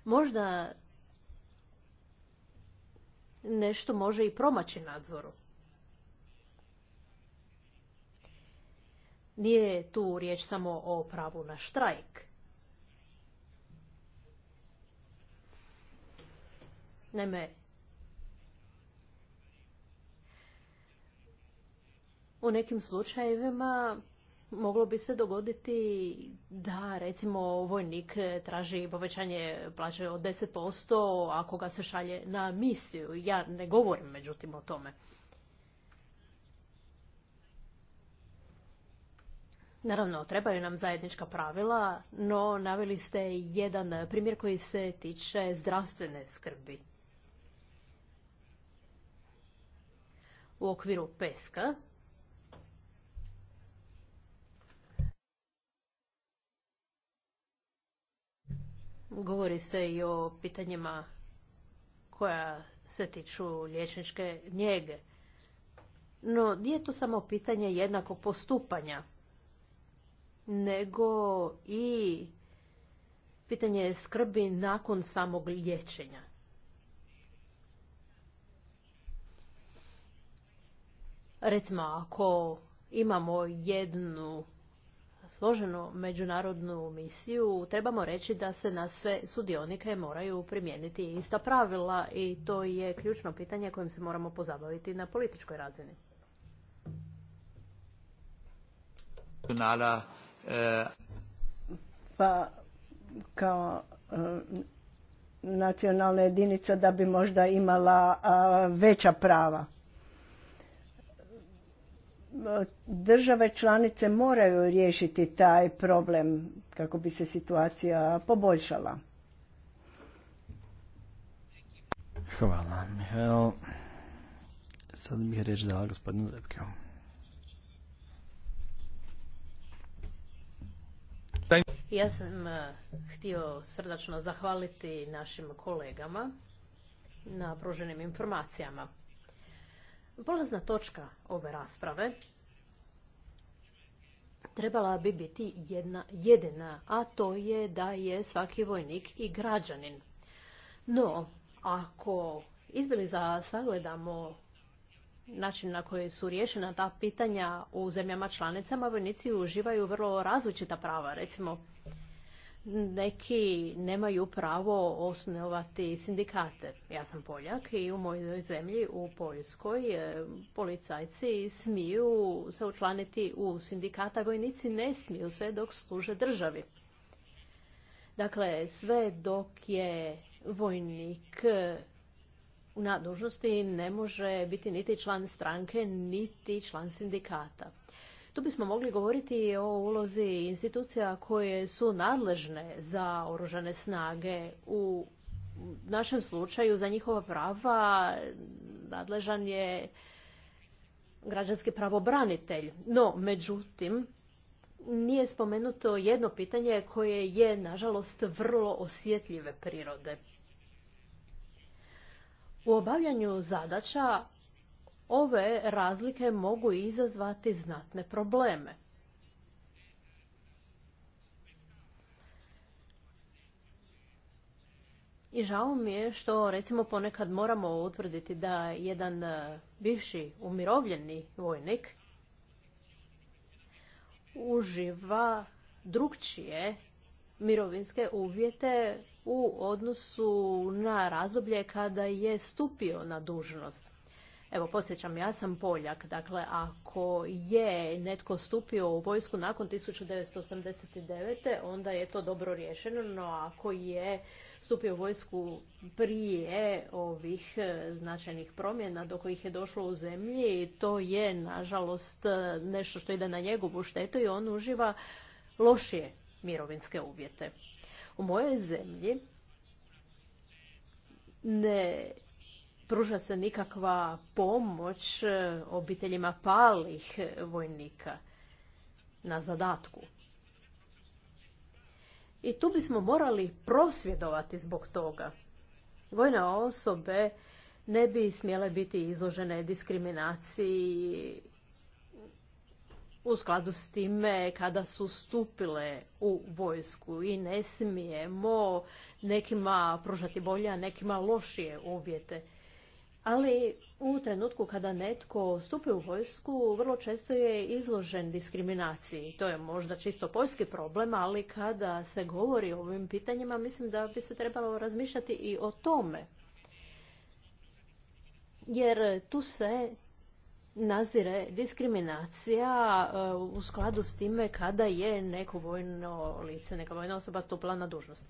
Možda nešto može i promaći nadzoru. Nije tu riječ samo o pravu na štrajk. Naime, u nekim slučajevima moglo bi se dogoditi da recimo vojnik traži povećanje plaće od 10% ako ga se šalje na misiju. Ja ne govorim međutim o tome. Naravno, trebaju nam zajednička pravila, no naveli ste jedan primjer koji se tiče zdravstvene skrbi. U okviru PESKA Govori se i o pitanjima koja se tiču liječničke njege. No, nije to samo pitanje jednakog postupanja, nego i pitanje skrbi nakon samog liječenja. Recimo, ako imamo jednu složenu međunarodnu misiju, trebamo reći da se na sve sudionike moraju primijeniti ista pravila i to je ključno pitanje kojim se moramo pozabaviti na političkoj razini. Eh, pa kao eh, nacionalna jedinica da bi možda imala eh, veća prava države članice moraju riješiti taj problem kako bi se situacija poboljšala. Hvala. Ja sam eh, htio srdačno zahvaliti našim kolegama na pruženim informacijama. Polazna točka ove rasprave trebala bi biti jedna jedina, a to je da je svaki vojnik i građanin. No, ako za sagledamo način na koji su riješena ta pitanja u zemljama članicama, vojnici uživaju vrlo različita prava. Recimo, neki nemaju pravo osnovati sindikate. Ja sam Poljak i u mojoj zemlji, u Poljskoj, e, policajci smiju se učlaniti u sindikata, vojnici ne smiju sve dok služe državi. Dakle, sve dok je vojnik u e, dužnosti ne može biti niti član stranke, niti član sindikata. Tu bismo mogli govoriti o ulozi institucija koje su nadležne za oružane snage. U našem slučaju za njihova prava nadležan je građanski pravobranitelj. No, međutim, nije spomenuto jedno pitanje koje je, nažalost, vrlo osjetljive prirode. U obavljanju zadaća ove razlike mogu izazvati znatne probleme. I žao mi je što recimo ponekad moramo utvrditi da jedan e, bivši umirovljeni vojnik uživa drugčije mirovinske uvjete u odnosu na razoblje kada je stupio na dužnost. Evo, posjećam, ja sam Poljak, dakle, ako je netko stupio u vojsku nakon 1989. onda je to dobro riješeno no ako je stupio u vojsku prije ovih e, značajnih promjena do kojih je došlo u zemlji, to je, nažalost, nešto što ide na njegovu štetu i on uživa lošije mirovinske uvjete. U mojoj zemlji ne pruža se nikakva pomoć e, obiteljima palih e, vojnika na zadatku. I tu bismo morali prosvjedovati zbog toga. Vojne osobe ne bi smjele biti izložene diskriminaciji u skladu s time kada su stupile u vojsku i ne smijemo nekima pružati bolje, a nekima lošije uvjete ali u trenutku kada netko stupi u vojsku, vrlo često je izložen diskriminaciji. To je možda čisto poljski problem, ali kada se govori o ovim pitanjima, mislim da bi se trebalo razmišljati i o tome. Jer tu se nazire diskriminacija e, u skladu s time kada je neko vojno lice, neka vojna osoba stupila na dužnost.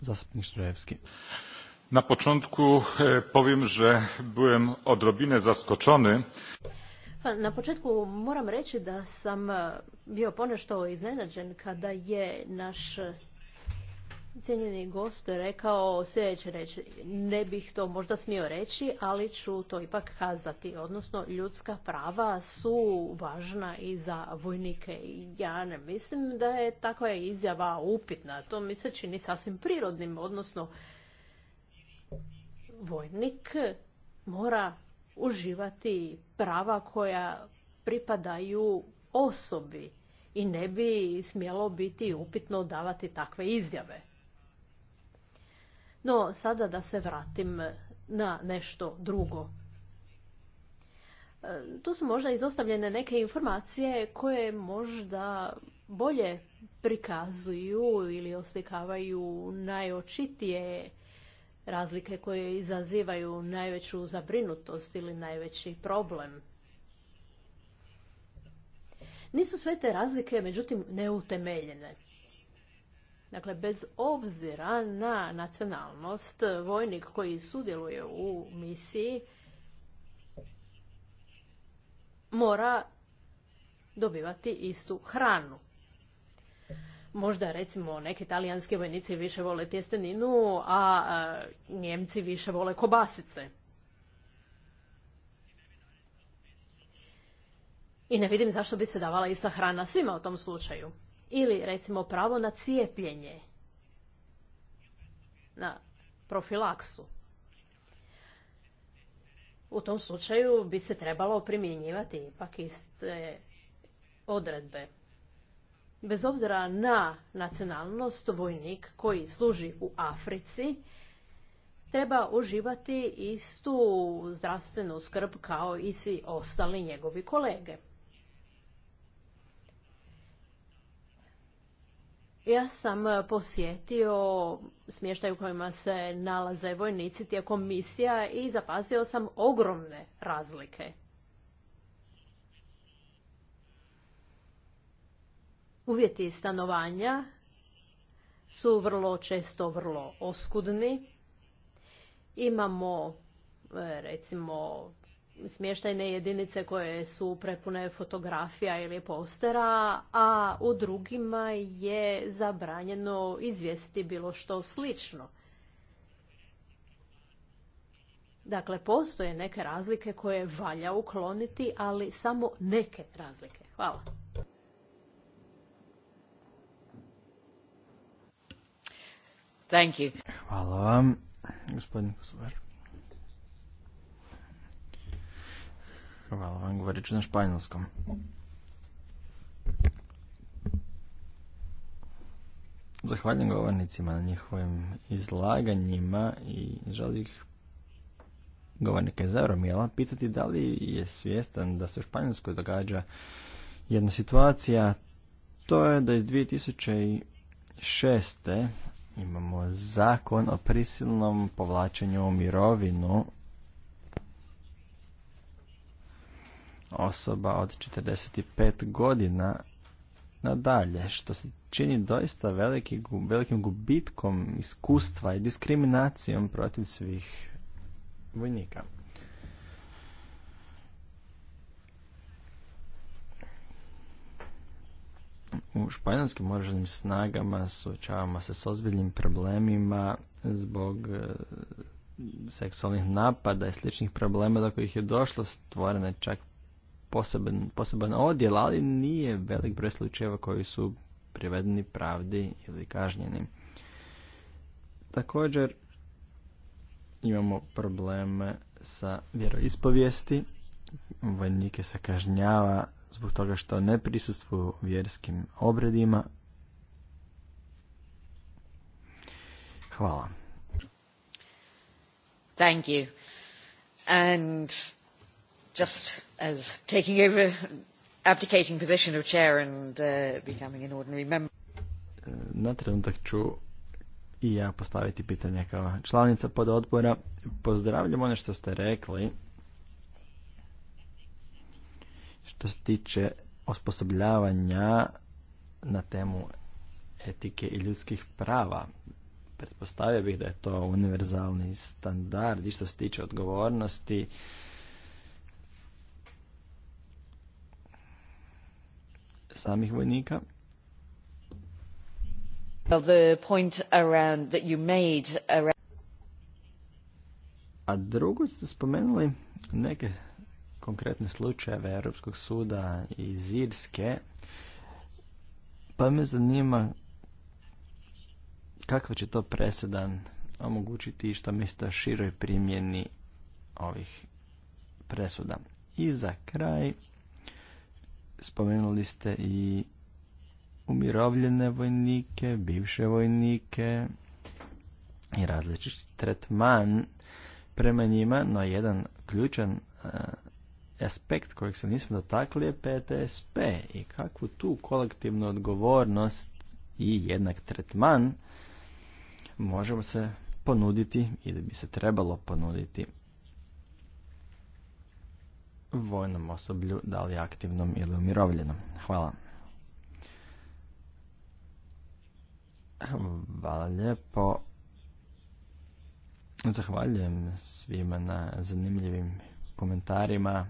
Zastupnik na początku e, powiem, że byłem odrobinę zaskoczony. Na početku moram reći da sam e, bio ponešto iznenađen kada je naš e, cijenjeni gost rekao sljedeće reći. Ne bih to možda smio reći, ali ću to ipak kazati. Odnosno, ljudska prava su važna i za vojnike. Ja ne mislim da je takva izjava upitna. To mi se čini sasvim prirodnim, odnosno vojnik mora uživati prava koja pripadaju osobi i ne bi smjelo biti upitno davati takve izjave. No, sada da se vratim na nešto drugo. E, tu su možda izostavljene neke informacije koje možda bolje prikazuju ili oslikavaju najočitije razlike koje izazivaju najveću zabrinutost ili najveći problem. Nisu sve te razlike, međutim, neutemeljene. Dakle, bez obzira na nacionalnost, vojnik koji sudjeluje u misiji mora dobivati istu hranu možda recimo neki talijanski vojnici više vole tjesteninu, a njemci više vole kobasice. I ne vidim zašto bi se davala ista hrana svima u tom slučaju. Ili recimo pravo na cijepljenje, na profilaksu. U tom slučaju bi se trebalo primjenjivati ipak iste odredbe bez obzira na nacionalnost, vojnik koji služi u Africi treba uživati istu zdravstvenu skrb kao i svi ostali njegovi kolege. Ja sam posjetio smještaj u kojima se nalaze vojnici tijekom misija i zapazio sam ogromne razlike. Uvjeti stanovanja su vrlo često vrlo oskudni. Imamo e, recimo smještajne jedinice koje su prepune fotografija ili postera, a u drugima je zabranjeno izvijesti bilo što slično. Dakle, postoje neke razlike koje valja ukloniti, ali samo neke razlike. Hvala. Thank you. Hvala vam, gospodin Kosovar. Hvala vam, govorit ću na španjolskom. Zahvaljujem govornicima na njihovim izlaganjima i želim ih govornika iz Euromijela pitati da li je svjestan da se u Španjolskoj događa jedna situacija, to je da iz 2006 imamo zakon o prisilnom povlačenju u mirovinu osoba od 45 godina nadalje, što se čini doista veliki, velikim gubitkom iskustva i diskriminacijom protiv svih vojnika. U španjolskim oružanim snagama suočavamo se s ozbiljnim problemima zbog e, seksualnih napada i sličnih problema do kojih je došlo, stvorena čak poseban, poseban odjel, ali nije velik broj slučajeva koji su privedeni pravdi ili kažnjeni. Također imamo probleme sa vjeroispovijesti, vojnike se kažnjava zbog toga što ne prisustvuju vjerskim obredima. Hvala. Thank you. And just as taking over abdicating position of chair and uh, becoming an ordinary member. Na trenutak ću i ja postaviti pitanje kao članica odbora. Pozdravljam ono što ste rekli što se tiče osposobljavanja na temu etike i ljudskih prava. Pretpostavio bih da je to univerzalni standard i što se tiče odgovornosti. samih vojnika. A drugo ste spomenuli neke konkretne slučajeve Europskog suda iz Irske, pa me zanima kakva će to presedan omogućiti i što mislite o široj primjeni ovih presuda. I za kraj spomenuli ste i umirovljene vojnike, bivše vojnike i različiti tretman prema njima, no jedan ključan aspekt kojeg se nismo dotakli je PTSP i kakvu tu kolektivnu odgovornost i jednak tretman možemo se ponuditi ili bi se trebalo ponuditi vojnom osoblju, da li aktivnom ili umirovljenom. Hvala. Hvala lijepo. Zahvaljujem svima na zanimljivim komentarima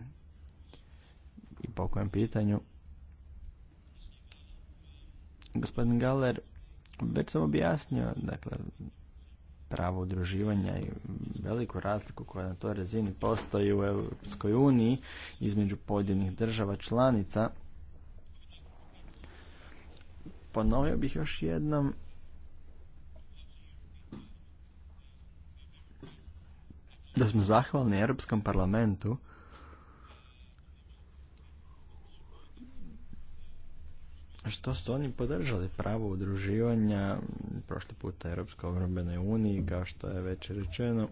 i po kojem pitanju. Gospodin Galler, već sam objasnio, dakle, pravo udruživanja i veliku razliku koja na toj razini postoji u Europskoj uniji između pojedinih država članica. Ponovio bih još jednom da smo zahvalni Europskom parlamentu što su oni podržali pravo udruživanja prošli puta Europske obrambene uniji kao što je već rečeno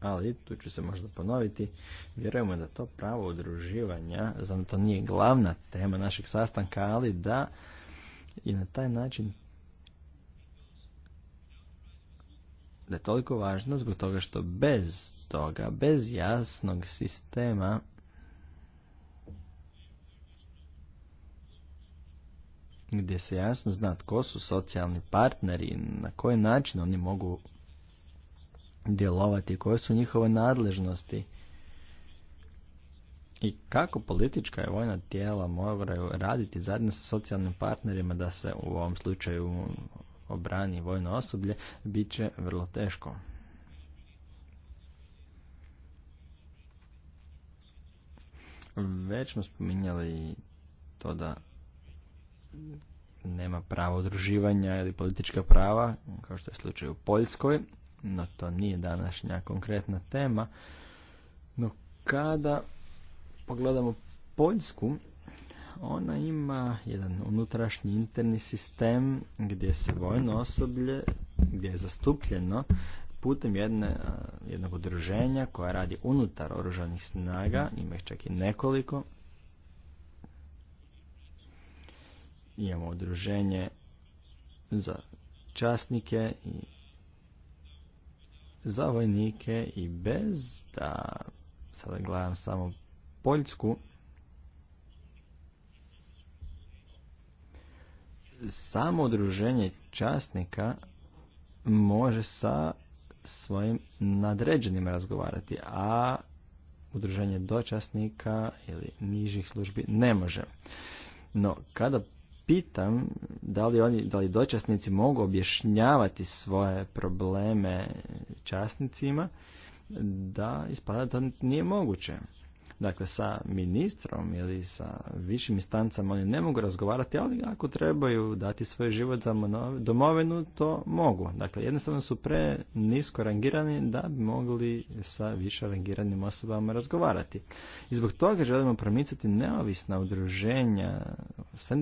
ali tu ću se možda ponoviti vjerujemo da to pravo udruživanja znam to nije glavna tema našeg sastanka ali da i na taj način da je toliko važno zbog toga što bez toga, bez jasnog sistema gdje se jasno zna tko su socijalni partneri na koji način oni mogu djelovati, koje su njihove nadležnosti i kako politička i vojna tijela moraju raditi zajedno sa socijalnim partnerima da se u ovom slučaju obrani vojno osoblje, bit će vrlo teško. Već smo spominjali to da nema pravo udruživanja ili politička prava, kao što je slučaj u Poljskoj, no to nije današnja konkretna tema. No kada pogledamo Poljsku, ona ima jedan unutrašnji interni sistem gdje se vojno osoblje, gdje je zastupljeno putem jedne, jednog udruženja koja radi unutar oružanih snaga, ima ih čak i nekoliko, imamo udruženje za časnike i za vojnike i bez da sada gledam samo Poljsku samo udruženje časnika može sa svojim nadređenim razgovarati, a udruženje dočasnika ili nižih službi ne može. No, kada pitam da li oni, da li dočasnici mogu objašnjavati svoje probleme časnicima, da ispada da nije moguće. Dakle, sa ministrom ili sa višim instancama oni ne mogu razgovarati, ali ako trebaju dati svoj život za domovinu, to mogu. Dakle, jednostavno su pre nisko rangirani da bi mogli sa više rangiranim osobama razgovarati. I zbog toga želimo promicati neovisna udruženja,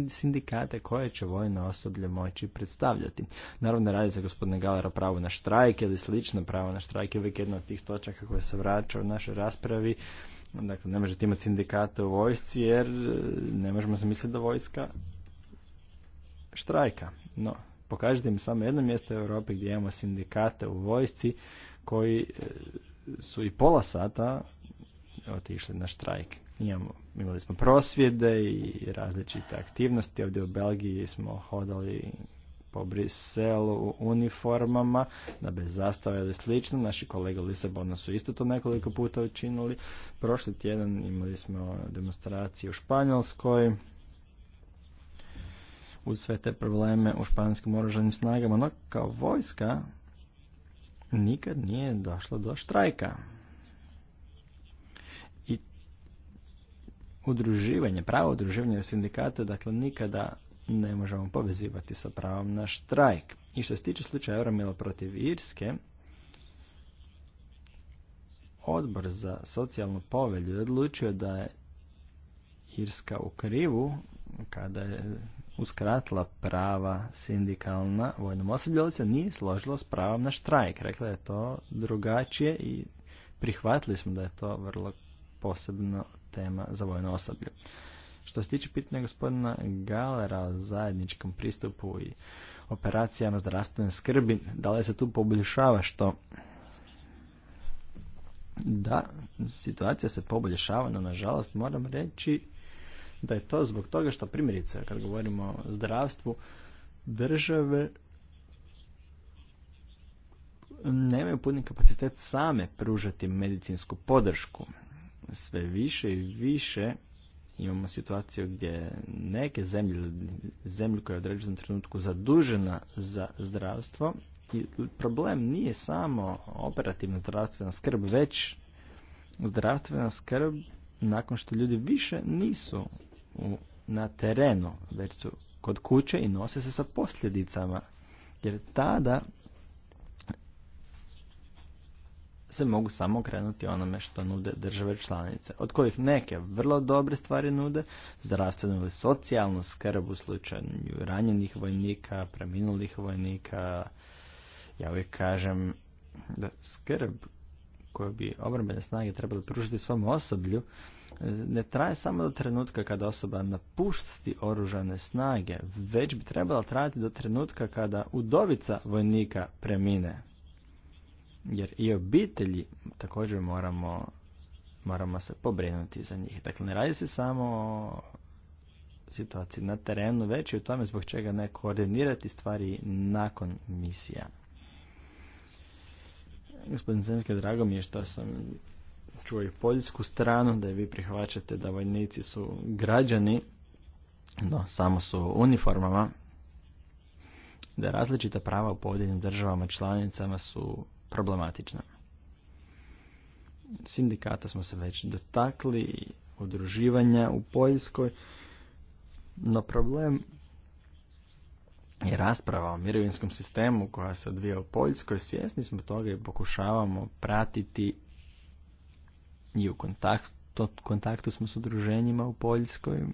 sindikate koje će vojno osoblje moći predstavljati. Naravno, radi se gospodine Galera pravo na štrajk ili slično pravo na štrajk je uvijek jedna od tih točaka koja se vraća u našoj raspravi Dakle, ne možete imati sindikate u vojsci jer e, ne možemo zamisliti da vojska štrajka. No, pokažite mi samo jedno mjesto u Europi gdje imamo sindikate u vojsci koji e, su i pola sata otišli na štrajk. imali smo prosvjede i različite aktivnosti. Ovdje u Belgiji smo hodali po Briselu u uniformama, da bez zastave ili slično. Naši kolege u Lisabonu su isto to nekoliko puta učinili. Prošli tjedan imali smo demonstraciju u Španjolskoj uz sve te probleme u španskim oružanim snagama, no kao vojska nikad nije došlo do štrajka. I udruživanje, pravo udruživanje sindikata, dakle nikada ne možemo povezivati sa pravom na štrajk. I što se tiče slučaja Euromila protiv Irske, odbor za socijalnu povelju je odlučio da je Irska u krivu kada je uskratila prava sindikalna vojnom osoblju, ali se nije složila s pravom na štrajk. Rekla je to drugačije i prihvatili smo da je to vrlo posebna tema za vojno osoblje. Što se tiče pitanja gospodina Galera o zajedničkom pristupu i operacijama zdravstvene skrbi, da li se tu poboljšava što da, situacija se poboljšava, no nažalost moram reći da je to zbog toga što primjerice, kad govorimo o zdravstvu, države nemaju puni kapacitet same pružati medicinsku podršku. Sve više i više imamo situaciju gdje neke zemlje, zemlju koja je u određenom trenutku zadužena za zdravstvo, i problem nije samo operativna zdravstvena skrb, već zdravstvena skrb nakon što ljudi više nisu na terenu, već su kod kuće i nose se sa posljedicama. Jer tada se mogu samo krenuti onome što nude države članice, od kojih neke vrlo dobre stvari nude, zdravstvenu ili socijalnu skrb u slučaju ranjenih vojnika, preminulih vojnika. Ja uvijek kažem da skrb koju bi obrambene snage trebali pružiti svom osoblju e, ne traje samo do trenutka kada osoba napušti oružane snage, već bi trebala trajati do trenutka kada udovica vojnika premine jer i obitelji također moramo, moramo se pobrinuti za njih. Dakle, ne radi se samo o situaciji na terenu, već i o tome zbog čega ne koordinirati stvari nakon misija. Gospodin Zemljka, drago mi je što sam čuo i poljsku stranu, da je vi prihvaćate da vojnici su građani, no samo su u uniformama, da različita prava u pojedinim državama članicama su problematična. Sindikata smo se već dotakli, udruživanja u Poljskoj, no problem i rasprava o mirovinskom sistemu koja se odvija u Poljskoj, svjesni smo toga i pokušavamo pratiti i u kontaktu, kontaktu smo s udruženjima u Poljskoj,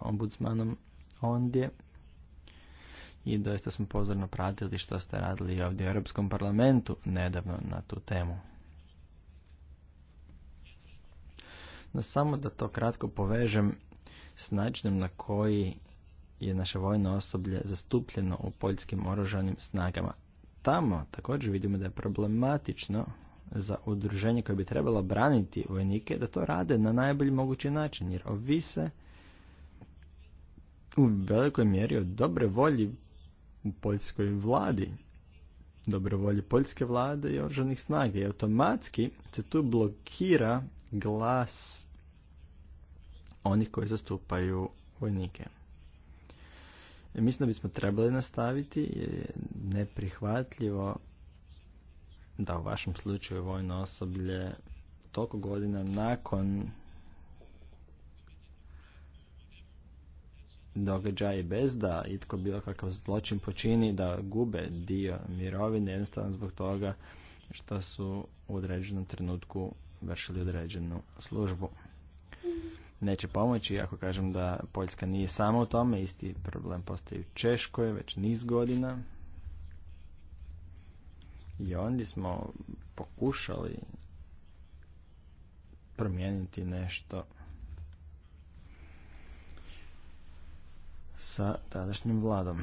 ombudsmanom ondje i doista smo pozorno pratili što ste radili ovdje u Europskom parlamentu nedavno na tu temu. No samo da to kratko povežem s načinom na koji je naše vojno osoblje zastupljeno u poljskim oružanim snagama. Tamo također vidimo da je problematično za udruženje koje bi trebalo braniti vojnike da to rade na najbolji mogući način jer ovise u velikoj mjeri o dobre volji u poljskoj vladi, dobrovolje poljske vlade i oružanih snaga. I automatski se tu blokira glas onih koji zastupaju vojnike. I e, mislim da bismo trebali nastaviti je neprihvatljivo da u vašem slučaju vojno osoblje toliko godina nakon događaji bez da itko bilo kakav zločin počini da gube dio mirovine jednostavno zbog toga što su u određenom trenutku vršili određenu službu. Neće pomoći ako kažem da Poljska nije samo u tome, isti problem postoji u Češkoj već niz godina. I onda smo pokušali promijeniti nešto sa tadašnjim vladom.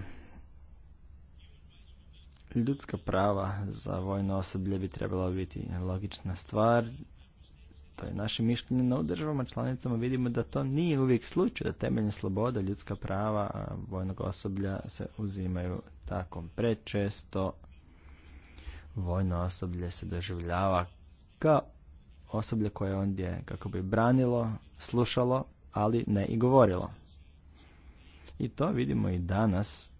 Ljudska prava za vojno osoblje bi trebala biti logična stvar. To je naše mišljenje, Na u državama članicama vidimo da to nije uvijek slučaj, da temeljne slobode, ljudska prava vojnog osoblja se uzimaju tako prečesto. Vojno osoblje se doživljava kao osoblje koje ondje kako bi branilo, slušalo, ali ne i govorilo. I to vidimo i danas,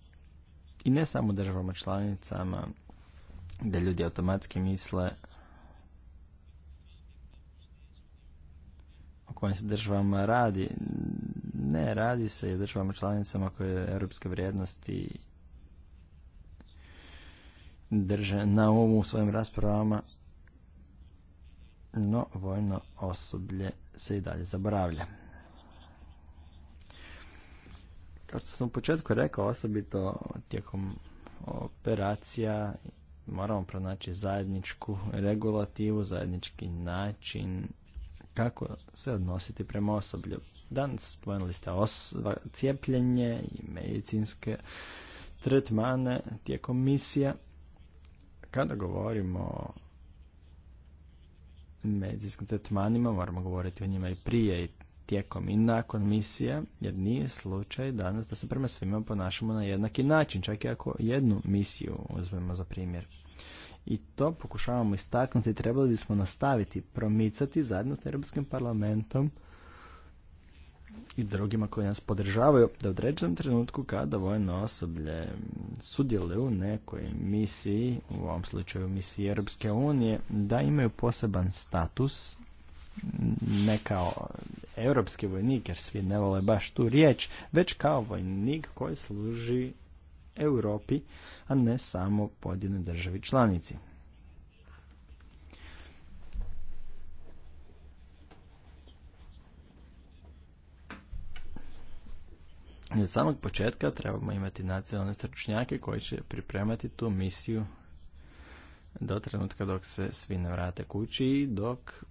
i ne samo u državama članicama, da ljudi automatski misle o kojim se državama radi. Ne, radi se i o državama članicama koje europske vrijednosti drže na umu u svojim raspravama, no vojno osoblje se i dalje zaboravlja. Kao što sam u početku rekao, osobito tijekom operacija moramo pronaći zajedničku regulativu, zajednički način kako se odnositi prema osoblju. Danas spomenuli ste cijepljenje i medicinske tretmane tijekom misije. Kada govorimo o medicinskim tretmanima, moramo govoriti o njima i prije i tijekom i nakon misije, jer nije slučaj danas da se prema svima ponašamo na jednaki način, čak i ako jednu misiju uzmemo za primjer. I to pokušavamo istaknuti, trebali bismo nastaviti promicati zajedno s Europskim parlamentom i drugima koji nas podržavaju da u određenom trenutku kada vojno osoblje sudjeluje u nekoj misiji, u ovom slučaju misiji Europske unije, da imaju poseban status ne kao europski vojnik, jer svi ne vole baš tu riječ, već kao vojnik koji služi Europi, a ne samo pojedinoj državi članici. od samog početka trebamo imati nacionalne stručnjake koji će pripremati tu misiju do trenutka dok se svi ne vrate kući i dok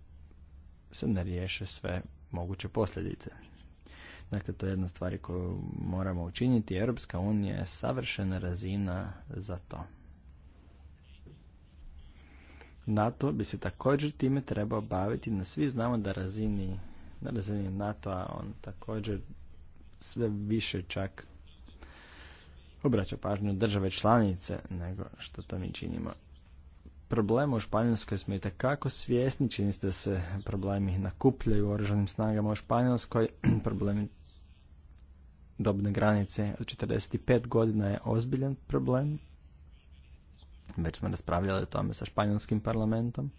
se ne riješe sve moguće posljedice. Dakle, to je jedna stvar koju moramo učiniti. Europska unija je savršena razina za to. NATO bi se također time trebao baviti, na svi znamo da razini, na razini NATO-a on također sve više čak obraća pažnju države članice nego što to mi činimo problema u Španjolskoj smo i svjesni, čini se da se problemi nakupljaju u oružanim snagama u Španjolskoj, <clears throat> problemi dobne granice od 45 godina je ozbiljan problem. Već smo raspravljali o tome sa španjolskim parlamentom.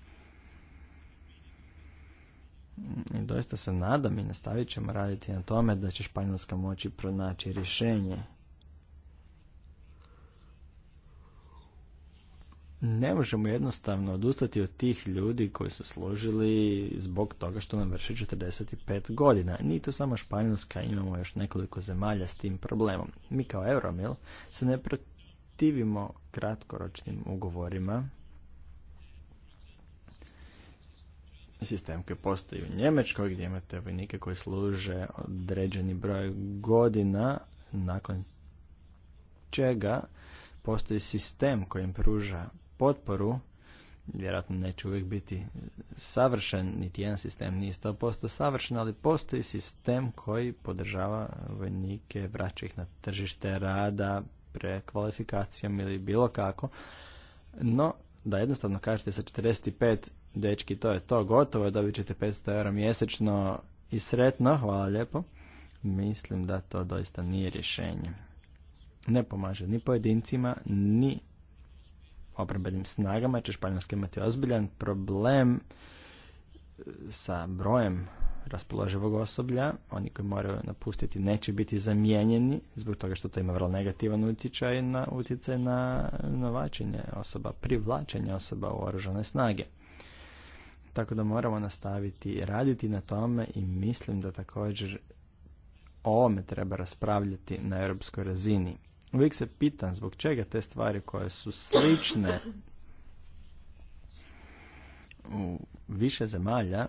I doista se nadam i nastavit ćemo raditi na tome da će Španjolska moći pronaći rješenje ne možemo jednostavno odustati od tih ljudi koji su služili zbog toga što nam vrši 45 godina. Nije to samo Španjolska, imamo još nekoliko zemalja s tim problemom. Mi kao Euromil se ne protivimo kratkoročnim ugovorima sistem koji postoji u Njemačkoj gdje imate vojnike koji služe određeni broj godina nakon čega postoji sistem koji im pruža potporu, vjerojatno neće uvijek biti savršen, niti jedan sistem nije 100% savršen, ali postoji sistem koji podržava vojnike, vraća ih na tržište rada, prekvalifikacijom ili bilo kako. No, da jednostavno kažete sa 45 dečki to je to, gotovo dobit ćete 500 eura mjesečno i sretno, hvala lijepo. Mislim da to doista nije rješenje. Ne pomaže ni pojedincima, ni obrambenim snagama će Španjolska imati ozbiljan problem e, sa brojem raspoloživog osoblja. Oni koji moraju napustiti neće biti zamijenjeni zbog toga što to ima vrlo negativan utjecaj na, utjecaj na novačenje osoba, privlačenje osoba u oružane snage. Tako da moramo nastaviti raditi na tome i mislim da također o ovome treba raspravljati na europskoj razini. Uvijek se pitan zbog čega te stvari koje su slične u više zemalja,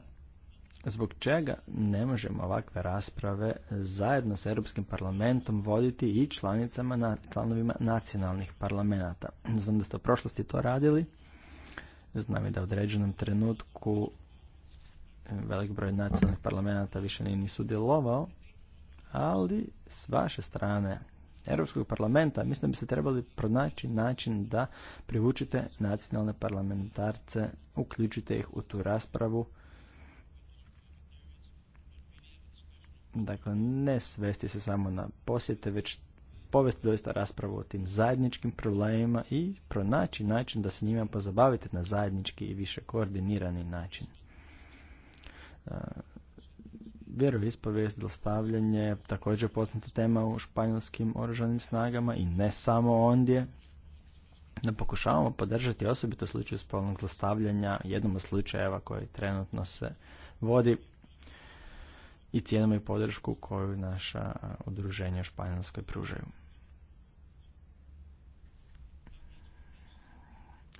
zbog čega ne možemo ovakve rasprave zajedno s Europskim parlamentom voditi i članicama na, članovima nacionalnih parlamenta. Znam da ste u prošlosti to radili, znam i da u određenom trenutku e, velik broj nacionalnih parlamenta više nije ni sudjelovao, ali s vaše strane Europskog parlamenta, mislim da bi se trebali pronaći način da privučite nacionalne parlamentarce, uključite ih u tu raspravu. Dakle, ne svesti se samo na posjete, već povesti doista raspravu o tim zajedničkim problemima i pronaći način da se njima pozabavite na zajednički i više koordinirani način vjeroispovijest, zlostavljanje, također poznata tema u španjolskim oružanim snagama i ne samo ondje. Da pokušavamo podržati osobito slučaj spolnog zlostavljanja, jednom od slučajeva koji trenutno se vodi i cijenimo i podršku koju naša udruženja u Španjolskoj pružaju.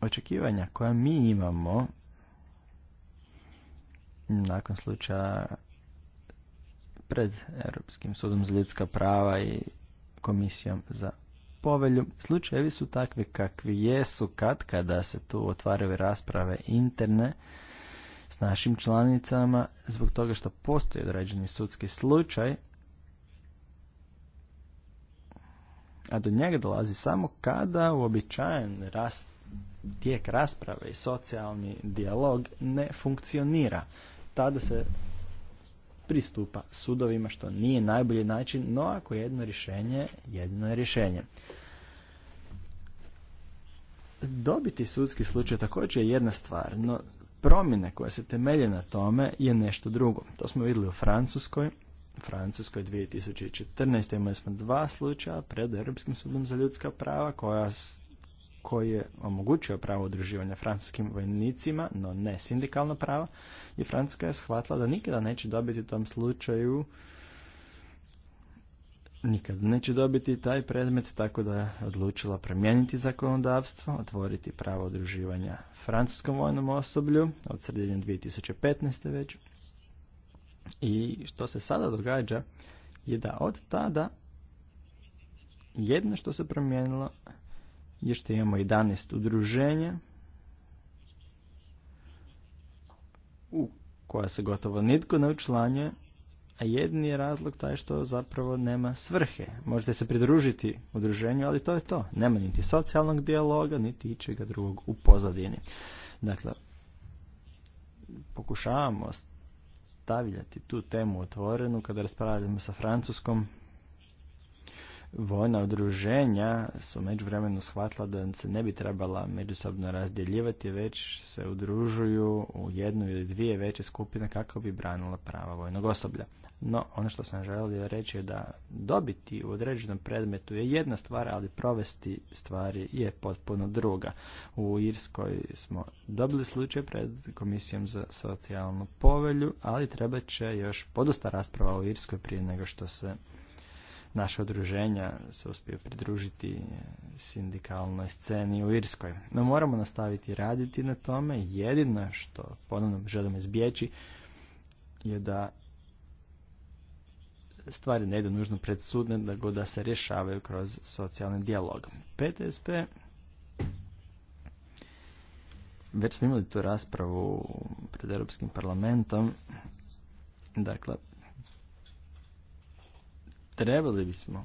Očekivanja koja mi imamo nakon slučaja pred Europskim sudom za ljudska prava i komisijom za povelju. Slučajevi su takvi kakvi jesu kad kada se tu otvaraju rasprave interne s našim članicama zbog toga što postoji određeni sudski slučaj a do njega dolazi samo kada uobičajen rast, tijek rasprave i socijalni dijalog ne funkcionira. Tada se pristupa sudovima, što nije najbolji način, no ako jedno rješenje, jedno je rješenje. Dobiti sudski slučaj također je jedna stvar, no promjene koja se temelje na tome je nešto drugo. To smo vidjeli u Francuskoj. U Francuskoj 2014. imali smo dva slučaja pred Europskim sudom za ljudska prava koja koji je omogućio pravo udruživanja francuskim vojnicima, no ne sindikalno pravo, i Francuska je shvatila da nikada neće dobiti u tom slučaju nikad neće dobiti taj predmet, tako da je odlučila promijeniti zakonodavstvo, otvoriti pravo udruživanja francuskom vojnom osoblju od sredine 2015. već. I što se sada događa je da od tada jedno što se promijenilo gdje imamo 11 udruženja u koja se gotovo nitko ne učlanjuje, a jedini je razlog taj što zapravo nema svrhe. Možete se pridružiti udruženju, ali to je to. Nema niti socijalnog dijaloga, niti ičega drugog u pozadini. Dakle, pokušavamo stavljati tu temu otvorenu kada raspravljamo sa Francuskom, vojna udruženja su međuvremeno shvatila da se ne bi trebala međusobno razdjeljivati, već se udružuju u jednu ili dvije veće skupine kako bi branila prava vojnog osoblja. No, ono što sam želio reći je da dobiti u određenom predmetu je jedna stvar, ali provesti stvari je potpuno druga. U Irskoj smo dobili slučaj pred Komisijom za socijalnu povelju, ali treba će još podosta rasprava u Irskoj prije nego što se naše odruženja se uspiju pridružiti sindikalnoj sceni u Irskoj. No moramo nastaviti raditi na tome. Jedino što ponovno želimo izbjeći je da stvari ne idu nužno pred sudne, da da se rješavaju kroz socijalni dijalog. PTSP već smo imali tu raspravu pred Europskim parlamentom. Dakle, trebali bismo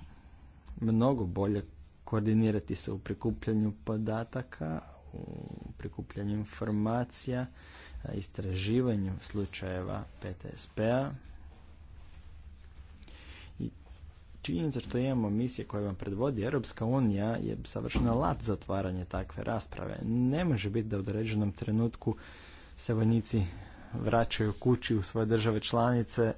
mnogo bolje koordinirati se u prikupljanju podataka, u prikupljanju informacija, istraživanju slučajeva PTSP-a. I činjenica što imamo misije koje vam predvodi Europska unija je savršena lat za otvaranje takve rasprave. Ne može biti da u određenom trenutku se vojnici vraćaju kući u svoje države članice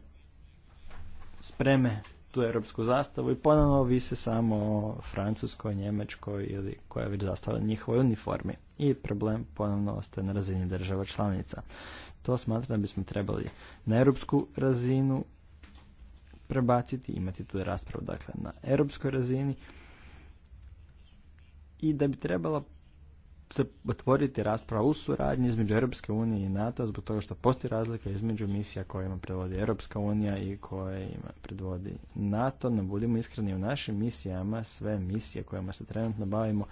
spreme tu europsku zastavu i ponovno vise samo o Francuskoj, Njemačkoj ili koja je već zastava njihovoj uniformi. I problem ponovno ostaje na razini država članica. To smatram da bismo trebali na europsku razinu prebaciti, imati tu raspravu dakle na europskoj razini i da bi trebalo se otvoriti rasprava u suradnji između Europske unije i NATO zbog toga što postoji razlika između misija koje ima predvodi Europska unija i koje ima predvodi NATO. No budimo iskreni u našim misijama, sve misije kojima se trenutno bavimo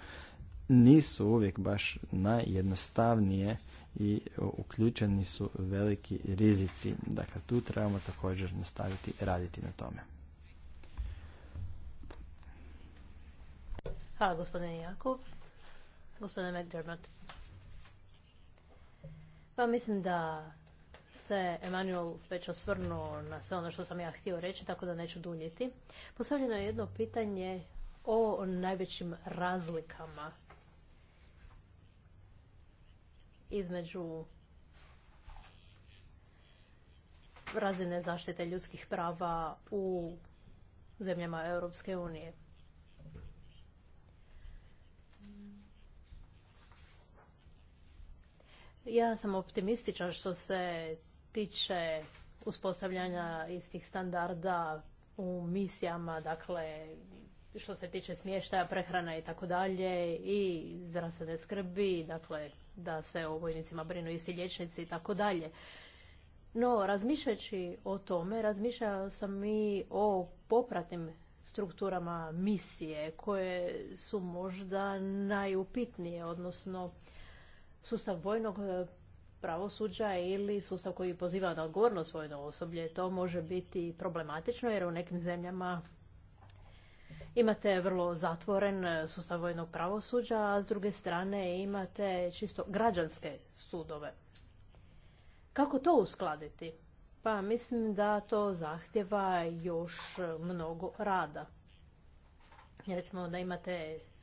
nisu uvijek baš najjednostavnije i uključeni su veliki rizici. Dakle, tu trebamo također nastaviti raditi na tome. Hvala gospodine Jakov. Gospodine McDermott. Pa mislim da se Emanuel već osvrnuo na sve ono što sam ja htio reći, tako da neću duljiti. Postavljeno je jedno pitanje o najvećim razlikama između razine zaštite ljudskih prava u zemljama Europske unije. Ja sam optimističan što se tiče uspostavljanja istih standarda u misijama, dakle što se tiče smještaja, prehrana i tako dalje i zdravstvene skrbi, dakle da se o vojnicima brinu isti liječnici i tako dalje. No, razmišljajući o tome, razmišljao sam i o popratnim strukturama misije koje su možda najupitnije, odnosno sustav vojnog e, pravosuđa ili sustav koji poziva na odgovornost vojno osoblje. To može biti problematično jer u nekim zemljama imate vrlo zatvoren e, sustav vojnog pravosuđa, a s druge strane imate čisto građanske sudove. Kako to uskladiti? Pa mislim da to zahtjeva još mnogo rada. Recimo da imate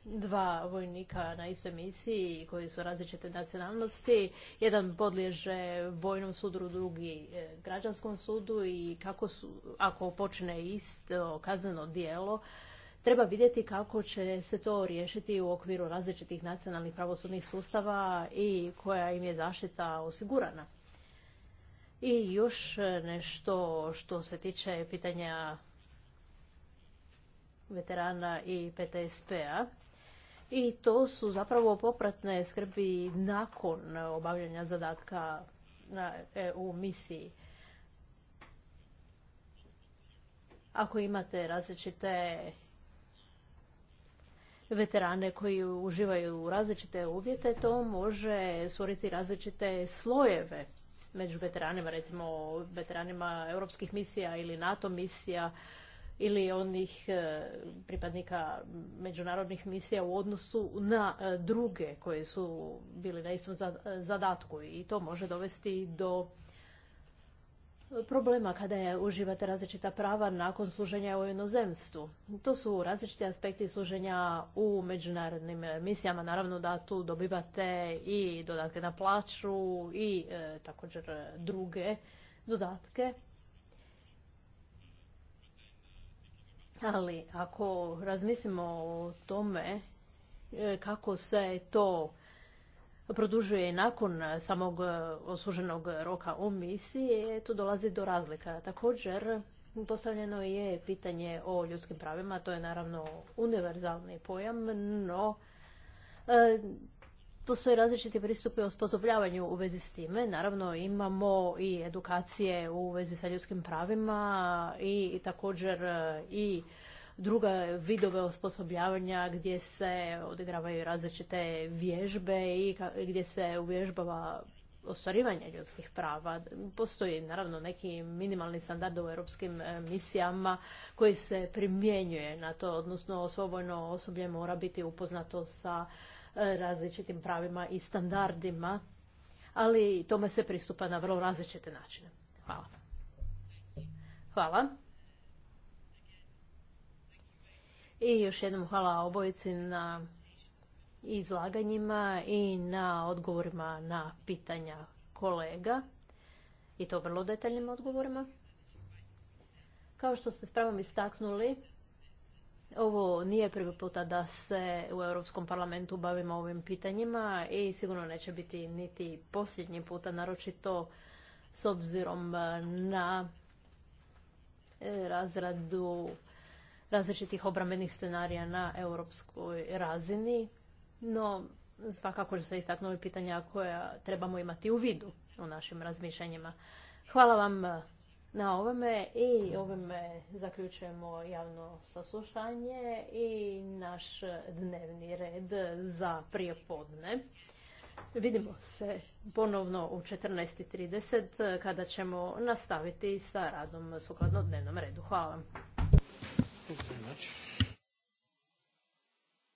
dva vojnika na istoj misiji koji su različite nacionalnosti. Jedan podliježe vojnom sudu, drugi e, građanskom sudu i kako su, ako počne isto kazneno dijelo, treba vidjeti kako će se to riješiti u okviru različitih nacionalnih pravosudnih sustava i koja im je zaštita osigurana. I još nešto što se tiče pitanja veterana i PTSP-a i to su zapravo popratne skrbi nakon obavljanja zadatka na e misiji. Ako imate različite veterane koji uživaju različite uvjete, to može stvoriti različite slojeve među veteranima, recimo veteranima europskih misija ili NATO misija ili onih e, pripadnika međunarodnih misija u odnosu na e, druge koji su bili na istom e, zadatku i to može dovesti do problema kada je uživate različita prava nakon služenja u inozemstvu. To su različiti aspekti služenja u međunarodnim misijama. Naravno da tu dobivate i dodatke na plaću i također druge dodatke. Ali ako razmislimo o tome e, kako se to produžuje nakon samog e, osuženog roka misiji, tu dolazi do razlika. Također, postavljeno je pitanje o ljudskim pravima, to je naravno univerzalni pojam, no e, postoje različiti pristupi osposobljavanju u vezi s time. Naravno, imamo i edukacije u vezi sa ljudskim pravima i također e, i druga vidove osposobljavanja gdje se odigravaju različite vježbe i gdje se uvježbava ostvarivanje ljudskih prava. Postoji naravno neki minimalni standard u europskim e, misijama koji se primjenjuje na to, odnosno osvobojno osoblje mora biti upoznato sa različitim pravima i standardima, ali tome se pristupa na vrlo različite načine. Hvala. Hvala. I još jednom hvala obojici na izlaganjima i na odgovorima na pitanja kolega i to vrlo detaljnim odgovorima. Kao što ste s pravom istaknuli, ovo nije prvi puta da se u Europskom parlamentu bavimo ovim pitanjima i sigurno neće biti niti posljednji puta, naročito s obzirom na e, razradu različitih obrambenih scenarija na europskoj razini, no svakako se istaknuli pitanja koja trebamo imati u vidu u našim razmišljanjima. Hvala vam na ovome i ovime zaključujemo javno saslušanje i naš dnevni red za prijepodne. Vidimo se ponovno u 14.30 kada ćemo nastaviti sa radom sukladno dnevnom redu. Hvala.